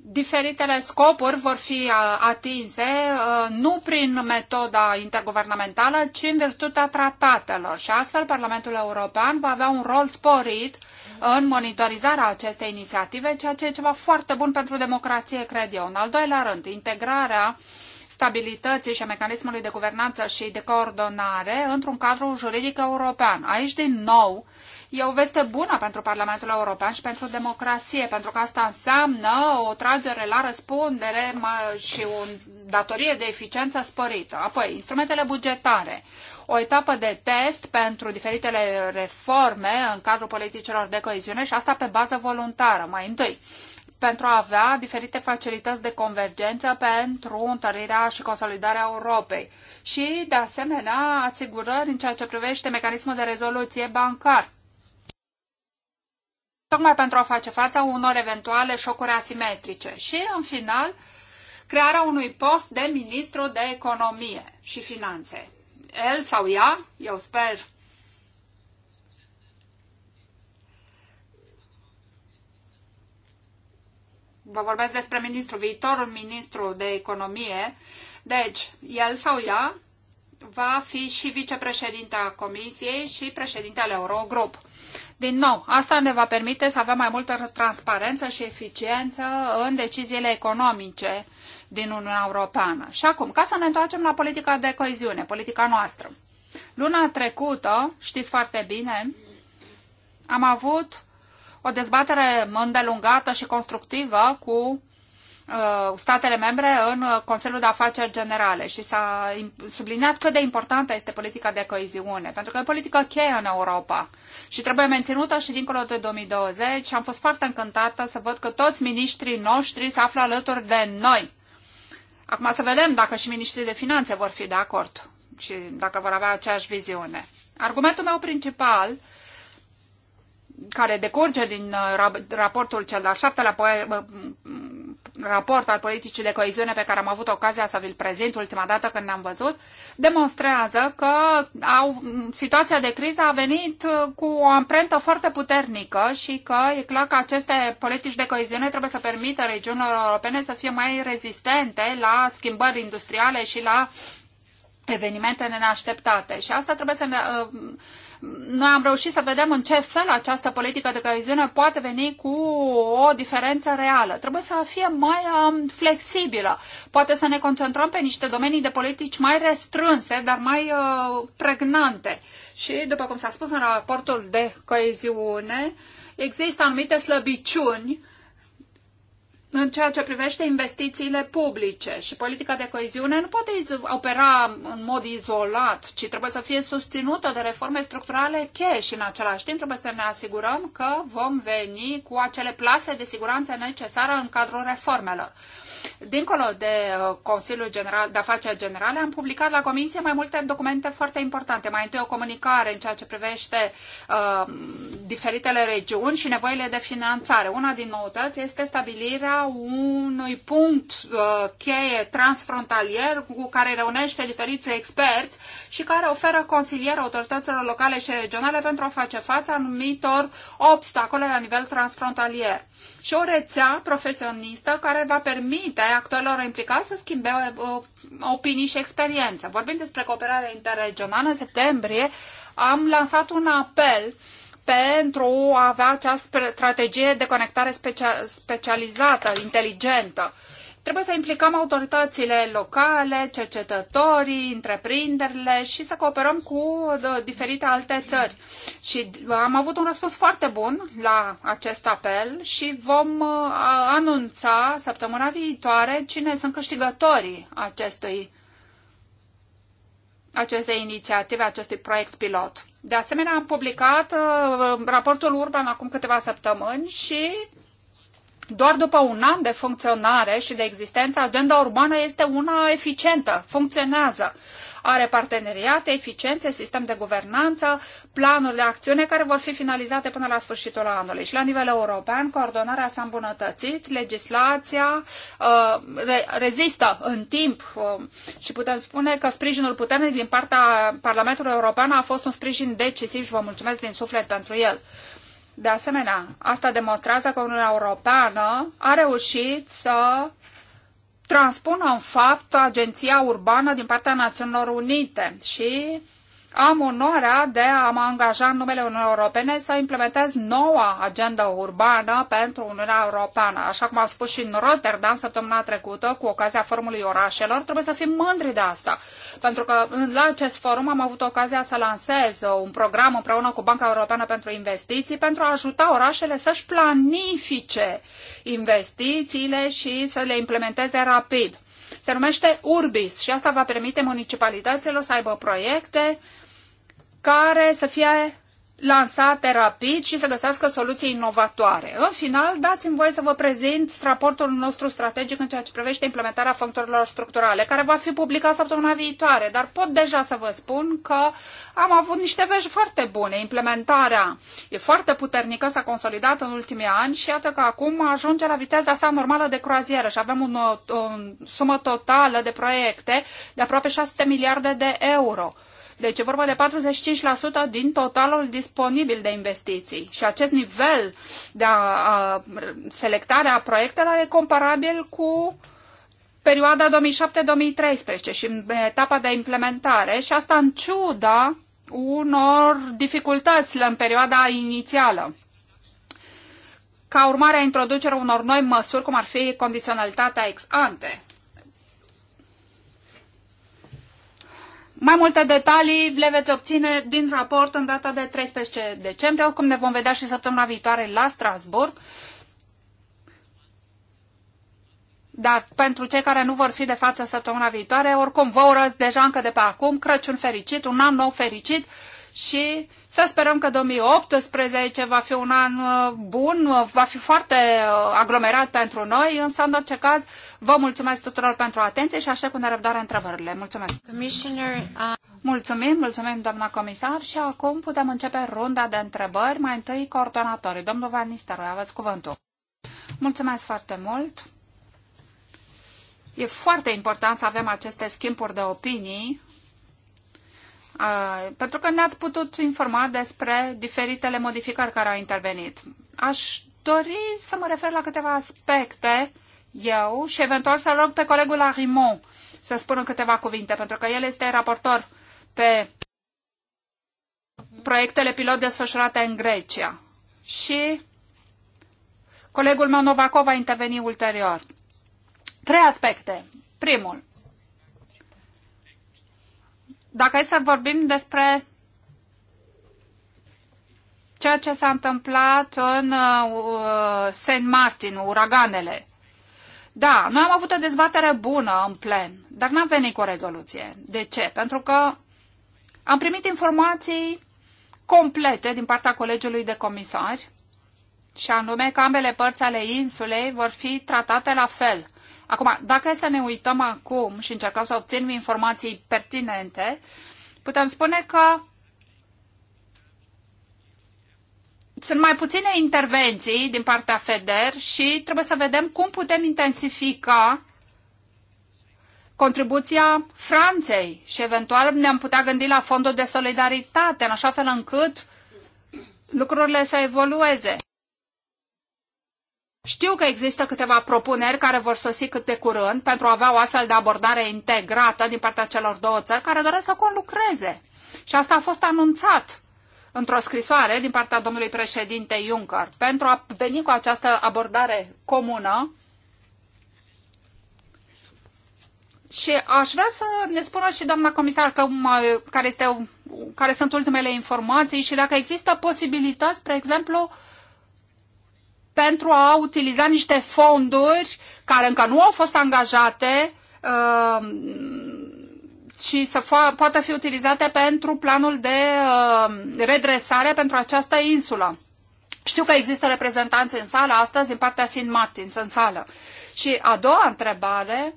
diferitele scopuri vor fi uh, atinse uh, nu prin metoda interguvernamentală, ci în virtutea tratatelor. Și astfel Parlamentul European va avea un rol sporit în monitorizarea acestei inițiative, ceea ce e ceva foarte bun pentru democrație, cred eu. În al doilea rând, integrarea stabilității și a mecanismului de guvernanță și de coordonare într-un cadru juridic european. Aici, din nou, E o veste bună pentru Parlamentul European și pentru democrație, pentru că asta înseamnă o tragere la răspundere și o datorie de eficiență sporită. Apoi, instrumentele bugetare, o etapă de test pentru diferitele reforme în cadrul politicilor de coeziune și asta pe bază voluntară, mai întâi pentru a avea diferite facilități de convergență pentru întărirea și consolidarea Europei și, de asemenea, asigurări în ceea ce privește mecanismul de rezoluție bancar tocmai pentru a face fața unor eventuale șocuri asimetrice. Și, în final, crearea unui post de ministru de economie și finanțe. El sau ea, eu sper, vă vorbesc despre ministru, viitorul ministru de economie, deci el sau ea va fi și vicepreședinta Comisiei și președintele Eurogrup. Din nou, asta ne va permite să avem mai multă transparență și eficiență în deciziile economice din Uniunea Europeană. Și acum, ca să ne întoarcem la politica de coeziune, politica noastră. Luna trecută, știți foarte bine, am avut o dezbatere îndelungată și constructivă cu Uh, statele membre în uh, Consiliul de Afaceri Generale și s-a subliniat cât de importantă este politica de coeziune, pentru că e o politică cheie în Europa și trebuie menținută și dincolo de 2020 și am fost foarte încântată să văd că toți miniștrii noștri se află alături de noi. Acum să vedem dacă și ministrii de finanțe vor fi de acord și dacă vor avea aceeași viziune. Argumentul meu principal care decurge din uh, raportul cel de-al șaptelea raport al politicii de coeziune pe care am avut ocazia să vi-l prezint ultima dată când ne-am văzut, demonstrează că au, situația de criză a venit uh, cu o amprentă foarte puternică și că e clar că aceste politici de coeziune trebuie să permită regiunilor europene să fie mai rezistente la schimbări industriale și la evenimente neașteptate. Și asta trebuie să ne, uh, noi am reușit să vedem în ce fel această politică de coeziune poate veni cu o diferență reală. Trebuie să fie mai um, flexibilă. Poate să ne concentrăm pe niște domenii de politici mai restrânse, dar mai uh, pregnante. Și, după cum s-a spus în raportul de coeziune, există anumite slăbiciuni uh, în ceea ce privește investițiile publice și politica de coeziune nu poate opera în mod izolat, ci trebuie să fie susținută de reforme structurale cheie și în același timp trebuie să ne asigurăm că vom veni cu acele plase de siguranță necesare în cadrul reformelor. Dincolo de uh, Consiliul General, de Afaceri Generale, am publicat la Comisie mai multe documente foarte importante. Mai întâi o comunicare în ceea ce privește uh, diferitele regiuni și nevoile de finanțare. Una din noutăți este stabilirea unui punct uh, cheie transfrontalier cu care reunește diferiți experți și care oferă consilier autorităților locale și regionale pentru a face față anumitor obstacole la nivel transfrontalier. Și o rețea profesionistă care va permite permite actorilor implicați să schimbe uh, uh, opinii și experiență. Vorbim despre cooperare interregională. În septembrie am lansat un apel pentru a avea această strategie de conectare specia- specializată, inteligentă. Trebuie să implicăm autoritățile locale, cercetătorii, întreprinderile și să cooperăm cu diferite alte țări. Și uh, am avut un răspuns foarte bun la acest apel și vom uh, anunța săptămâna viitoare cine sunt câștigătorii acestui acestei inițiative, acestui proiect pilot. De asemenea, am publicat uh, raportul Urban acum câteva săptămâni și doar după un an de funcționare și de existență, agenda urbană este una eficientă, funcționează. Are parteneriate, eficiențe, sistem de guvernanță, planuri de acțiune care vor fi finalizate până la sfârșitul anului. Și la nivel european, coordonarea s-a îmbunătățit, legislația uh, re- rezistă în timp uh, și putem spune că sprijinul puternic din partea Parlamentului European a fost un sprijin decisiv și vă mulțumesc din suflet pentru el. De asemenea, asta demonstrează că Uniunea Europeană a reușit să transpună în fapt agenția urbană din partea Națiunilor Unite și am onoarea de a mă angaja în numele Uniunii Europene să implementez noua agenda urbană pentru Uniunea Europeană. Așa cum am spus și în Rotterdam săptămâna trecută, cu ocazia Forumului Orașelor, trebuie să fim mândri de asta. Pentru că la acest forum am avut ocazia să lansez un program împreună cu Banca Europeană pentru Investiții pentru a ajuta orașele să-și planifice investițiile și să le implementeze rapid. Se numește Urbis și asta va permite municipalităților să aibă proiecte uh, care să fie lansate rapid și să găsească soluții inovatoare. În final, dați-mi voie să vă prezint raportul nostru strategic în ceea ce privește implementarea factorilor structurale, care va fi publicat săptămâna viitoare, dar pot deja să vă spun că am avut niște vești foarte bune. Implementarea e foarte puternică, s-a consolidat în ultimii ani și iată că acum ajunge la viteza sa normală de croazieră și avem o, o sumă totală de proiecte de aproape 600 miliarde de euro. Deci e vorba de 45% din totalul disponibil de investiții. Și acest nivel de a, a, selectare a proiectelor e comparabil cu perioada 2007-2013 și etapa de implementare și asta în ciuda unor dificultăți în perioada inițială ca urmare a introducerea unor noi măsuri, cum ar fi condiționalitatea ex ante. Mai multe detalii le veți obține din raport în data de 13 decembrie, oricum ne vom vedea și săptămâna viitoare la Strasburg. Dar pentru cei care nu vor fi de față săptămâna viitoare, oricum vă urăz deja încă de pe acum Crăciun fericit, un an nou fericit și să sperăm că 2018 va fi un an uh, bun, uh, va fi foarte uh, aglomerat pentru noi, însă, în orice caz, vă mulțumesc tuturor pentru atenție și aștept cu nerăbdare întrebările. Mulțumesc! Mulțumim, mulțumim, doamna comisar, și acum putem începe runda de întrebări. Mai întâi, coordonatorii. Domnul Van Nistelrooy, aveți cuvântul. Mulțumesc foarte mult! E foarte important să avem aceste schimburi de opinii pentru că ne-ați putut informa despre diferitele modificări care au intervenit. Aș dori să mă refer la câteva aspecte eu și eventual să rog pe colegul Arimon să spună câteva cuvinte, pentru că el este raportor pe proiectele pilot desfășurate în Grecia. Și colegul meu Novakov va interveni ulterior. Trei aspecte. Primul, dacă e să vorbim despre ceea ce s-a întâmplat în uh, Saint Martin, uraganele. Da, noi am avut o dezbatere bună în plen, dar n-am venit cu o rezoluție. De ce? Pentru că am primit informații complete din partea colegiului de comisari și anume că ambele părți ale insulei vor fi tratate la fel – Acum, dacă să ne uităm acum și încercăm să obținem informații pertinente, putem spune că sunt mai puține intervenții din partea FEDER și trebuie să vedem cum putem intensifica contribuția Franței și eventual ne-am putea gândi la fondul de solidaritate, în așa fel încât lucrurile să evolueze. Știu că există câteva propuneri care vor sosi cât de curând pentru a avea o astfel de abordare integrată din partea celor două țări care doresc să conlucreze. Și asta a fost anunțat într-o scrisoare din partea domnului președinte Juncker pentru a veni cu această abordare comună Și aș vrea să ne spună și doamna comisar că, care, este, care sunt ultimele informații și dacă există posibilități, spre exemplu, pentru a utiliza niște fonduri care încă nu au fost angajate uh, și să fo- poată fi utilizate pentru planul de uh, redresare pentru această insulă. Știu că există reprezentanți în sală astăzi din partea St. Martins în sală. Și a doua întrebare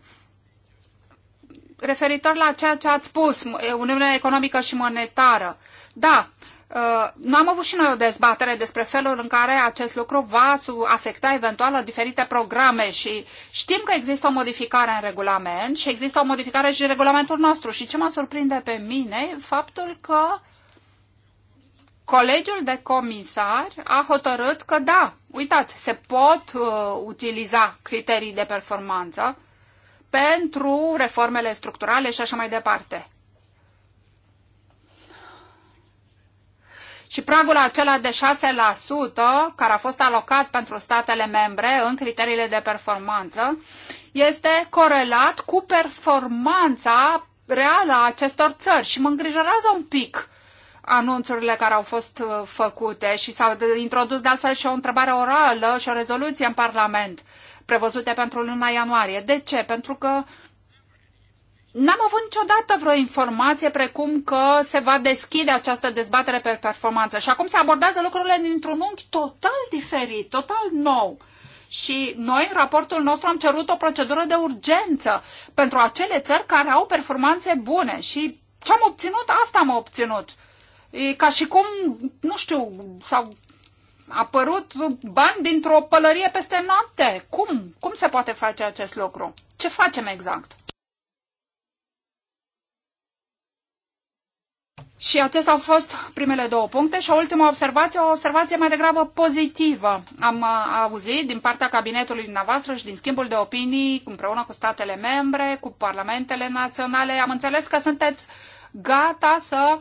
referitor la ceea ce ați spus, Uniunea Economică și Monetară. Da, Uh, nu am avut și noi o dezbatere despre felul în care acest lucru va afecta eventual la diferite programe și știm că există o modificare în regulament și există o modificare și în regulamentul nostru. Și ce mă surprinde pe mine faptul că Colegiul de comisari a hotărât că da, uitați, se pot uh, utiliza criterii de performanță pentru reformele structurale și așa mai departe. Și pragul acela de 6% care a fost alocat pentru statele membre în criteriile de performanță este corelat cu performanța reală a acestor țări și mă îngrijorează un pic anunțurile care au fost uh, făcute și s-au introdus de altfel și o întrebare orală și o rezoluție în Parlament prevăzute pentru luna ianuarie. De ce? Pentru că uh, N-am avut niciodată vreo informație precum că se va deschide această dezbatere pe performanță și acum se abordează lucrurile dintr-un unghi total diferit, total nou. Și noi, în raportul nostru, am cerut o procedură de urgență pentru acele țări care au performanțe bune și ce am obținut, asta am obținut. E ca și cum, nu știu, s-au apărut bani dintr-o pălărie peste noapte. Cum? Cum se poate face acest lucru? Ce facem exact? Și acestea au fost primele două puncte și o ultimă observație, o observație mai degrabă pozitivă. Am uh, auzit din partea cabinetului dumneavoastră și din schimbul de opinii împreună cu statele membre, cu parlamentele naționale, am înțeles că sunteți gata să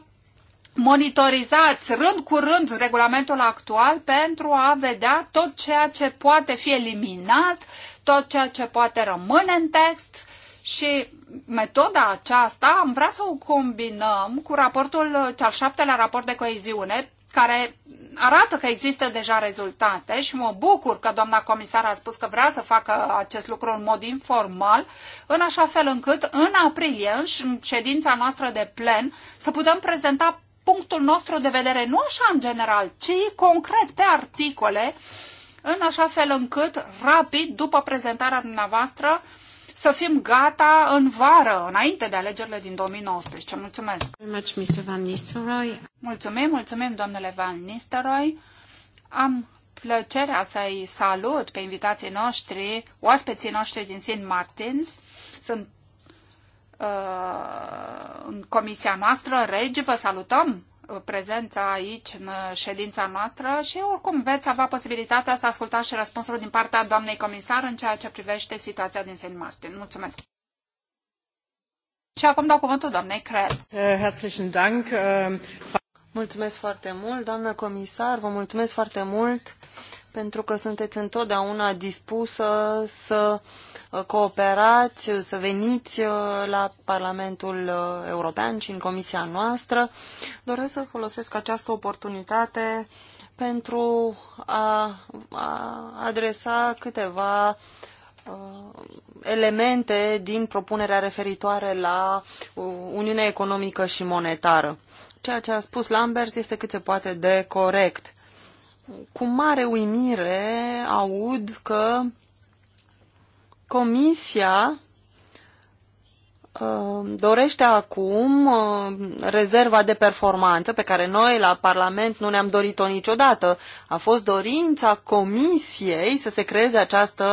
monitorizați rând cu rând regulamentul actual pentru a vedea tot ceea ce poate fi eliminat, tot ceea ce poate rămâne în text și metoda aceasta am vrea să o combinăm cu raportul, cel șaptelea raport de coeziune, care arată că există deja rezultate și mă bucur că doamna comisar a spus că vrea să facă acest lucru în mod informal, în așa fel încât în aprilie, în ședința noastră de plen, să putem prezenta punctul nostru de vedere, nu așa în general, ci concret pe articole, în așa fel încât, rapid, după prezentarea dumneavoastră, uh, să fim gata în vară, înainte de alegerile din 2019. Mulțumesc! Mulțumim, mulțumim, domnule Van Nistelrooy. Am plăcerea să-i salut pe invitații noștri, oaspeții noștri din St. Martins. Sunt uh, în comisia noastră, regi, vă salutăm! prezența aici în uh, ședința noastră și oricum veți avea posibilitatea să ascultați și răspunsul din partea doamnei comisar în ceea ce privește situația din St. Martin. Mulțumesc! Și acum dau cuvântul doamnei Crel. Eh, Dank. Eh, mulțumesc foarte mult, doamnă comisar, vă mulțumesc foarte mult pentru că sunteți întotdeauna dispusă să uh, cooperați, să veniți uh, la Parlamentul uh, European și în comisia noastră. Doresc să folosesc această oportunitate pentru a, a adresa câteva elemente din propunerea referitoare la Uniunea Economică și Monetară. Ceea ce a spus Lambert este cât se poate de corect cu mare uimire aud că Comisia uh, dorește acum uh, rezerva de performanță pe care noi la Parlament nu ne-am dorit-o niciodată. A fost dorința Comisiei să se creeze această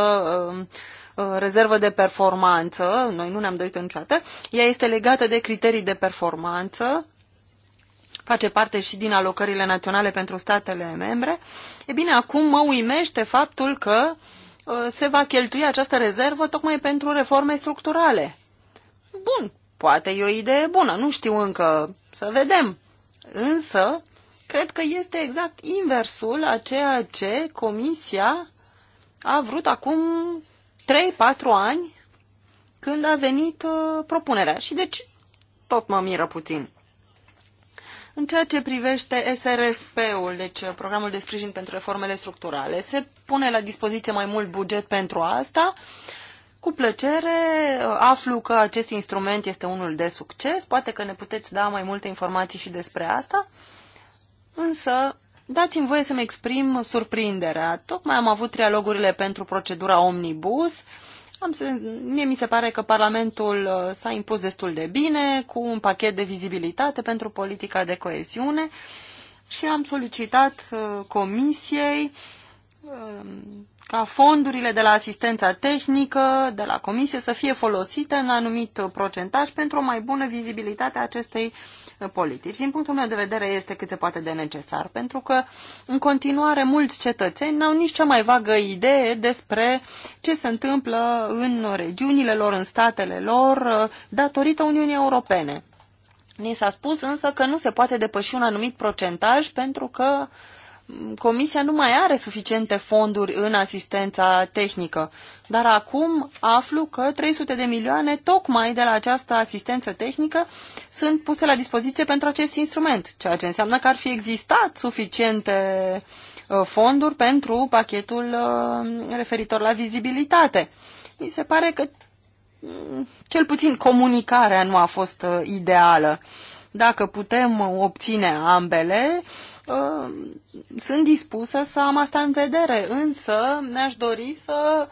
uh, rezervă de performanță, noi nu ne-am dorit-o niciodată, ea este legată de criterii de performanță face parte și din alocările naționale pentru statele membre, e bine, acum mă uimește faptul că uh, se va cheltui această rezervă tocmai pentru reforme structurale. Bun, poate e o idee bună, nu știu încă, să vedem. Însă, cred că este exact inversul a ceea ce Comisia a vrut acum 3-4 ani când a venit uh, propunerea. Și deci tot mă miră puțin. În ceea ce privește SRSP-ul, deci uh, programul de sprijin pentru reformele structurale, se pune la dispoziție mai mult buget pentru asta. Cu plăcere uh, aflu că acest instrument este unul de succes, poate că ne puteți da mai multe informații și despre asta, însă dați-mi voie să-mi exprim surprinderea. Tocmai am avut trialogurile pentru procedura Omnibus, uh, am mie mi se pare că Parlamentul uh, s-a impus destul de bine cu un pachet de vizibilitate pentru politica de coeziune și am solicitat uh, Comisiei um, ca fondurile de la asistența tehnică, de la Comisie, să fie folosite în anumit uh, procentaj pentru o mai bună vizibilitate a acestei uh, politici. Din punctul meu de vedere este cât se poate de necesar, pentru că în continuare mulți cetățeni n-au nici cea mai vagă idee despre ce se întâmplă în regiunile lor, în statele lor, datorită Uniunii Europene. Ni s-a spus însă că nu se poate depăși un anumit procentaj pentru că uh, Comisia nu mai are suficiente fonduri în asistența tehnică, dar acum aflu că 300 de milioane tocmai de la această asistență tehnică sunt puse la dispoziție pentru acest instrument, ceea ce înseamnă că ar fi existat suficiente uh, fonduri pentru pachetul uh, referitor la vizibilitate. Mi se pare că mm, cel puțin comunicarea nu a fost uh, ideală. Dacă putem obține ambele, Uh, sunt dispusă să am asta în vedere, însă mi-aș dori să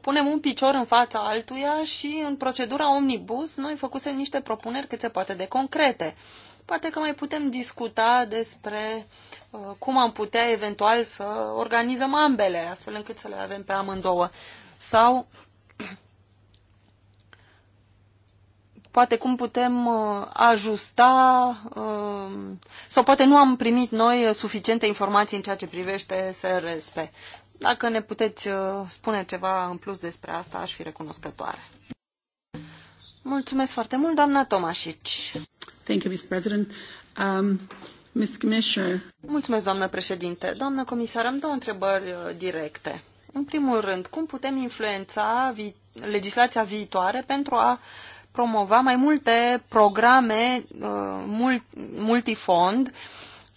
punem un picior în fața altuia și în procedura omnibus noi făcusem niște propuneri cât se poate de concrete. Poate că mai putem discuta despre uh, cum am putea eventual să organizăm ambele, astfel încât să le avem pe amândouă. Sau poate cum putem uh, ajusta uh, sau poate nu am primit noi uh, suficiente informații în ceea ce privește SRSP. Dacă ne puteți spune ceva în plus despre asta, aș fi recunoscătoare. Mulțumesc foarte mult, doamna Tomașici. Thank you, Ms. President. Um, Ms. Commissioner. Mulțumesc, doamnă președinte. Doamnă comisar, am două întrebări directe. În primul rând, cum putem influența vi legislația viitoare pentru a promova mai multe programe uh, multifond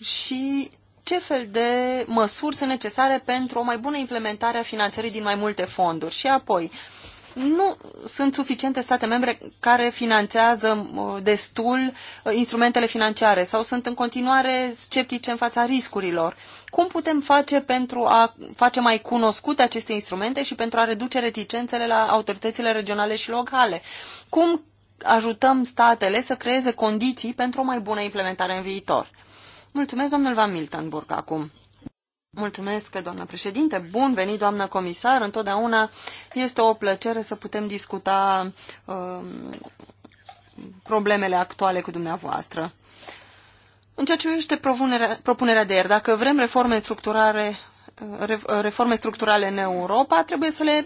și ce fel de măsuri sunt necesare pentru o mai bună implementare a finanțării din mai multe fonduri. Și apoi, nu sunt suficiente state membre care finanțează uh, destul uh, instrumentele financiare sau sunt în continuare sceptice în fața riscurilor. Cum putem face pentru a face mai cunoscute aceste instrumente și pentru a reduce reticențele la autoritățile regionale și locale? Cum ajutăm statele să creeze condiții pentru o mai bună implementare în viitor. Mulțumesc, domnul Van Miltenburg, acum. Mulțumesc, doamnă președinte. Bun venit, doamnă comisar. Întotdeauna este o plăcere să putem discuta uh, problemele actuale cu dumneavoastră. În ceea ce privește propunerea, propunerea de ieri, dacă vrem reforme structurale, uh, uh, reforme structurale în Europa, trebuie să le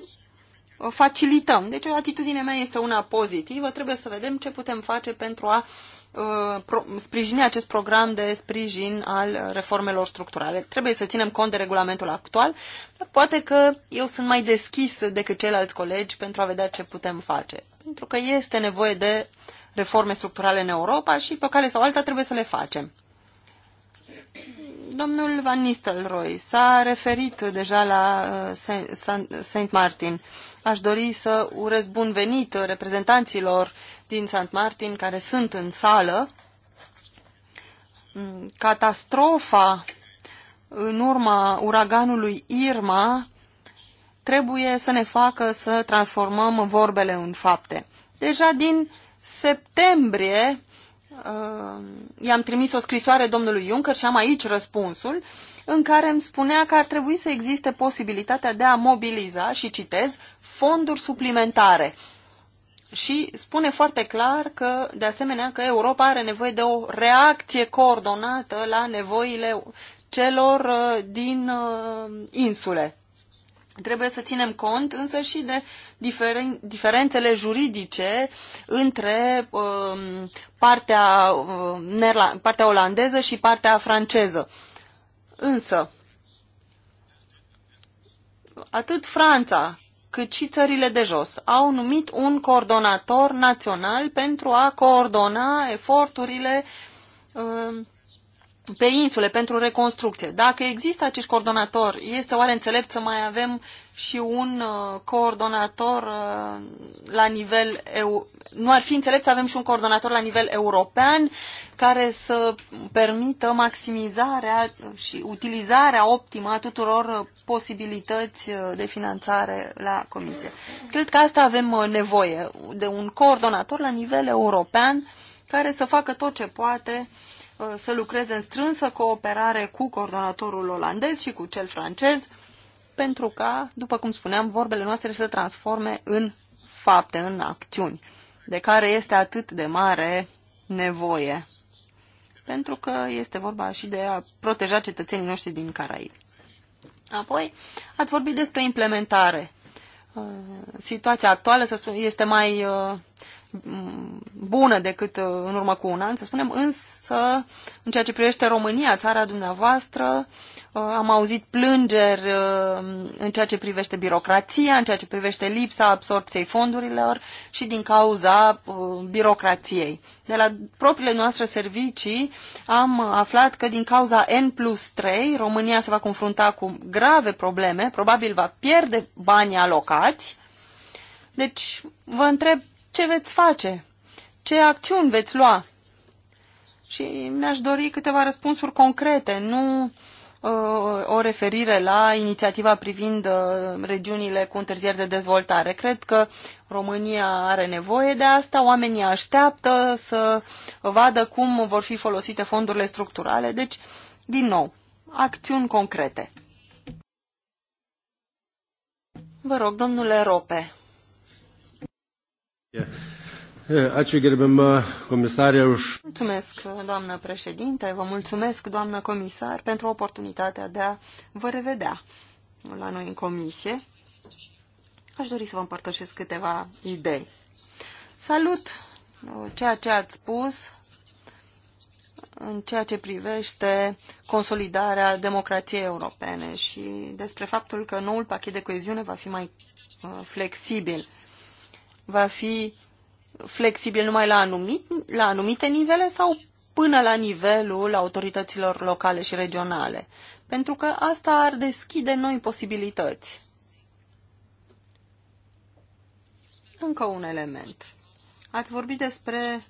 facilităm. Deci atitudinea mea este una pozitivă, trebuie să vedem ce putem face pentru a uh, sprijini acest program de sprijin al uh, reformelor structurale. Trebuie să ținem cont de regulamentul actual, dar poate că eu sunt mai deschis decât ceilalți colegi pentru a vedea ce putem face. Pentru că este nevoie de reforme structurale în Europa și pe cale sau alta trebuie să le facem. Domnul Van Nistelrooy s-a referit deja la uh, Saint Martin. Aș dori să urez bun venit reprezentanților din St. Martin care sunt în sală. Mm, catastrofa în urma uraganului Irma trebuie să ne facă să transformăm vorbele în fapte. Deja din septembrie uh, i-am trimis o scrisoare domnului Juncker și am aici răspunsul în care îmi spunea că ar trebui să existe posibilitatea de a mobiliza, și citez, fonduri suplimentare. Și spune foarte clar că, de asemenea, că Europa are nevoie de o reacție coordonată la nevoile celor uh, din uh, insule. Trebuie să ținem cont însă și de diferen- diferențele juridice între um, partea, uh, partea olandeză și partea franceză. Uh, Însă, atât Franța cât și țările de jos au numit un coordonator național pentru a coordona eforturile uh, pe insule pentru reconstrucție. Dacă există acești coordonatori, este oare înțelept să mai avem și un uh, coordonator uh, la nivel... Eu... Nu ar fi înțelept să avem și un coordonator la nivel european care să permită maximizarea și utilizarea optimă a tuturor uh, posibilități uh, de finanțare la Comisie. Cred că asta avem uh, nevoie, de un coordonator la nivel european care să facă tot ce poate uh, Uh, să lucreze în strânsă cooperare cu coordonatorul olandez și cu cel francez, pentru ca, după cum spuneam, vorbele noastre să se transforme în fapte, în acțiuni, de care este atât de mare nevoie. Pentru că este vorba și de a proteja cetățenii noștri din Caraibi. Apoi, ați vorbit despre implementare. Uh, situația actuală este mai uh, bună decât uh, în urmă cu un an, să spunem, însă în ceea ce privește România, țara dumneavoastră, uh, am auzit plângeri uh, în ceea ce privește birocrația, în ceea ce privește lipsa absorpției fondurilor și din cauza birocrației. De la propriile noastre servicii am aflat că din cauza N plus 3 România se va confrunta cu grave probleme, probabil va pierde banii alocați, deci, vă întreb ce veți face, ce acțiuni veți lua. Și mi-aș dori câteva răspunsuri concrete, nu uh, o referire la inițiativa privind uh, regiunile cu întârzieri de dezvoltare. Cred că România are nevoie de asta, oamenii așteaptă să vadă cum vor fi folosite fondurile structurale. Deci, din nou, acțiuni concrete. Vă rog, domnule Rope. Eh, mulțumesc, doamnă președinte, vă mulțumesc, doamnă comisar, pentru oportunitatea de a vă revedea la noi în comisie. Aș dori să vă împărtășesc câteva idei. Salut uh, ceea ce ați spus în ceea ce privește consolidarea democrației europene și despre faptul că noul pachet de coeziune va fi mai uh, flexibil va fi flexibil numai la, anumit, la anumite nivele sau până la nivelul autorităților locale și regionale? Pentru că asta ar deschide noi posibilități. Încă un element. Ați vorbit despre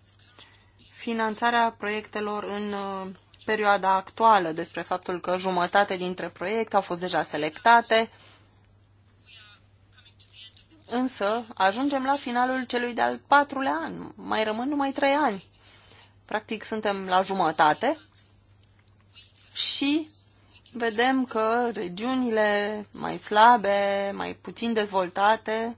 finanțarea proiectelor în uh, perioada actuală, despre faptul că jumătate dintre proiecte au fost deja selectate Însă ajungem la finalul celui de-al patrulea an. Mai rămân numai trei ani. Practic suntem la jumătate și vedem că regiunile mai slabe, mai puțin dezvoltate,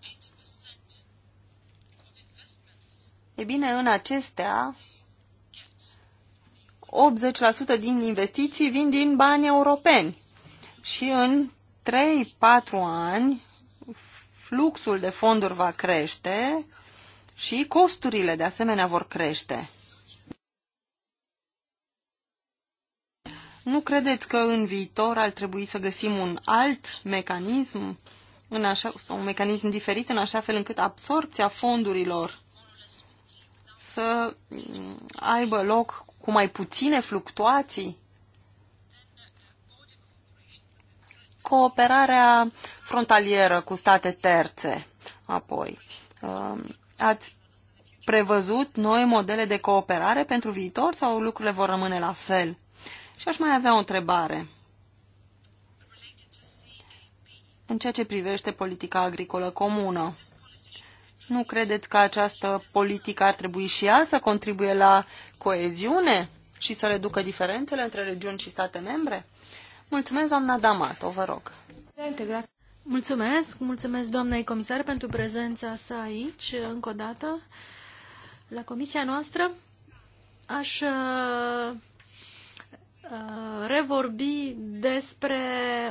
e bine, în acestea 80% din investiții vin din bani europeni. Și în 3-4 ani fluxul de fonduri va crește și costurile de asemenea vor crește. Nu credeți că în viitor ar trebui să găsim un alt mecanism în așa, sau un mecanism diferit în așa fel încât absorpția fondurilor să mm, aibă loc cu mai puține fluctuații? cooperarea frontalieră cu state terțe. Apoi, um, ați prevăzut noi modele de cooperare pentru viitor sau lucrurile vor rămâne la fel? Și aș mai avea o întrebare. În ceea ce privește politica agricolă comună, nu credeți că această politică ar trebui și ea să contribuie la coeziune și să reducă diferențele între regiuni și state membre? Mulțumesc, doamna Damato, vă rog. Mulțumesc, mulțumesc doamnei comisar pentru prezența sa aici, încă o dată, la comisia noastră. Aș Uh, revorbi despre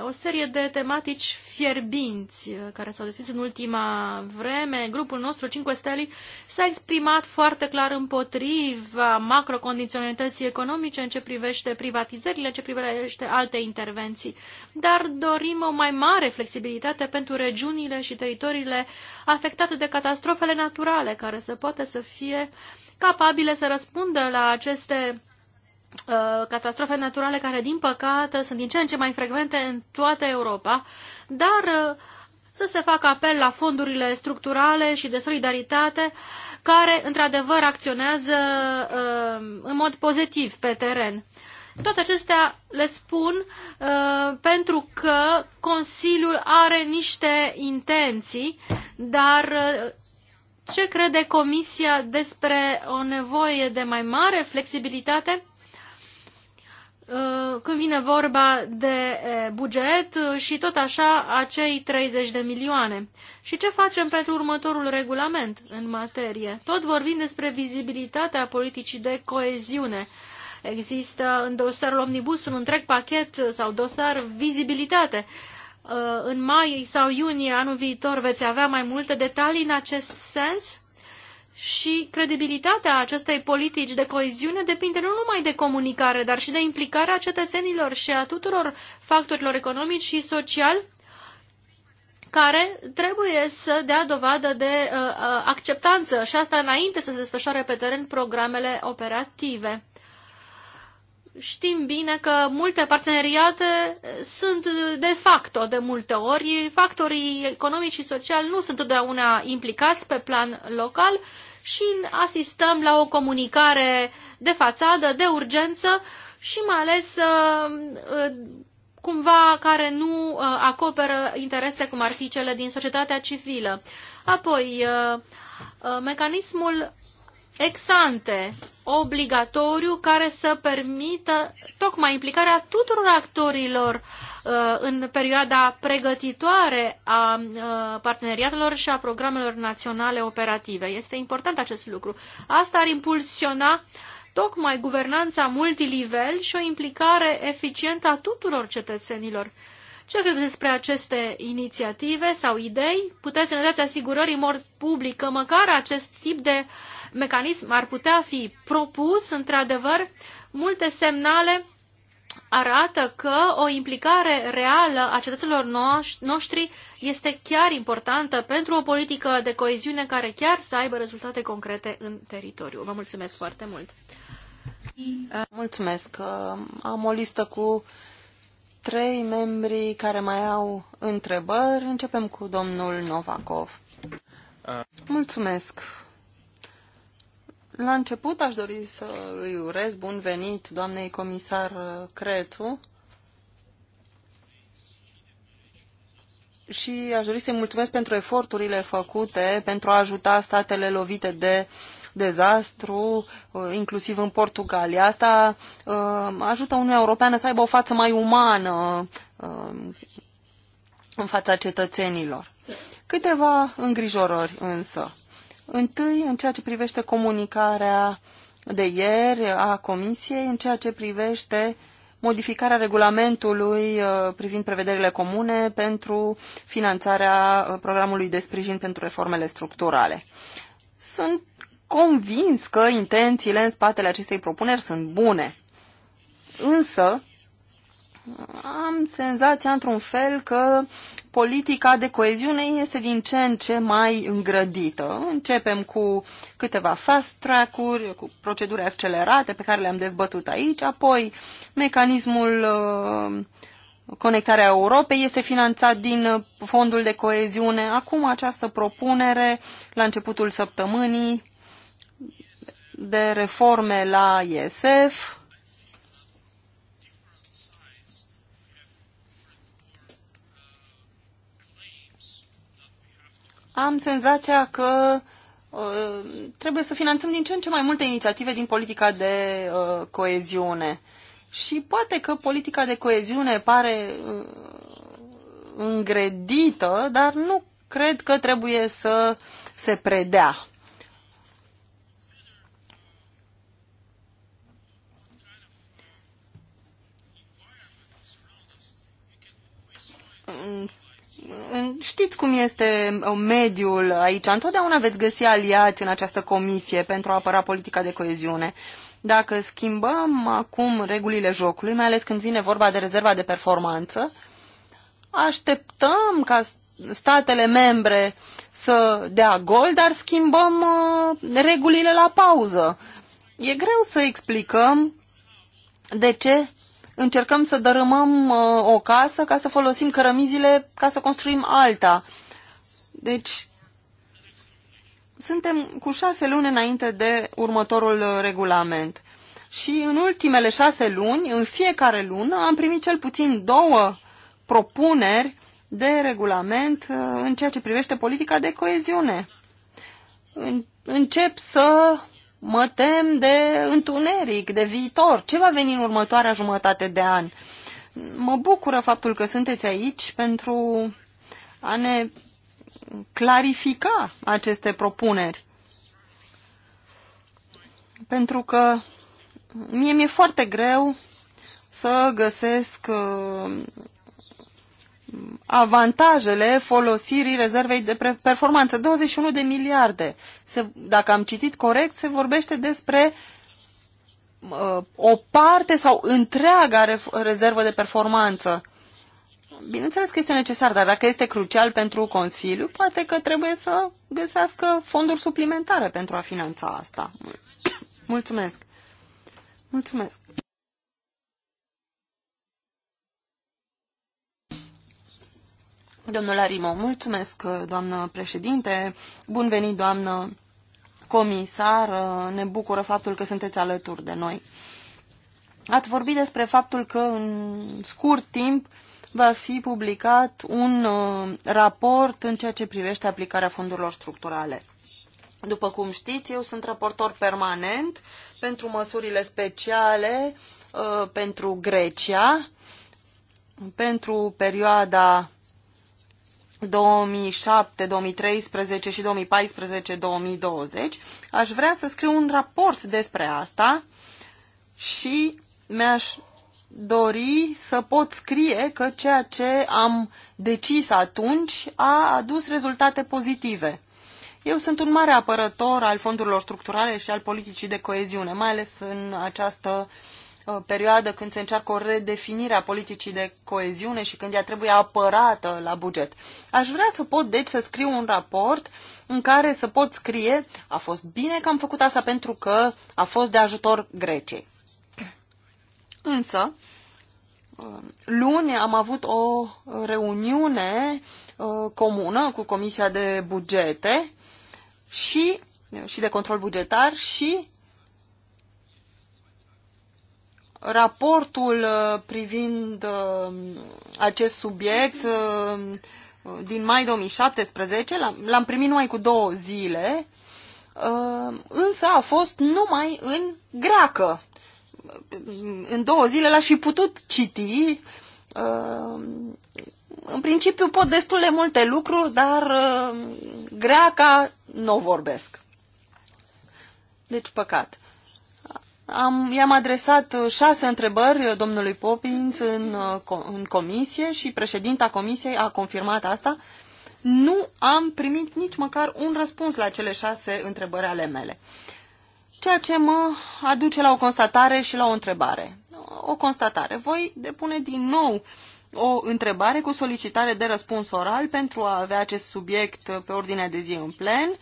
o serie de tematici fierbinți uh, care s-au deschis în ultima vreme. Grupul nostru, 5 Steli, s-a exprimat foarte clar împotriva macrocondiționalității economice în ce privește privatizările, în ce privește alte intervenții, dar dorim o mai mare flexibilitate pentru regiunile și teritoriile afectate de catastrofele naturale, care se poate să fie capabile să răspundă la aceste Uh, catastrofe naturale care, din păcate, sunt din ce în ce mai frecvente în toată Europa, dar uh, să se facă apel la fondurile structurale și de solidaritate care, într-adevăr, acționează uh, în mod pozitiv pe teren. Toate acestea le spun uh, pentru că Consiliul are niște intenții, dar uh, ce crede Comisia despre o nevoie de mai mare flexibilitate? Uh, când vine vorba de uh, buget uh, și tot așa acei 30 de milioane. Și ce facem pentru următorul regulament în materie? Tot vorbim despre vizibilitatea politicii de coeziune. Există în dosarul Omnibus un întreg pachet sau dosar vizibilitate. În mai sau iunie anul viitor veți avea mai multe detalii în acest sens? și credibilitatea acestei politici de coeziune depinde nu numai de comunicare, dar și de implicarea cetățenilor și a tuturor factorilor economici și social care trebuie să dea dovadă de uh, uh acceptanță și asta înainte să se desfășoare pe teren programele operative știm bine că multe parteneriate sunt de facto de multe ori. Factorii economici și sociali nu sunt întotdeauna implicați pe plan local și asistăm la o comunicare de fațadă, de urgență și mai ales uh, cumva care nu uh, acoperă interese cum ar fi cele din societatea civilă. Apoi, uh, mecanismul exante obligatoriu care să permită tocmai implicarea tuturor actorilor uh, în perioada pregătitoare a uh, parteneriatelor și a programelor naționale operative. Este important acest lucru. Asta ar impulsiona tocmai guvernanța multilivel și o implicare eficientă a tuturor cetățenilor. Ce credeți despre aceste inițiative sau idei? Puteți să ne dați asigurări în mod public că măcar acest tip de uh, mecanism ar putea fi propus, într-adevăr, multe semnale arată că o implicare reală a cetățenilor noștri este chiar importantă pentru o politică de coeziune care chiar să aibă rezultate concrete în teritoriu. Vă mulțumesc foarte mult! Mulțumesc! Am o listă cu trei membri care mai au întrebări. Începem cu domnul Novakov. Uh. Mulțumesc! La început aș dori să îi urez bun venit doamnei comisar Crețu și aș dori să-i mulțumesc pentru eforturile făcute pentru a ajuta statele lovite de dezastru, inclusiv în Portugalia. Asta uh, ajută Uniunea Europeană să aibă o față mai umană uh, în fața cetățenilor. Câteva îngrijorări însă. Întâi, în ceea ce privește comunicarea de ieri a Comisiei, în ceea ce privește modificarea regulamentului uh, privind prevederile comune pentru finanțarea uh, programului de sprijin pentru reformele structurale. Sunt convins că intențiile în spatele acestei propuneri sunt bune. Însă, am senzația într-un fel că politica de coeziune este din ce în ce mai îngrădită. Începem cu câteva fast track-uri, cu proceduri accelerate pe care le-am dezbătut aici, apoi mecanismul uh, Conectarea Europei este finanțat din fondul de coeziune. Acum această propunere, la începutul săptămânii, de reforme la ISF, am senzația că uh, trebuie să finanțăm din ce în ce mai multe inițiative din politica de uh, coeziune. Și poate că politica de coeziune pare uh, îngredită, dar nu cred că trebuie să se predea știți cum este uh, mediul aici. Întotdeauna veți găsi aliați în această comisie pentru a apăra politica de coeziune. Dacă schimbăm acum regulile jocului, mai ales când vine vorba de rezerva de performanță, așteptăm ca statele membre să dea gol, dar schimbăm uh, regulile la pauză. E greu să explicăm de ce încercăm să dărâmăm uh, o casă ca să folosim cărămizile ca să construim alta. Deci, suntem cu șase luni înainte de următorul uh, regulament. Și în ultimele șase luni, în fiecare lună, am primit cel puțin două propuneri de regulament uh, în ceea ce privește politica de coeziune. Încep să mă tem de întuneric, de viitor. Ce va veni în următoarea jumătate de an? Mă bucură faptul că sunteți aici pentru a ne clarifica aceste propuneri. Pentru că mie mi-e foarte greu să găsesc uh, avantajele folosirii rezervei de performanță. 21 de miliarde. Se, dacă am citit corect, se vorbește despre uh, o parte sau întreaga rezervă de performanță. Bineînțeles că este necesar, dar dacă este crucial pentru Consiliu, poate că trebuie să găsească fonduri suplimentare pentru a finanța asta. *coughs* Mulțumesc! Mulțumesc! Domnul Arimo, mulțumesc, doamnă președinte. Bun venit, doamnă comisar. Ne bucură faptul că sunteți alături de noi. Ați vorbit despre faptul că în scurt timp va fi publicat un uh, raport în ceea ce privește aplicarea fondurilor structurale. După cum știți, eu sunt raportor permanent pentru măsurile speciale uh, pentru Grecia, pentru perioada 2007, 2013 și 2014, 2020, aș vrea să scriu un raport despre asta și mi-aș dori să pot scrie că ceea ce am decis atunci a adus rezultate pozitive. Eu sunt un mare apărător al fondurilor structurale și al politicii de coeziune, mai ales în această uh, perioadă când se încearcă o redefinire a politicii de coeziune și când ea trebuie apărată la buget. Aș vrea să pot, deci, să scriu un raport în care să pot scrie a fost bine că am făcut asta pentru că a fost de ajutor Greciei. Însă, luni am avut o reuniune uh, comună cu Comisia de Bugete și, și de Control Bugetar și raportul uh, privind uh, acest subiect uh, din mai 2017, l-am primit numai cu două zile, însă a fost numai în greacă. În două zile l-aș fi putut citi. În principiu pot destul de multe lucruri, dar greaca nu vorbesc. Deci, păcat. Am, i-am adresat uh, șase întrebări uh, domnului Popins în, uh, în comisie și președinta comisiei a confirmat asta. Nu am primit nici măcar un răspuns la cele șase întrebări ale mele. Ceea ce mă aduce la o constatare și la o întrebare. O constatare. Voi depune din nou o întrebare cu solicitare de răspuns oral pentru a avea acest subiect pe ordinea de zi în plen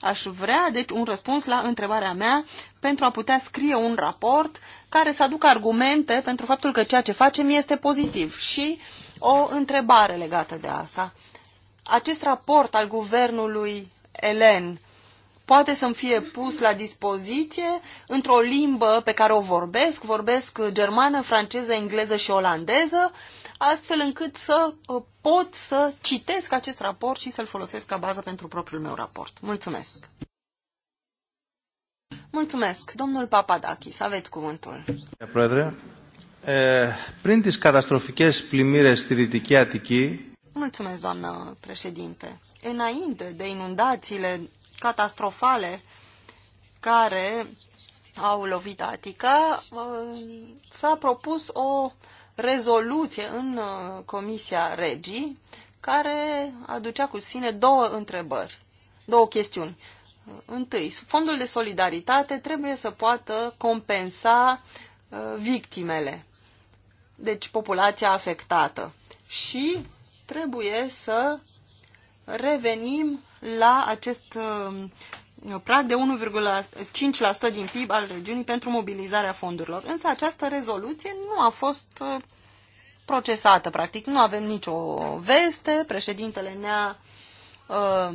Aș vrea, deci, un răspuns la întrebarea mea pentru a putea scrie un raport care să aducă argumente pentru faptul că ceea ce facem este pozitiv. Și o întrebare legată de asta. Acest raport al guvernului Elen poate să-mi fie pus la dispoziție într-o limbă pe care o vorbesc, vorbesc germană, franceză, engleză și olandeză, astfel încât să uh, pot să citesc acest raport și să-l folosesc ca bază pentru propriul meu raport. Mulțumesc! Mulțumesc, domnul Papadakis, aveți cuvântul. Πρόεδρε, ε, πριν τις καταστροφικές πλημμύρες Mulțumesc, doamnă președinte. Înainte de inundațiile catastrofale care au lovit Atica, uh, s-a propus o rezoluție în uh, Comisia Regii care aducea cu sine două întrebări, două chestiuni. Uh, întâi, fondul de solidaritate trebuie să poată compensa uh, victimele, deci populația afectată. Și trebuie să revenim la acest prag de 1,5% din PIB al regiunii pentru mobilizarea fondurilor. Însă această rezoluție nu a fost uh, procesată, practic. Nu avem nicio veste, președintele ne-a uh,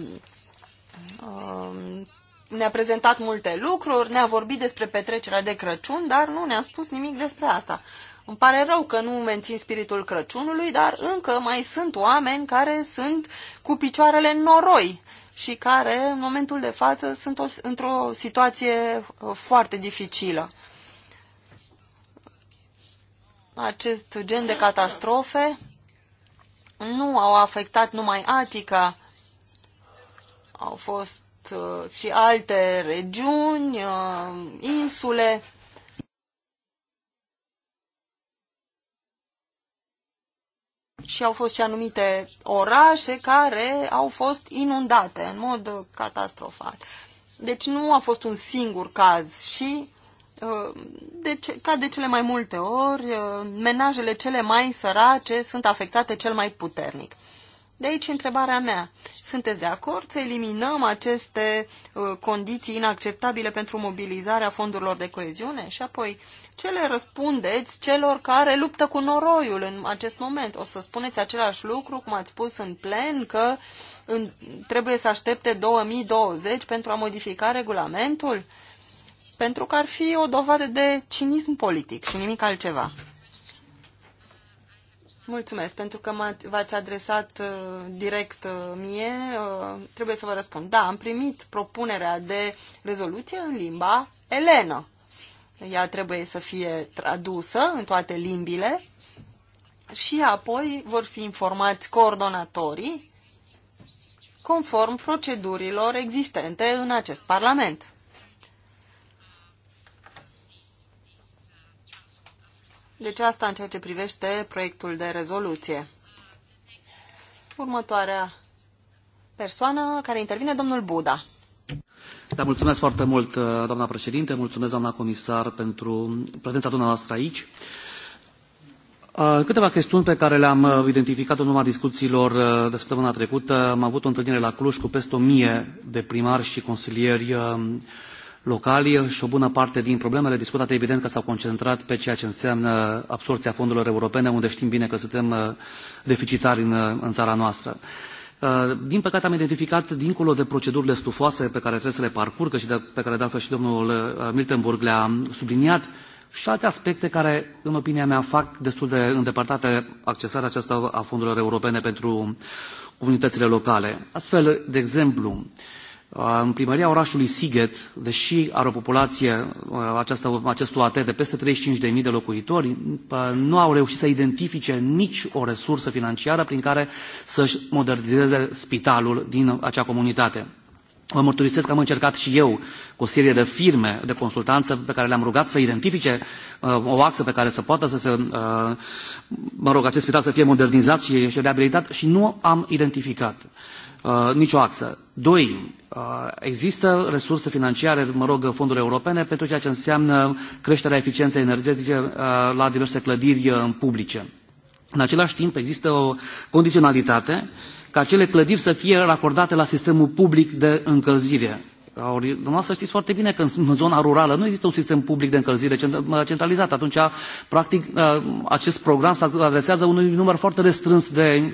uh, ne-a prezentat multe lucruri, ne-a vorbit despre petrecerea de Crăciun, dar nu ne-a spus nimic despre asta. Îmi pare rău că nu mențin spiritul Crăciunului, dar încă mai sunt oameni care sunt cu picioarele în noroi și care, în momentul de față, sunt într-o situație uh, foarte dificilă. Acest gen de catastrofe nu au afectat numai Atica, au fost uh, și alte regiuni, uh, insule, și au fost și anumite orașe care au fost inundate în mod uh, catastrofal. Deci nu a fost un singur caz și uh, de ce, ca de cele mai multe ori, uh, menajele cele mai sărace sunt afectate cel mai puternic. De aici întrebarea mea. Sunteți de acord să eliminăm aceste condiții inacceptabile pentru mobilizarea fondurilor de coeziune? Și apoi, ce le răspundeți celor care luptă cu noroiul în acest moment? O să spuneți același lucru, cum ați spus în plen, că în, trebuie să aștepte 2020 pentru a modifica regulamentul? Pentru că ar fi o dovadă de cinism politic și nimic altceva. Mulțumesc pentru că v-ați adresat uh, direct uh, mie. Uh, trebuie să vă răspund. Da, am primit propunerea de rezoluție în limba elenă. Ea trebuie să fie tradusă în toate limbile și apoi vor fi informați coordonatorii conform procedurilor existente în acest Parlament. Deci asta în ceea ce privește proiectul de rezoluție. Următoarea persoană care intervine, domnul Buda. Da, mulțumesc foarte mult, uh, doamna președinte, mulțumesc, doamna comisar, pentru prezența dumneavoastră aici. Uh, câteva chestiuni pe care le-am uh, identificat în urma discuțiilor de săptămâna trecută. Am avut o întâlnire la Cluj cu peste o mie de primari și consilieri locali și o bună parte din problemele discutate, evident, că s-au concentrat pe ceea ce înseamnă absorția fondurilor europene, unde știm bine că suntem deficitari în, în țara noastră. Uh, din păcate am identificat, dincolo de procedurile stufoase pe care trebuie să le parcurgă și de, pe care de altfel și domnul uh, Miltenburg le-a subliniat, și alte aspecte care, în opinia mea, fac destul de îndepărtate accesarea aceasta a fondurilor europene pentru comunitățile locale. Astfel, de exemplu, uh, în primăria orașului Siget, deși are o populație, uh, această, acest UAT, de peste 35.000 de locuitori, uh, nu au reușit să identifice nici o resursă financiară prin care să-și modernizeze spitalul din acea comunitate. Vă mărturisesc că am încercat și eu cu o serie de firme de consultanță pe care le-am rugat să identifice uh, o axă pe care să poată să se, uh, mă rog, acest spital să fie modernizat și, și reabilitat și nu am identificat. Uh, nicio axă. Doi, uh, există resurse financiare, mă rog, fonduri europene pentru ceea ce înseamnă creșterea eficienței energetice uh, la diverse clădiri publice. În același timp, există o condiționalitate ca acele clădiri să fie racordate la sistemul public de încălzire ori, dumneavoastră știți foarte bine că în zona rurală nu există un sistem public de încălzire centralizat. Atunci, practic, uh, acest program se adresează unui număr foarte restrâns de, uh,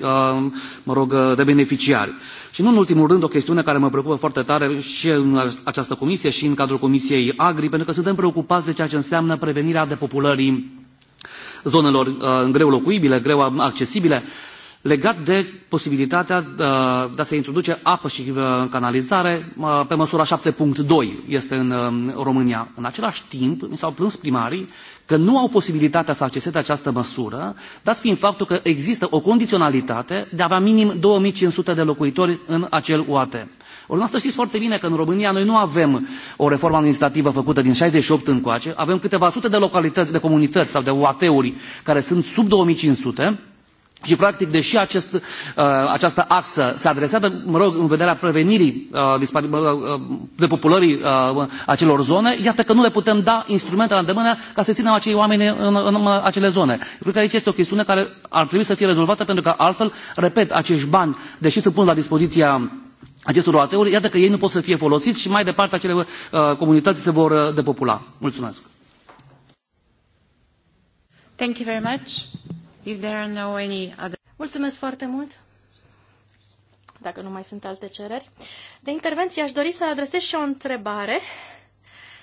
mă rog, uh, de beneficiari. Și nu în ultimul rând, o chestiune care mă preocupă foarte tare și în această comisie și în cadrul Comisiei Agri, pentru că suntem preocupați de ceea ce înseamnă prevenirea depopulării zonelor greu locuibile, greu accesibile legat de posibilitatea uh, de a se introduce apă și uh, canalizare uh, pe măsura 7.2 este în um, România. În același timp, mi s-au plâns primarii că nu au posibilitatea să acceseze această măsură, dat fiind faptul că există o condiționalitate de a avea minim 2500 de locuitori în acel UAT. Ori să știți foarte bine că în România noi nu avem o reformă administrativă făcută din 68 încoace, avem câteva sute de localități, de comunități sau de UAT-uri care sunt sub 2500, și practic deși acest, uh, această axă se adresează mă rog în vederea prevenirii uh, uh, depopulării acelor zone iată că nu le putem da instrumente la îndemână ca să ținem acei oameni în, în acele zone. Cred că aici este o chestiune care ar trebui să fie rezolvată pentru că altfel repet acești bani deși se pun la dispoziția acestor OAT-uri iată că ei nu pot să fie folosiți și mai departe acele comunități se vor depopula. Mulțumesc! Thank you very much. If there are no any other... Mulțumesc foarte mult! Dacă nu mai sunt alte cereri. De intervenție aș dori să adresez și o întrebare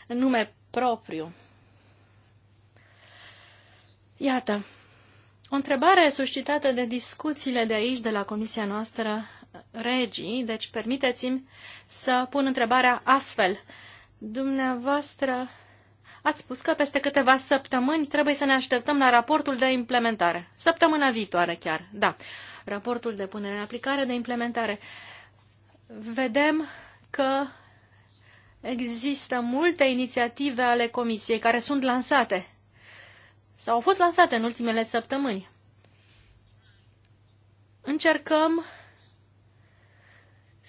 în nume propriu. Iată, o întrebare suscitată de discuțiile de aici, de la comisia noastră regii, deci permiteți-mi să pun întrebarea astfel. Dumneavoastră Ați spus că peste câteva săptămâni trebuie să ne așteptăm la raportul de implementare. Săptămâna viitoare chiar, da. Raportul de punere în aplicare de implementare. Vedem că există multe inițiative ale Comisiei care sunt lansate sau au fost lansate în ultimele săptămâni. Încercăm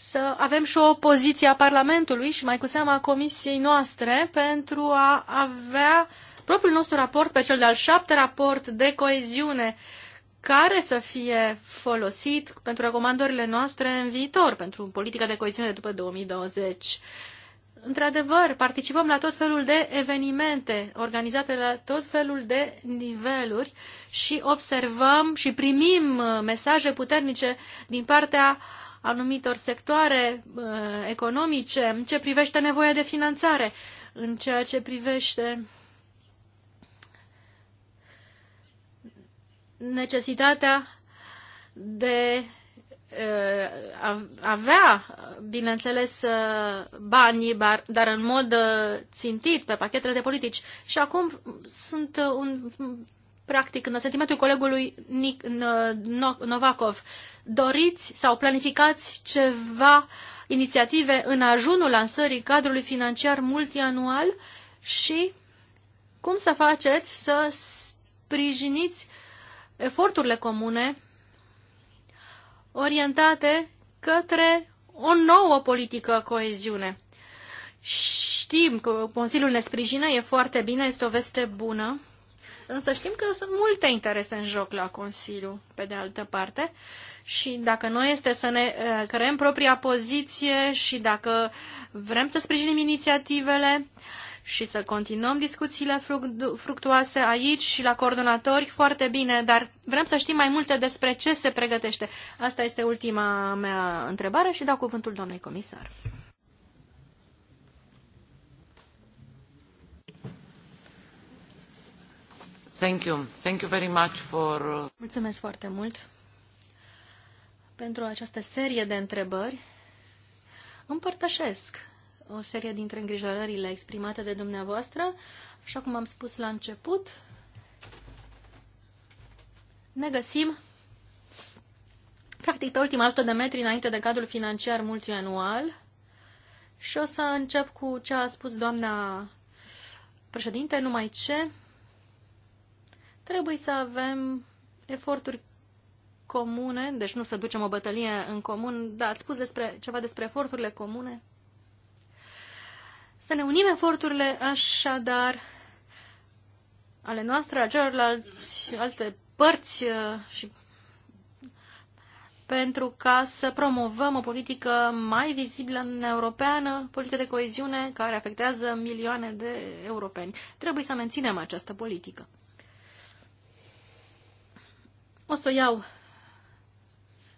să avem și o poziție a Parlamentului și mai cu seama a Comisiei noastre pentru a avea propriul nostru raport pe cel de-al șapte raport de coeziune care să fie folosit pentru recomandările noastre în viitor, pentru politica de coeziune de după 2020. Într-adevăr, participăm la tot felul de evenimente organizate la tot felul de niveluri și observăm și primim mesaje puternice din partea uh, anumitor sectoare uh, economice în ce privește nevoia de finanțare, în ceea ce privește necesitatea de uh, avea, bineînțeles, uh, banii, dar în mod țintit pe pachetele de politici. Și acum sunt un practic, în sentimentul colegului Nic, Novakov, doriți sau planificați ceva, inițiative în ajunul lansării cadrului financiar multianual și cum să faceți să sprijiniți eforturile comune orientate către o nouă politică coeziune. Știm că Consiliul ne sprijină, e foarte bine, este o veste bună, Însă știm că sunt multe interese în joc la Consiliu, pe de altă parte, și dacă noi este să ne uh, creăm propria poziție și dacă vrem să sprijinim inițiativele și să continuăm discuțiile fructuoase aici și la coordonatori, foarte bine, dar vrem să știm mai multe despre ce se pregătește. Asta este ultima mea întrebare și dau cuvântul doamnei comisar. Uh, Mulțumesc foarte mult pentru această serie de întrebări. Împărtășesc o serie dintre îngrijorările exprimate de dumneavoastră. Așa cum am spus la început, ne găsim practic pe ultima altă de metri înainte de cadrul financiar multianual și o să încep cu ce a spus doamna președinte, numai ce Trebuie să avem eforturi comune, deci nu să ducem o bătălie în comun, dar ați spus despre, ceva despre eforturile comune. Să ne unim eforturile așadar ale noastre, a celorlalți, alte părți uh, și pentru ca să promovăm o politică mai vizibilă în europeană, politică de coeziune care afectează milioane de europeni. Trebuie să menținem această politică. O să o iau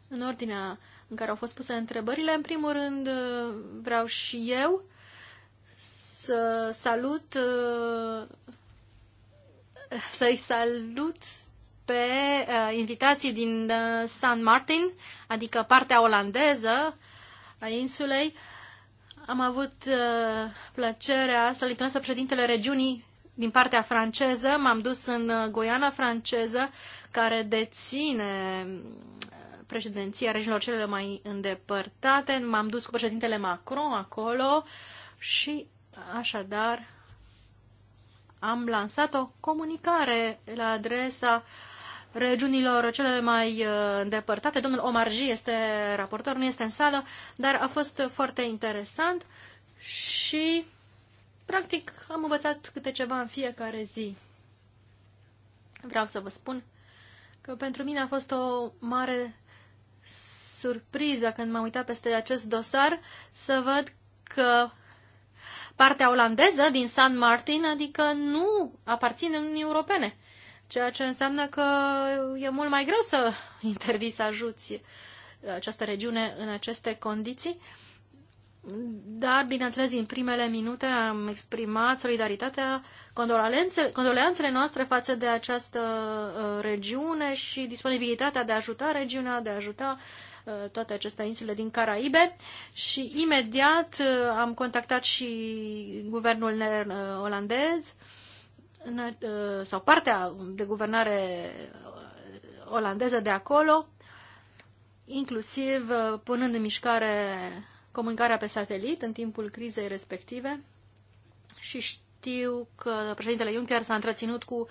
în ordinea în care au fost puse întrebările. În primul rând, uh, vreau și eu să salut uh, să-i salut pe uh, invitații din San Martin, adică partea olandeză a insulei. Am avut plăcerea să-l întâlnesc pe președintele regiunii din partea franceză, m-am dus în uh, Goiana franceză, care deține uh, președinția regiunilor cele mai îndepărtate. M-am dus cu președintele Macron acolo și așadar am lansat o comunicare la adresa regiunilor cele mai uh, îndepărtate. Domnul G. este raportor, nu este în sală, dar a fost foarte interesant și Practic, am învățat câte ceva în fiecare zi. Vreau să vă spun că pentru mine a fost o mare surpriză când m-am uitat peste acest dosar să văd că partea olandeză din San Martin, adică nu aparține Uniunii Europene, ceea ce înseamnă că e mult mai greu să *laughs* intervii să ajuți această regiune în aceste condiții. Uh, dar, bineînțeles, din primele minute am exprimat solidaritatea, condoleanțele noastre față de această uh, regiune și disponibilitatea de a ajuta regiunea, de a ajuta uh, toate aceste insule din Caraibe și imediat uh, am contactat și guvernul uh, olandez uh, sau partea de guvernare uh, olandeză de acolo, inclusiv punând în mișcare comunicarea pe satelit în timpul crizei respective și știu că președintele Juncker s-a întreținut cu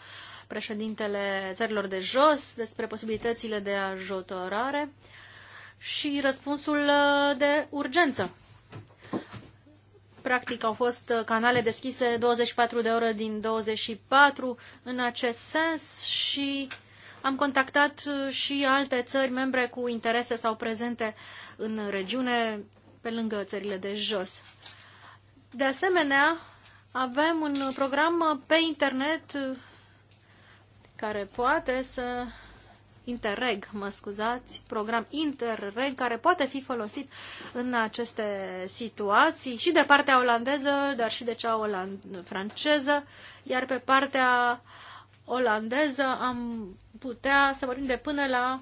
președintele țărilor de jos despre posibilitățile de ajutorare și răspunsul uh, de urgență. Practic au fost uh, canale deschise 24 de ore din 24 în acest sens și am contactat uh, și alte țări membre cu interese sau prezente în regiune, pe lângă țările de jos. De asemenea, avem un program pe internet care poate să Interreg, mă scuzați, program Interreg care poate fi folosit în aceste situații și de partea olandeză, dar și de cea oland- franceză, iar pe partea olandeză am putea să vorbim de până la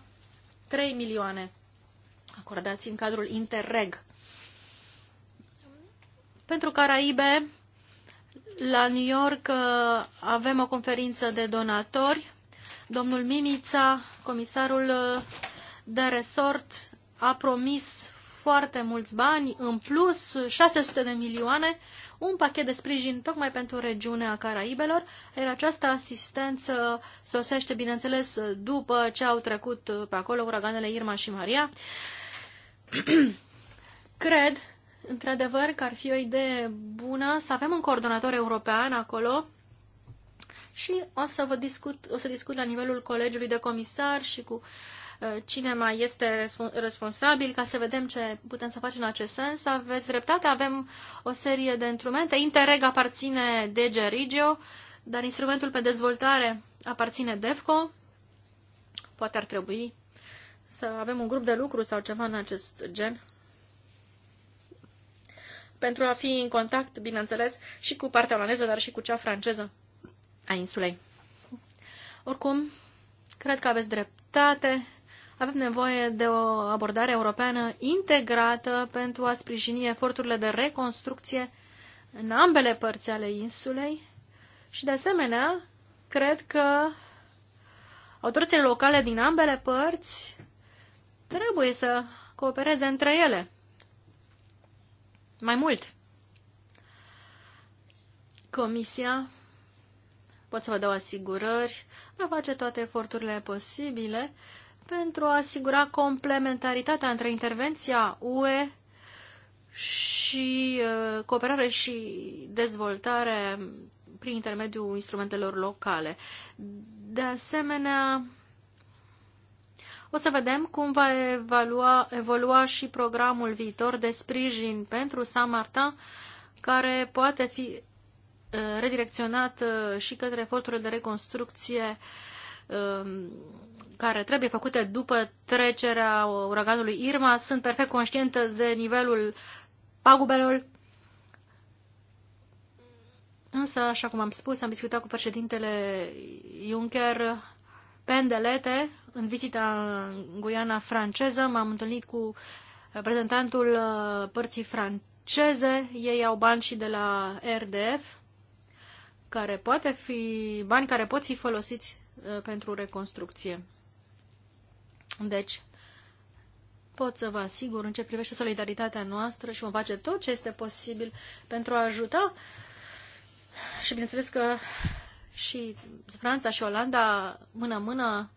3 milioane acordați în cadrul Interreg. Pentru Caraibe, la New York uh, avem o conferință de donatori. Domnul Mimița, comisarul uh, de resort, a promis foarte mulți bani, în plus 600 de milioane, un pachet de sprijin tocmai pentru regiunea Caraibelor, iar această asistență sosește, bineînțeles, după ce au trecut pe acolo uraganele Irma și Maria. *clears throat* Cred într-adevăr că ar fi o idee bună să avem un coordonator european acolo și o să, vă discut, o să discut la nivelul colegiului de comisar și cu uh, cine mai este responsabil ca să vedem ce putem să facem în acest sens. Aveți dreptate, avem o serie de instrumente. Interreg aparține DG Regio, dar instrumentul pe dezvoltare aparține DEFCO. Poate ar trebui să avem un grup de lucru sau ceva în acest gen pentru a fi în contact, bineînțeles, și cu partea olandeză, dar și cu cea franceză a insulei. Oricum, cred că aveți dreptate. Avem nevoie de o abordare europeană integrată pentru a sprijini eforturile de reconstrucție în ambele părți ale insulei și, de asemenea, cred că autoritățile locale din ambele părți trebuie să coopereze între ele mai mult, Comisia, pot să vă dau asigurări, va face toate eforturile posibile pentru a asigura complementaritatea între intervenția UE și uh, cooperare și dezvoltare prin intermediul instrumentelor locale. De asemenea, o să vedem cum va evalua, evolua și programul viitor de sprijin pentru San Samarta, care poate fi uh, redirecționat uh, și către eforturile de reconstrucție um, care trebuie făcute după trecerea uraganului Irma. Sunt perfect conștientă de nivelul pagubelor. Însă, așa cum am spus, am discutat cu președintele Juncker pendelete în vizita în Guiana franceză m-am întâlnit cu reprezentantul uh, părții franceze. Ei au bani și de la RDF, care poate fi, bani care pot fi folosiți uh, pentru reconstrucție. Deci, pot să vă asigur în ce privește solidaritatea noastră și vom face tot ce este posibil pentru a ajuta. Și bineînțeles că și Franța și Olanda mână-mână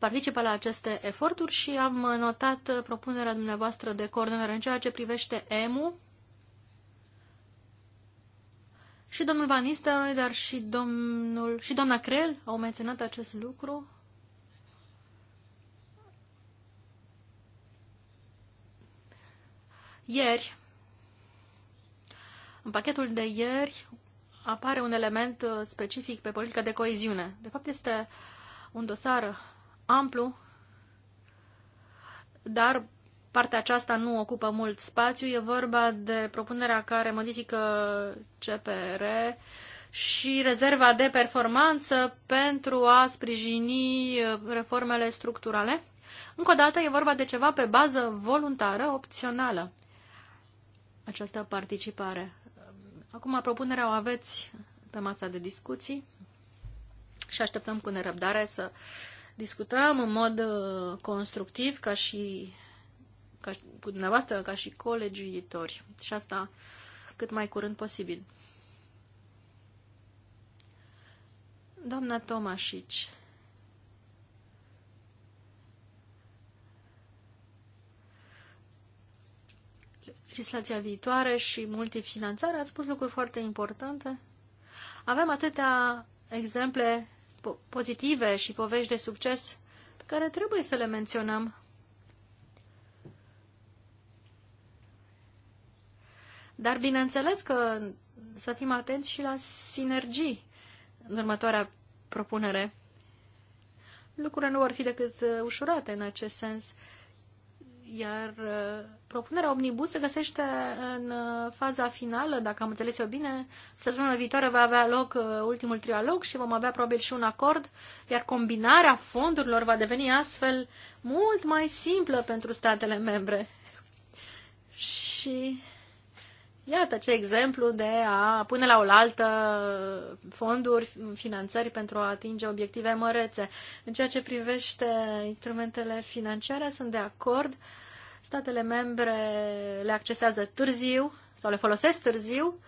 participă la aceste eforturi și am notat propunerea dumneavoastră de coordonare în ceea ce privește EMU și domnul Van Nistelrooy, dar și, domnul, și doamna Crel au menționat acest lucru. Ieri, în pachetul de ieri, apare un element uh, specific pe politica de coeziune. De fapt, este un dosar amplu, dar partea aceasta nu ocupă mult spațiu. E vorba de propunerea care modifică CPR și rezerva de performanță pentru a sprijini uh, reformele structurale. Încă o dată, e vorba de ceva pe bază voluntară, opțională, această participare. Acum, propunerea o aveți pe masa de discuții și așteptăm cu nerăbdare să uh, discutam în mod uh, constructiv ca și ca, cu dumneavoastră, ca și colegiuitori. Și asta cât mai curând posibil. Doamna Tomașici. legislația viitoare și multifinanțare, ați spus lucruri foarte importante. Avem atâtea exemple pozitive și povești de succes pe care trebuie să le menționăm. Dar bineînțeles că să fim atenți și la sinergii în următoarea propunere. Lucrurile nu vor fi decât uh, ușurate în acest sens. Iar uh, propunerea omnibus se găsește în uh, faza finală, dacă am înțeles eu bine. Săptămâna viitoare va avea loc uh, ultimul trialog și vom avea probabil și un acord, iar combinarea fondurilor va deveni astfel mult mai simplă pentru statele membre. Și Iată ce exemplu de a pune la oaltă fonduri, finanțări pentru a atinge obiective mărețe. În ceea ce privește instrumentele financiare, sunt de acord Statele membre le accesează târziu sau le folosesc târziu.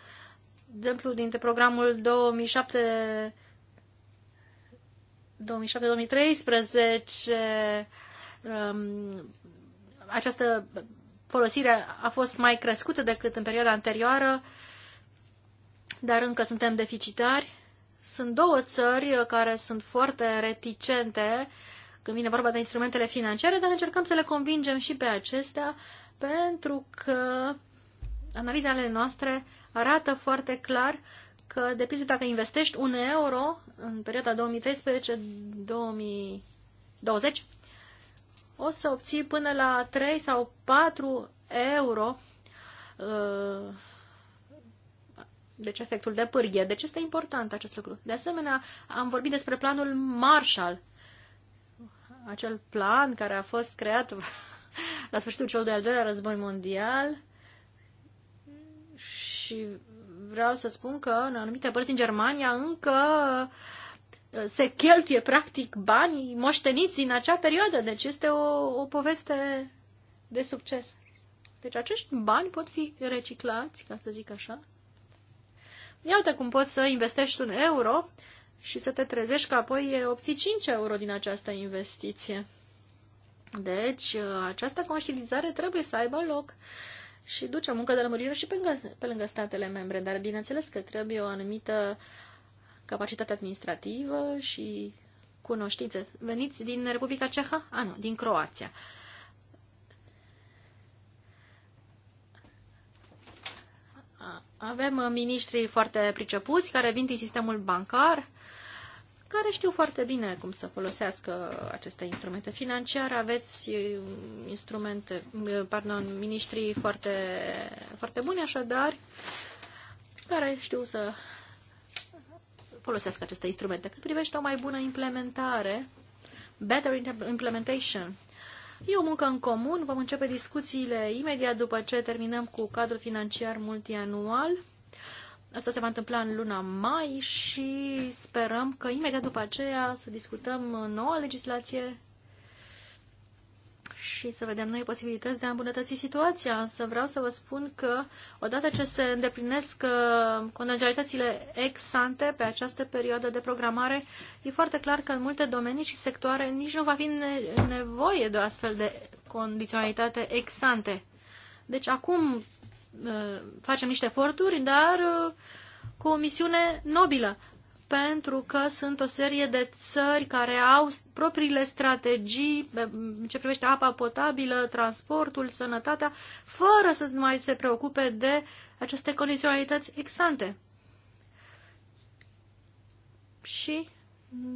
De exemplu, dintre programul 2007 2013 um, această folosire a fost mai crescută decât în perioada anterioară, dar încă suntem deficitari. Sunt două țări care sunt foarte reticente când vine vorba de instrumentele financiare, dar încercăm să le convingem și pe acestea, pentru că analizele noastre arată foarte clar că, de pildă, dacă investești un euro în perioada 2013-2020, o să obții până la 3 sau 4 euro uh, deci efectul de pârghie. Deci este important acest lucru. De asemenea, am vorbit despre planul Marshall, acel plan care a fost creat *laughs* la sfârșitul cel de-al doilea război mondial și vreau să spun că în anumite părți din Germania încă uh, se cheltuie practic banii moșteniți în acea perioadă, deci este o, o poveste de succes. Deci acești bani pot fi reciclați, ca să zic așa. Iată cum poți să investești un euro și să te trezești că apoi obții 5 euro din această investiție. Deci, uh, această conștientizare trebuie să aibă loc și duce o muncă de lămurire și pe lângă, pe lângă statele membre, dar bineînțeles că trebuie o anumită capacitate administrativă și cunoștințe. Veniți din Republica Ceha? A, ah, nu, din Croația. Avem uh, miniștri foarte pricepuți care vin din sistemul bancar care știu foarte bine cum să folosească aceste instrumente financiare. Aveți instrumente, pardon, ministrii foarte, foarte buni, așadar, care știu să folosească aceste instrumente. Cât privește o mai bună implementare, better implementation, e o muncă în comun. Vom începe discuțiile imediat după ce terminăm cu cadrul financiar multianual Asta se va întâmpla în luna mai și sperăm că imediat după aceea să discutăm noua legislație și să vedem noi posibilități de a îmbunătăți situația. Însă vreau să vă spun că odată ce se îndeplinesc uh, condiționalitățile ex ante pe această perioadă de programare, e foarte clar că în multe domenii și sectoare nici nu va fi nevoie de o astfel de condiționalitate ex ante. Deci acum Uh, facem niște eforturi, dar uh, cu o misiune nobilă, pentru că sunt o serie de țări care au propriile strategii în ce privește apa potabilă, transportul, sănătatea, fără să mai se preocupe de aceste condiționalități exante. Și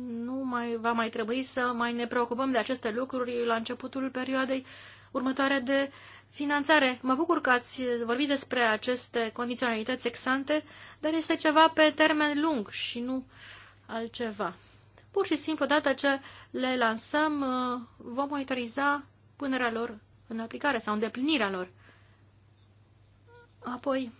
nu mai va mai trebui să mai ne preocupăm de aceste lucruri la începutul perioadei următoare de uh, Finanțare. Mă bucur că ați vorbit despre aceste condiționalități exante, dar este ceva pe termen lung și nu altceva. Pur și simplu, odată ce le lansăm, vom monitoriza punerea lor în aplicare sau îndeplinirea lor. Apoi,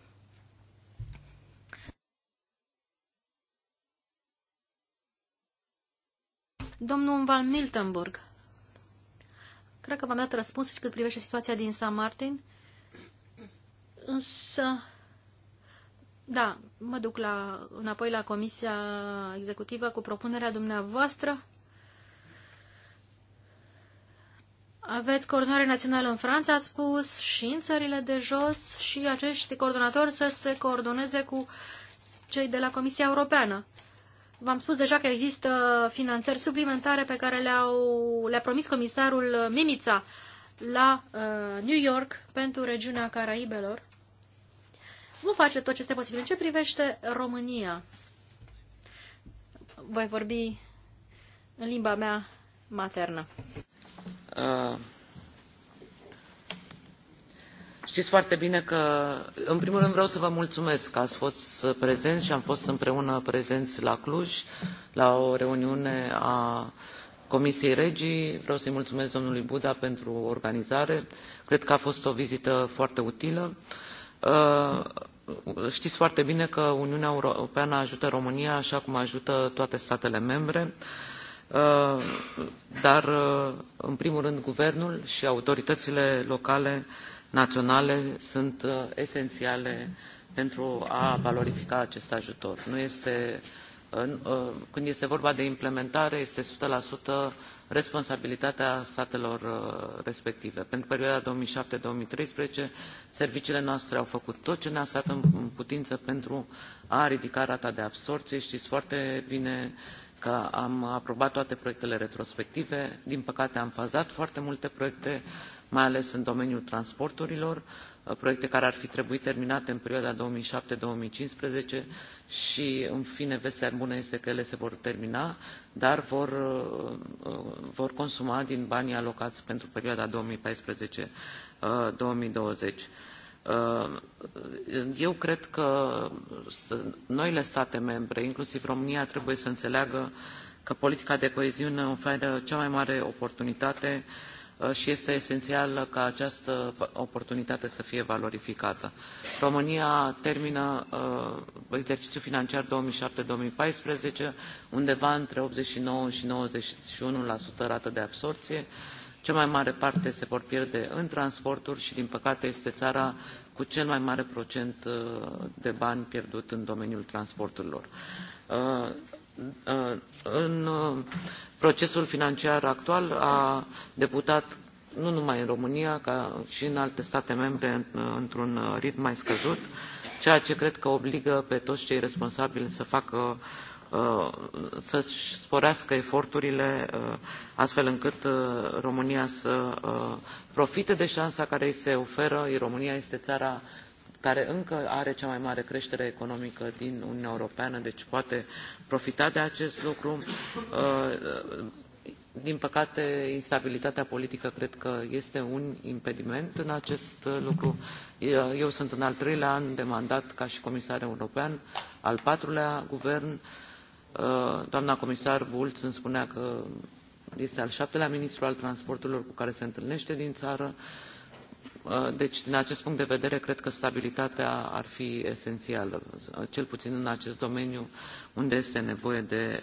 domnul Val Miltenburg Cred că v-am dat răspunsul și cât privește situația din San Martin. Însă, da, mă duc la, înapoi la Comisia Executivă cu propunerea dumneavoastră. Aveți coordonare națională în Franța, ați spus, și în țările de jos și acești coordonatori să se coordoneze cu cei de la Comisia Europeană. V-am spus deja că există finanțări suplimentare pe care le-au, le-a promis comisarul Mimița la uh, New York pentru regiunea Caraibelor. Vom face tot ce este posibil. În ce privește România? Voi vorbi în limba mea maternă. Uh știți foarte bine că, în primul rând, vreau să vă mulțumesc că ați fost prezenți și am fost împreună prezenți la Cluj, la o reuniune a Comisiei Regii. Vreau să-i mulțumesc domnului Buda pentru organizare. Cred că a fost o vizită foarte utilă. Uh, știți foarte bine că Uniunea Europeană ajută România așa cum ajută toate statele membre uh, dar uh, în primul rând guvernul și autoritățile locale naționale sunt uh, esențiale pentru a valorifica acest ajutor. Nu este, uh, uh, când este vorba de implementare, este 100% responsabilitatea statelor respective. Pentru perioada 2007-2013, serviciile noastre au făcut tot ce ne-a stat în putință pentru a ridica rata de absorție. Știți foarte bine că am aprobat toate proiectele retrospective. Din păcate, am fazat foarte multe proiecte uh, mai ales în domeniul transporturilor uh, proiecte care ar fi trebuit terminate în perioada două mii șapte două mii cincisprezece și în fine vestea bună este că ele se vor termina dar vor, uh, uh, vor consuma din banii alocați pentru perioada două mii paisprezece două mii douăzeci eu cred că noile state membre inclusiv românia trebuie să înțeleagă că politica de coeziune oferă cea mai mare oportunitate pentru Uh, și este esențial ca această oportunitate să fie valorificată. România termină uh, exercițiul financiar 2007-2014 undeva între 89 și 91% rată de absorție. Cea mai mare parte se vor pierde în transporturi și, din păcate, este țara cu cel mai mare procent uh, de bani pierdut în domeniul transporturilor în uh, procesul financiar actual a deputat nu numai în România, ca și în alte state membre, într-un uh, ritm mai scăzut, ceea ce cred că obligă pe toți cei responsabili să facă uh, să-și sporească eforturile astfel încât România să profite de șansa care îi se oferă. România este țara care încă are cea mai mare creștere economică din Uniunea Europeană, deci poate profita de acest lucru. Uh, uh, din păcate, instabilitatea politică cred că este un impediment în acest uh, lucru. Eu sunt în al treilea an de mandat ca și comisar european, al patrulea guvern. Doamna comisar Bulc îmi spunea că este al șaptelea ministru al transporturilor cu care se întâlnește din țară. Uh, deci, din acest punct de vedere, cred că stabilitatea ar fi esențială, uh, cel puțin în acest domeniu unde este nevoie de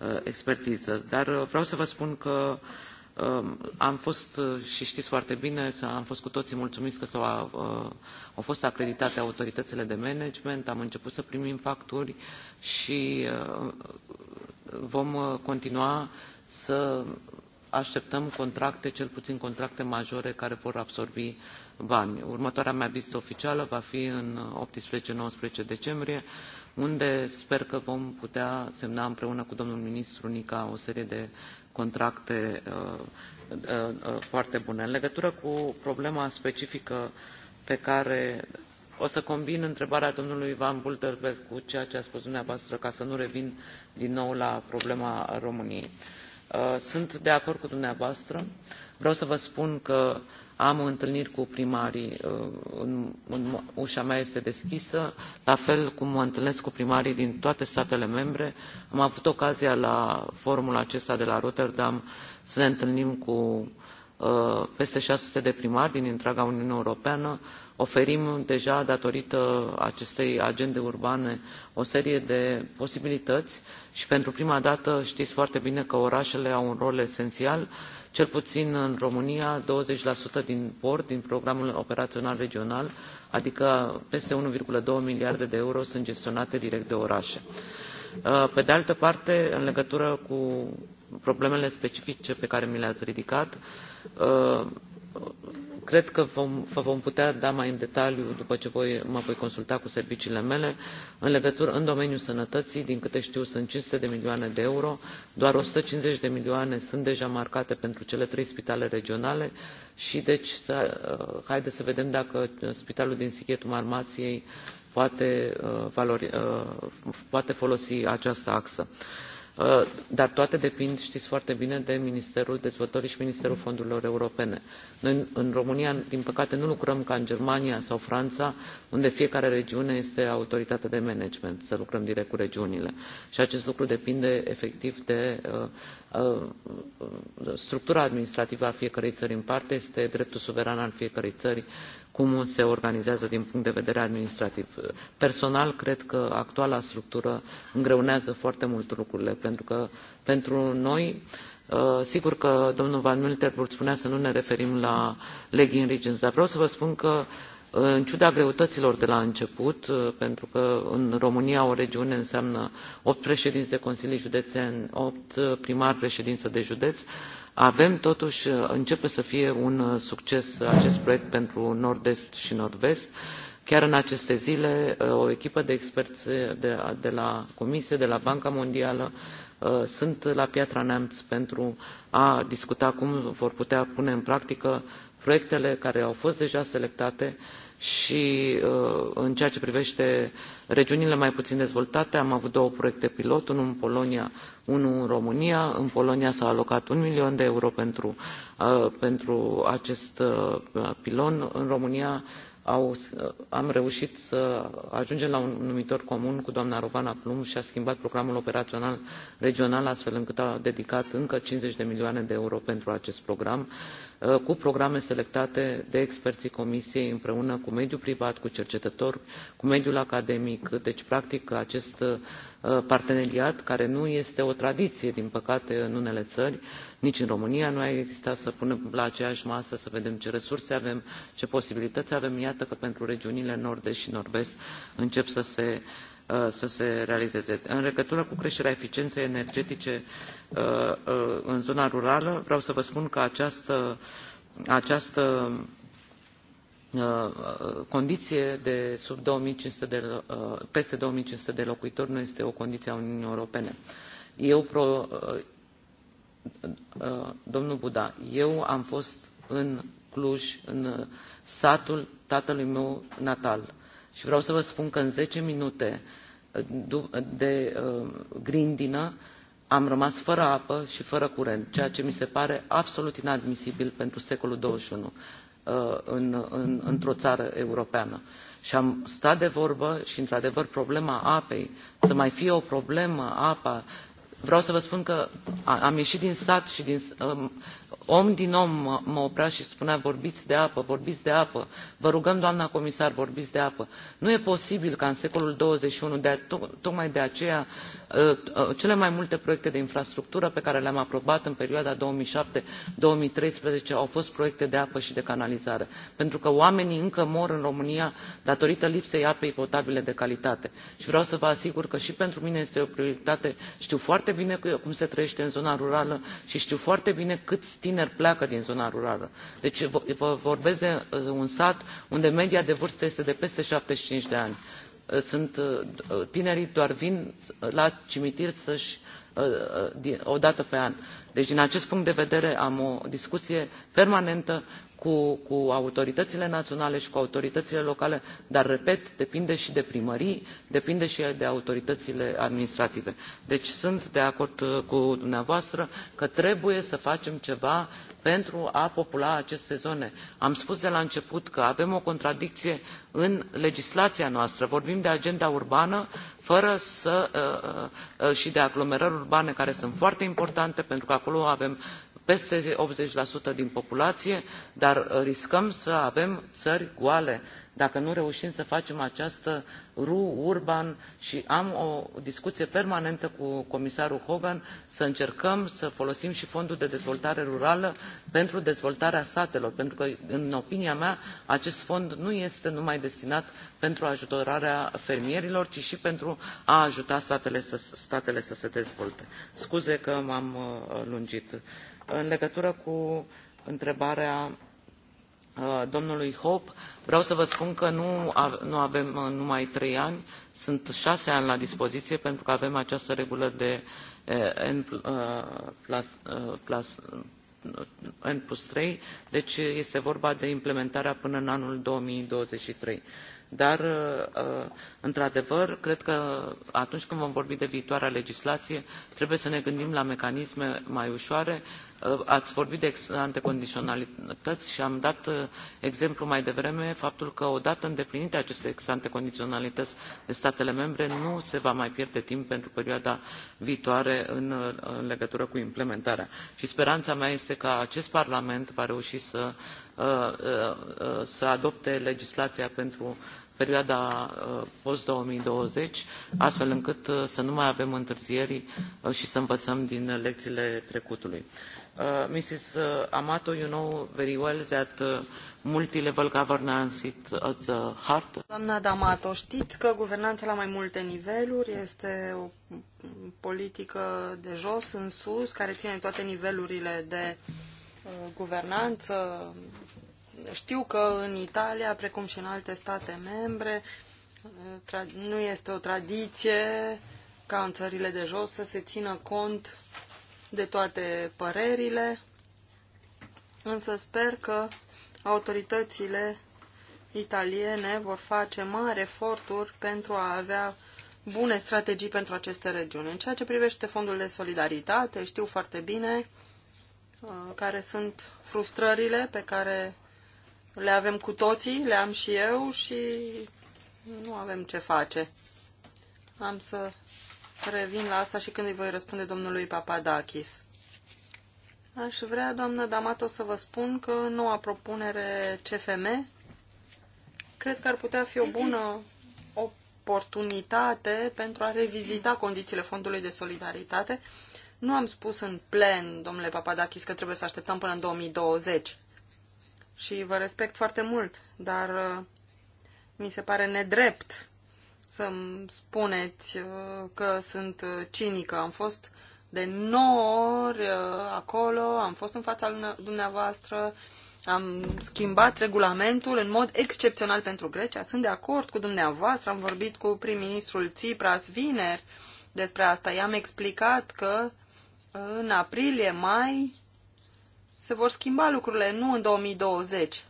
uh, expertiză. Dar vreau să vă spun că um, am fost, și știți foarte bine, am fost cu toții mulțumiți că -au, au fost acreditate autoritățile de management, am început să primim facturi și vom continua să așteptăm contracte, cel puțin contracte majore, care vor absorbi bani. Următoarea mea vizită oficială va fi în 18-19 decembrie, unde sper că vom putea semna împreună cu domnul ministru Nica o serie de contracte uh, uh, uh, foarte bune. În legătură cu problema specifică pe care o să combin întrebarea domnului Ivan Bulterberg cu ceea ce a spus dumneavoastră, ca să nu revin din nou la problema României. Uh, Uh, sunt de acord cu dumneavoastră vreau să vă spun că am întâlniri cu primarii uh, ușa mea este deschisă la fel cum mă întâlnesc cu primarii din toate statele membre am avut ocazia la forumul acesta de la rotterdam să ne întâlnim cu Uh, peste sute de primari din întreaga Uniune Europeană. Oferim deja, datorită acestei agende urbane, o serie de posibilități și pentru prima dată știți foarte bine că orașele au un rol esențial cel puțin în România, 20% din port, din programul operațional regional, adică peste 1,2 miliarde de euro sunt gestionate direct de orașe. Uh, pe de altă parte, în legătură cu problemele specifice pe care mi le-ați ridicat, Uh, cred că vom, vă vom putea da mai în detaliu după ce voi, mă voi consulta cu serviciile mele în legătură în domeniul sănătății din câte știu sunt cinci sute de milioane de euro doar o sută cincizeci de milioane sunt deja marcate pentru cele trei spitale regionale și deci să, uh, haideți să vedem dacă spitalul din sighetul marmației poate, uh, valori, poate folosi această axă. Uh, dar toate depind știți foarte bine de ministerul dezvoltării și ministerul fondurilor europene. noi în românia din păcate nu lucrăm ca în germania sau franța unde fiecare regiune este autoritate de management să lucrăm direct cu regiunile și acest lucru depinde efectiv de uh, uh, uh structura administrativă a fiecărei țări în parte este dreptul suveran al fiecărei țări cum se organizează din punct de vedere administrativ. Personal, cred că actuala structură îngreunează foarte mult lucrurile, pentru că pentru noi, uh, sigur că domnul Van Milterburg spunea să nu ne referim la legging regions, dar vreau să vă spun că uh, în ciuda greutăților de la început, uh, pentru că în România o regiune înseamnă opt președinți de consilii județeni, opt primari președință de județ, avem totuși uh, începe să fie un uh, succes acest proiect pentru nord est și nord vest chiar în aceste zile uh, o echipă de experți de, de la comisie de la banca mondială sunt la piatra neamț pentru a discuta cum vor putea pune în practică proiectele care au fost deja selectate și în ceea ce privește regiunile mai puțin dezvoltate am avut două proiecte pilot unul în polonia unul în România. În Polonia s-a alocat un milion de euro pentru, uh, pentru acest uh, pilon. În România uh, am reușit să ajungem la un numitor comun cu doamna Rovana plumb și a schimbat programul operațional regional astfel încât a dedicat încă 50 de milioane de euro pentru acest program Uh, cu programe selectate de experții comisiei împreună cu mediul privat cu cercetători cu mediul academic deci practic acest uh, parteneriat care nu este o tradiție din păcate în unele țări nici în românia nu a existat să punem la aceeași masă să vedem ce resurse avem ce posibilități avem iată că pentru regiunile nord est și nord vest încep să se Uh, să se realizeze. În legătură cu creșterea eficienței energetice uh, uh, în zona rurală, vreau să vă spun că această, această condiție de sub 2500 de, peste 2500 de locuitori nu este o condiție a Uniunii Europene. Eu, pro, domnul Buda, eu am fost în Cluj, în satul tatălui meu natal și vreau să vă spun că în zece minute uh, uh, de uh, grindină am rămas fără apă și fără curent ceea ce mi se pare absolut inadmisibil pentru secolul xxi în, în, într o țară europeană și am stat de vorbă și într adevăr problema apei să mai fie o problemă apa vreau să vă spun că am ieșit din sat și din, um, om din om mă, oprea și spunea vorbiți de apă vorbiți de apă vă rugăm doamnă comisar vorbiți de apă. nu e posibil ca în secolul xxi tocmai de aceea ă, ă, cele mai multe proiecte de infrastructură pe care le am aprobat în perioada două mii șapte două mii treisprezece au fost proiecte de apă și de canalizare pentru că oamenii încă mor în românia datorită lipsei apei potabile de calitate și vreau să vă asigur că și pentru mine este o prioritate știu foarte bine cum se trăiește în zona rurală și știu foarte bine cât tineri pleacă din zona rurală. Deci vă vorbesc de uh, un sat unde media de vârstă este de peste 75 de ani. Uh, sunt, uh, tinerii doar vin la cimitir să-și o dată pe an. Deci din acest punct de vedere am o discuție permanentă cu, autoritățile naționale și cu autoritățile locale dar repet depinde și de primării depinde și de autoritățile administrative. deci sunt de acord uh, cu dumneavoastră că trebuie să facem ceva pentru a popula aceste zone. am spus de la început că avem o contradicție în legislația noastră vorbim de agenda urbană fără să, uh, uh, și de aglomerări urbane care sunt foarte importante pentru că acolo avem peste 80% din populație, dar uh, riscăm să avem țări goale dacă nu reușim să facem această ru urban și am o discuție permanentă cu comisarul Hogan să încercăm să folosim și fondul de dezvoltare rurală pentru dezvoltarea satelor, pentru că, în opinia mea, acest fond nu este numai destinat pentru ajutorarea fermierilor, ci și pentru a ajuta satele, să, statele să se dezvolte. Scuze că m-am uh, lungit în legătură cu întrebarea uh, domnului hope vreau să vă spun că nu avem uh, numai trei ani sunt șase ani la dispoziție pentru că avem această regulă de uh, n trei deci este vorba de implementarea până în anul două mii douăzeci și trei dar uh, uh, într-adevăr cred că atunci când vom vorbi de viitoarea legislație trebuie să ne gândim la mecanisme mai ușoare uh, ați vorbit de ante condiționalități și am dat exemplu mai devreme faptul că odată îndeplinite aceste ex ante condiționalități de statele membre nu se va mai pierde timp pentru perioada viitoare în, în legătură cu implementarea și speranța mea este că acest parlament va reuși să să adopte legislația pentru perioada uh, post-2020, astfel încât uh, să nu mai avem întârzieri uh, și să învățăm din lecțiile trecutului. Mrs. Amato, you know very well that multilevel governance it at the heart. Doamna D'Amato, știți că guvernanța la mai multe niveluri este o politică de jos în sus, care ține toate nivelurile de guvernanță, știu că în Italia, precum și în alte state membre, nu este o tradiție ca în țările de jos să se țină cont de toate părerile, însă sper că autoritățile italiene vor face mari eforturi pentru a avea bune strategii pentru aceste regiuni. În ceea ce privește fondul de solidaritate, știu foarte bine uh, care sunt frustrările pe care le avem cu toții, le am și eu și nu avem ce face. Am să revin la asta și când îi voi răspunde domnului Papadakis. Aș vrea, doamnă Damato, să vă spun că noua propunere CFM cred că ar putea fi o bună oportunitate pentru a revizita condițiile Fondului de Solidaritate. Nu am spus în plen, domnule Papadakis, că trebuie să așteptăm până în 2020 și vă respect foarte mult, dar uh, mi se pare nedrept să-mi spuneți uh, că sunt uh, cinică. Am fost de 9 ori acolo, am fost în fața dumneavoastră, am schimbat regulamentul în mod excepțional pentru Grecia. Sunt de acord cu dumneavoastră, am vorbit cu prim-ministrul Tsipras vineri despre asta. I-am explicat că în aprilie, mai, se vor schimba lucrurile, nu în 2020.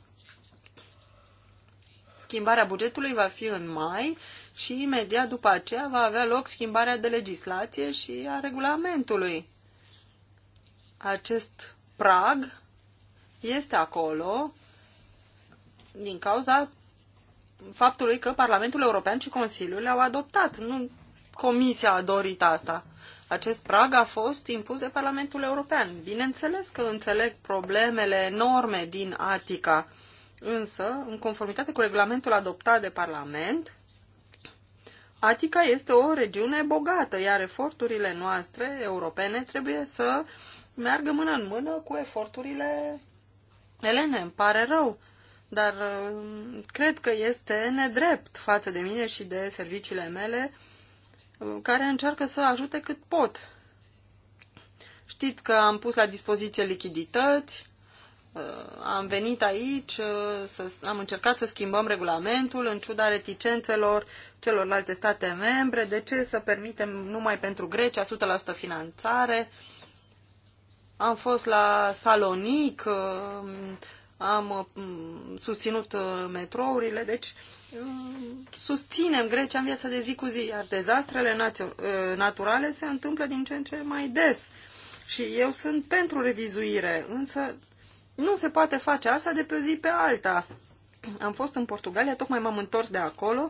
Schimbarea bugetului va fi în mai și imediat după aceea va avea loc schimbarea de legislație și a regulamentului. Acest prag este acolo din cauza faptului că Parlamentul European și Consiliul le-au adoptat. Nu Comisia a dorit asta. Acest prag a fost impus de Parlamentul European. Bineînțeles că înțeleg problemele enorme din Atica, însă, în conformitate cu regulamentul adoptat de Parlament, Atica este o regiune bogată, iar eforturile noastre europene trebuie să meargă mână în mână cu eforturile elene. Îmi pare rău, dar uh, cred că este nedrept față de mine și de serviciile mele care încearcă să ajute cât pot. Știți că am pus la dispoziție lichidități, uh, am venit aici, uh, să, am încercat să schimbăm regulamentul în ciuda reticențelor celorlalte state membre. De ce să permitem numai pentru Grecia 100% finanțare? Am fost la Salonic, uh, am uh, susținut uh, metrourile, deci um, susținem Grecia în viața de zi cu zi, iar dezastrele uh, naturale se întâmplă din ce în ce mai des. Și eu sunt pentru revizuire, însă nu se poate face asta de pe o zi pe alta. Am fost în Portugalia, tocmai m-am întors de acolo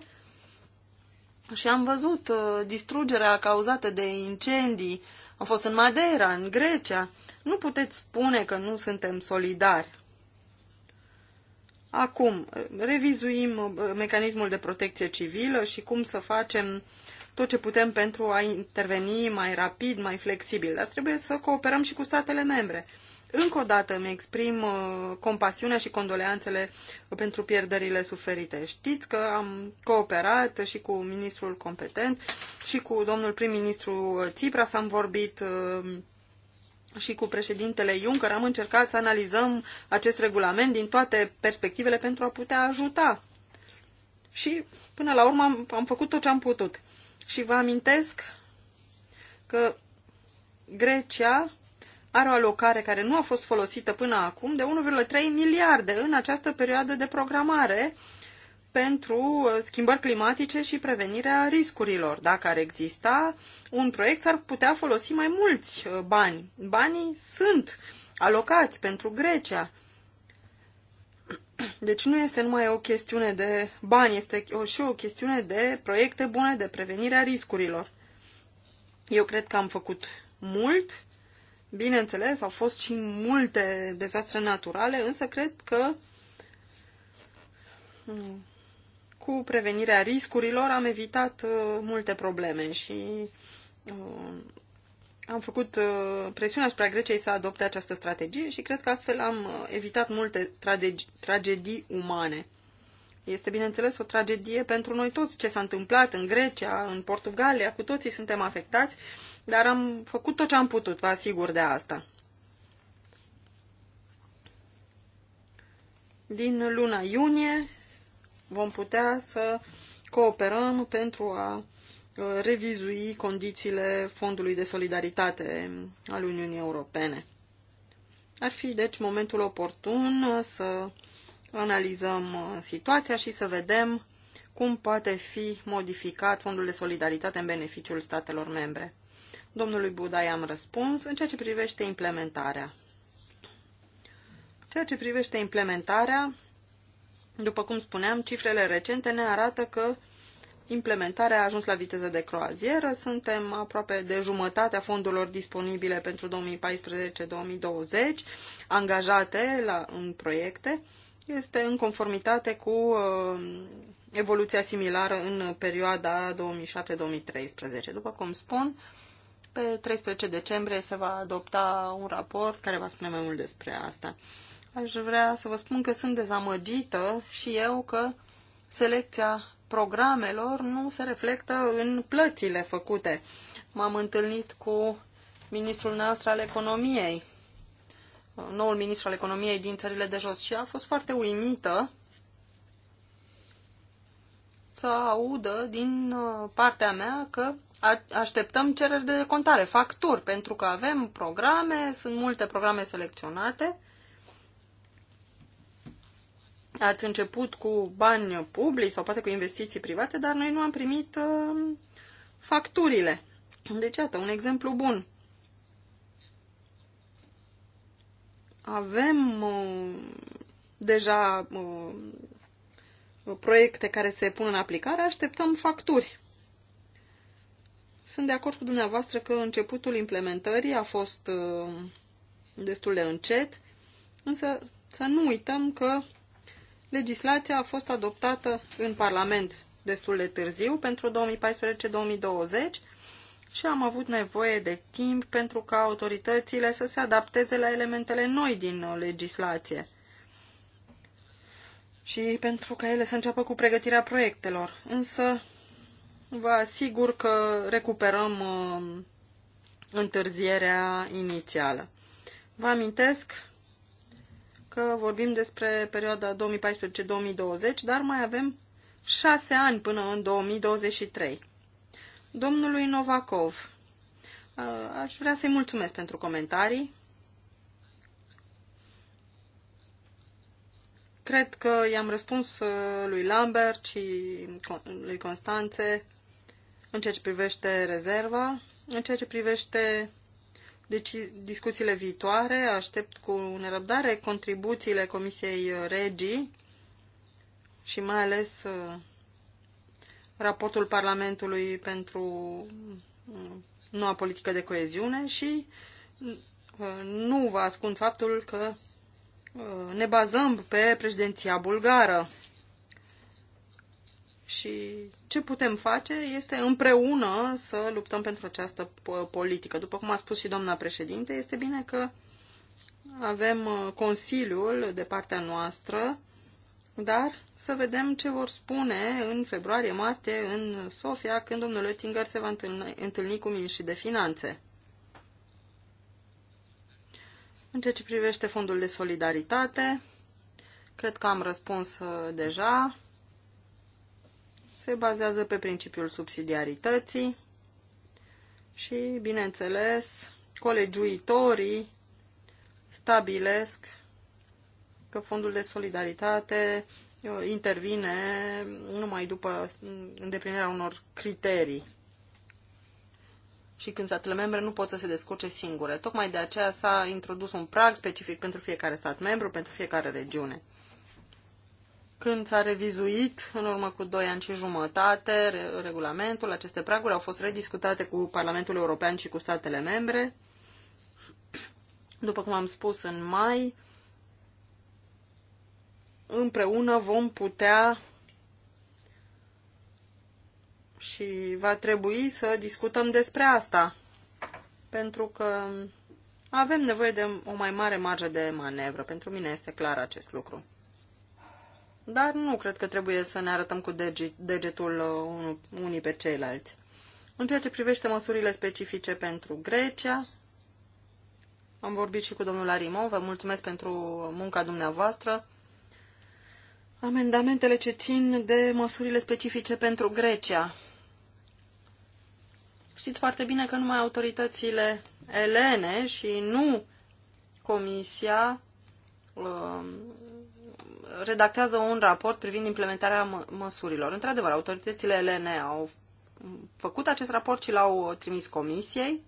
și am văzut distrugerea cauzată de incendii. Am fost în Madeira, în Grecia. Nu puteți spune că nu suntem solidari. Acum, revizuim uh, mecanismul de protecție civilă și cum să facem tot ce putem pentru a interveni mai rapid, mai flexibil, dar trebuie să cooperăm și cu statele membre. Încă o dată îmi exprim uh, compasiunea și condoleanțele pentru pierderile suferite. Știți că am cooperat și cu ministrul competent și cu domnul prim-ministru Tsipras am vorbit uh, și cu președintele Juncker am încercat să analizăm acest regulament din toate perspectivele pentru a putea ajuta. Și până la urmă am, am făcut tot ce am putut. Și vă amintesc că Grecia are o alocare care nu a fost folosită până acum de 1,3 miliarde în această perioadă de programare pentru uh, schimbări climatice și prevenirea riscurilor. Dacă ar exista un proiect, s-ar putea folosi mai mulți uh, bani. Banii sunt alocați pentru Grecia. *clears throat* Deci nu este numai o chestiune de bani, este și o chestiune de proiecte bune de prevenire a riscurilor. Eu cred că am făcut mult. Bineînțeles, au fost și multe dezastre naturale, însă cred că cu prevenirea riscurilor am evitat uh, multe probleme și uh, am făcut uh, presiune asupra Greciei să adopte această strategie și cred că astfel am uh, evitat multe tragedii, tragedii umane. Este, bineînțeles, o tragedie pentru noi toți ce s-a întâmplat în Grecia, în Portugalia, cu toții suntem afectați, dar am făcut tot ce am putut, vă asigur de asta. Din luna iunie vom putea să cooperăm pentru a uh, revizui condițiile Fondului de Solidaritate al Uniunii Europene. Ar fi, deci, momentul oportun să analizăm uh, situația și să vedem cum poate fi modificat Fondul de Solidaritate în beneficiul statelor membre. Domnului Buda i-am răspuns în ceea ce privește implementarea. Ceea ce privește implementarea, după cum spuneam, cifrele recente ne arată că implementarea a ajuns la viteză de croazieră. Suntem aproape de jumătatea fondurilor disponibile pentru 2014-2020 angajate la, în proiecte. Este în conformitate cu uh, evoluția similară în perioada 2007-2013. După cum spun, pe 13 decembrie se va adopta un raport care va spune mai mult despre asta. Aș vrea să vă spun că sunt dezamăgită și eu că selecția programelor nu se reflectă în plățile făcute. M-am întâlnit cu ministrul nostru al economiei, noul ministru al economiei din țările de jos și a fost foarte uimită să audă din uh, partea mea că așteptăm cereri de contare, facturi, pentru că avem programe, sunt multe programe selecționate ați început cu bani publici sau poate cu investiții private, dar noi nu am primit uh, facturile. Deci, iată, un exemplu bun. Avem uh, deja uh, proiecte care se pun în aplicare, așteptăm facturi. Sunt de acord cu dumneavoastră că începutul implementării a fost uh, destul de încet, însă să nu uităm că Legislația a fost adoptată în Parlament destul de târziu, pentru 2014-2020, și am avut nevoie de timp pentru ca autoritățile să se adapteze la elementele noi din legislație și pentru ca ele să înceapă cu pregătirea proiectelor. Însă vă asigur că recuperăm uh, întârzierea inițială. Vă amintesc că vorbim despre perioada 2014-2020, dar mai avem șase ani până în 2023. Domnului Novakov, aș vrea să-i mulțumesc pentru comentarii. Cred că i-am răspuns lui Lambert și lui Constanțe în ceea ce privește rezerva, în ceea ce privește deci, discuțiile viitoare aștept cu nerăbdare contribuțiile Comisiei Regii și mai ales uh, raportul Parlamentului pentru uh, noua politică de coeziune și uh, nu vă ascund faptul că ne bazăm pe președinția bulgară. Și ce putem face este împreună să luptăm pentru această politică. După cum a spus și doamna președinte, este bine că avem uh, Consiliul de partea noastră, dar să vedem ce vor spune în februarie-martie în Sofia, când domnul Oettinger se va întâlni cu miniștrii de finanțe. În ceea ce privește fondul de solidaritate, cred că am răspuns uh, deja se bazează pe principiul subsidiarității și, bineînțeles, colegiuitorii stabilesc că fondul de solidaritate intervine numai după îndeplinirea unor criterii și când statele membre nu pot să se descurce singure. Tocmai de aceea s-a introdus un prag specific pentru fiecare stat membru, pentru fiecare regiune când s-a revizuit în urmă cu doi ani și jumătate regulamentul, aceste praguri au fost rediscutate cu Parlamentul European și cu statele membre. După cum am spus în mai, împreună vom putea și va trebui să discutăm despre asta, pentru că avem nevoie de o mai mare marjă de manevră. Pentru mine este clar acest lucru. Dar nu cred că trebuie să ne arătăm cu degetul uh, unii pe ceilalți. În ceea ce privește măsurile specifice pentru Grecia, am vorbit și cu domnul Arimov. vă mulțumesc pentru munca dumneavoastră. Amendamentele ce țin de măsurile specifice pentru Grecia. Știți foarte bine că numai autoritățile elene și nu Comisia uh, redactează un raport privind implementarea mă măsurilor. Într-adevăr, autoritățile elene au făcut acest raport și l-au trimis comisiei.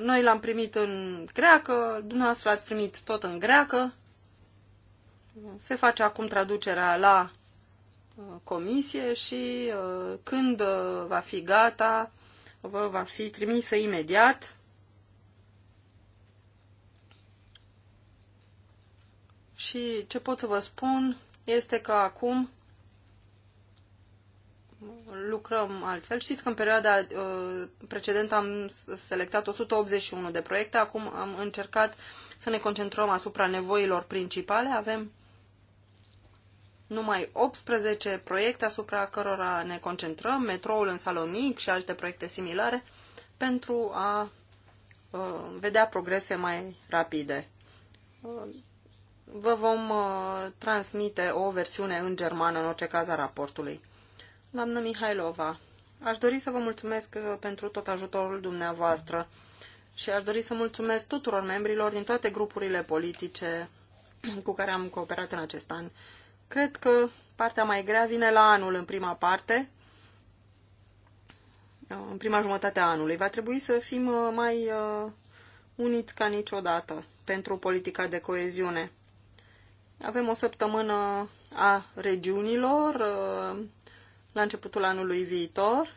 Noi l-am primit în greacă, dumneavoastră l-ați primit tot în greacă. Se face acum traducerea la uh, comisie și uh, când uh, va fi gata, vă va fi trimisă imediat Și ce pot să vă spun este că acum lucrăm altfel. Știți că în perioada uh, precedentă am selectat 181 de proiecte, acum am încercat să ne concentrăm asupra nevoilor principale. Avem numai 18 proiecte asupra cărora ne concentrăm, metroul în Salonic și alte proiecte similare, pentru a uh, vedea progrese mai rapide. Uh, Vă vom uh, transmite o versiune în germană, în orice caz, a raportului. Doamnă Mihailova, aș dori să vă mulțumesc uh, pentru tot ajutorul dumneavoastră și aș dori să mulțumesc tuturor membrilor din toate grupurile politice cu care am cooperat în acest an. Cred că partea mai grea vine la anul în prima parte, uh, în prima jumătate a anului. Va trebui să fim uh, mai uniți ca niciodată pentru politica de coeziune. Avem o săptămână a regiunilor uh, la începutul anului viitor.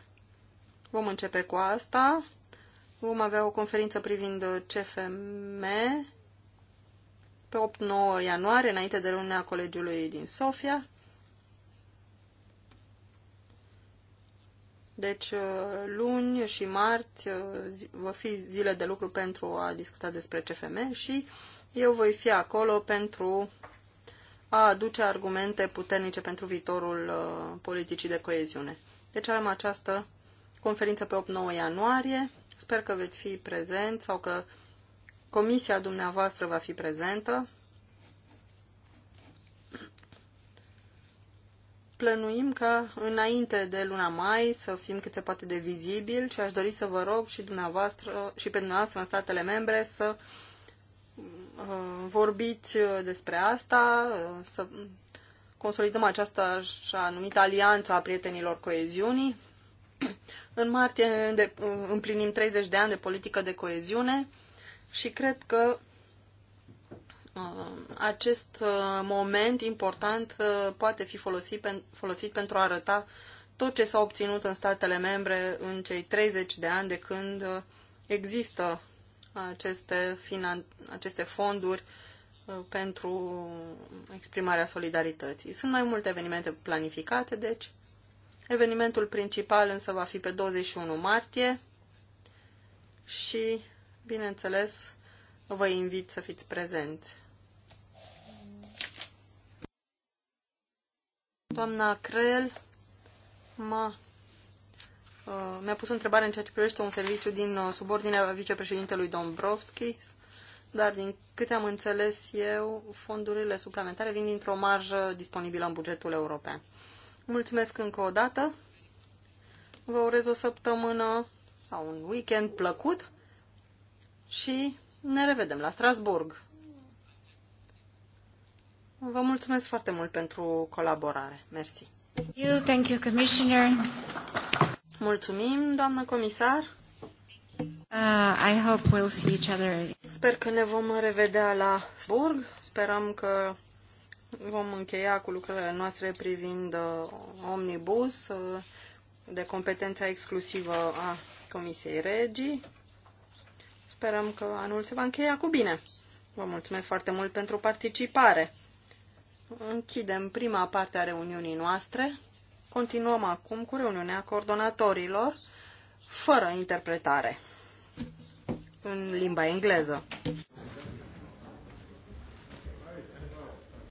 Vom începe cu asta. Vom avea o conferință privind uh, CFM pe 8-9 ianuarie, înainte de reuniunea colegiului din Sofia. Deci, uh, luni și marți vor fi zile de lucru pentru a discuta despre CFM și eu voi fi acolo pentru a aduce argumente puternice pentru viitorul uh, politicii de coeziune. Deci avem această conferință pe 8-9 ianuarie. Sper că veți fi prezent sau că comisia dumneavoastră va fi prezentă. Plănuim că înainte de luna mai să fim cât se poate de vizibil și aș dori să vă rog și dumneavoastră și pe dumneavoastră în statele membre să uh, Uh, vorbiți uh, despre asta, uh, să consolidăm această așa numită alianță a prietenilor coeziunii. *clears throat* În martie împlinim 30 de ani de politică de coeziune și cred că acest moment important poate fi folosit, folosit pentru a arăta tot ce s-a obținut în statele membre în cei 30 de ani de când există aceste, finan- aceste fonduri uh, pentru exprimarea solidarității. Sunt mai multe evenimente planificate, deci evenimentul principal însă va fi pe 21 martie și, bineînțeles, vă invit să fiți prezenți. Doamna Creel m-a Uh, mi-a pus o întrebare în ceea ce privește un serviciu din uh, subordinea vicepreședintelui Dombrovski, dar din câte am înțeles eu, fondurile suplimentare vin dintr-o marjă disponibilă în bugetul european. Mulțumesc încă o dată. Vă urez o săptămână sau un weekend plăcut și ne revedem la Strasburg. Vă mulțumesc foarte mult pentru colaborare. Mersi. Thank You, thank you, Commissioner. Mulțumim, doamnă comisar. Uh, I hope we'll see each other. Sper că ne vom revedea la Burg. Sperăm că vom încheia cu lucrările noastre privind uh, omnibus uh, de competența exclusivă a Comisiei Regii. Sperăm că anul se va încheia cu bine. Vă mulțumesc foarte mult pentru participare. Închidem prima parte a reuniunii noastre. Continuăm acum cu reuniunea coordonatorilor fără interpretare în limba engleză.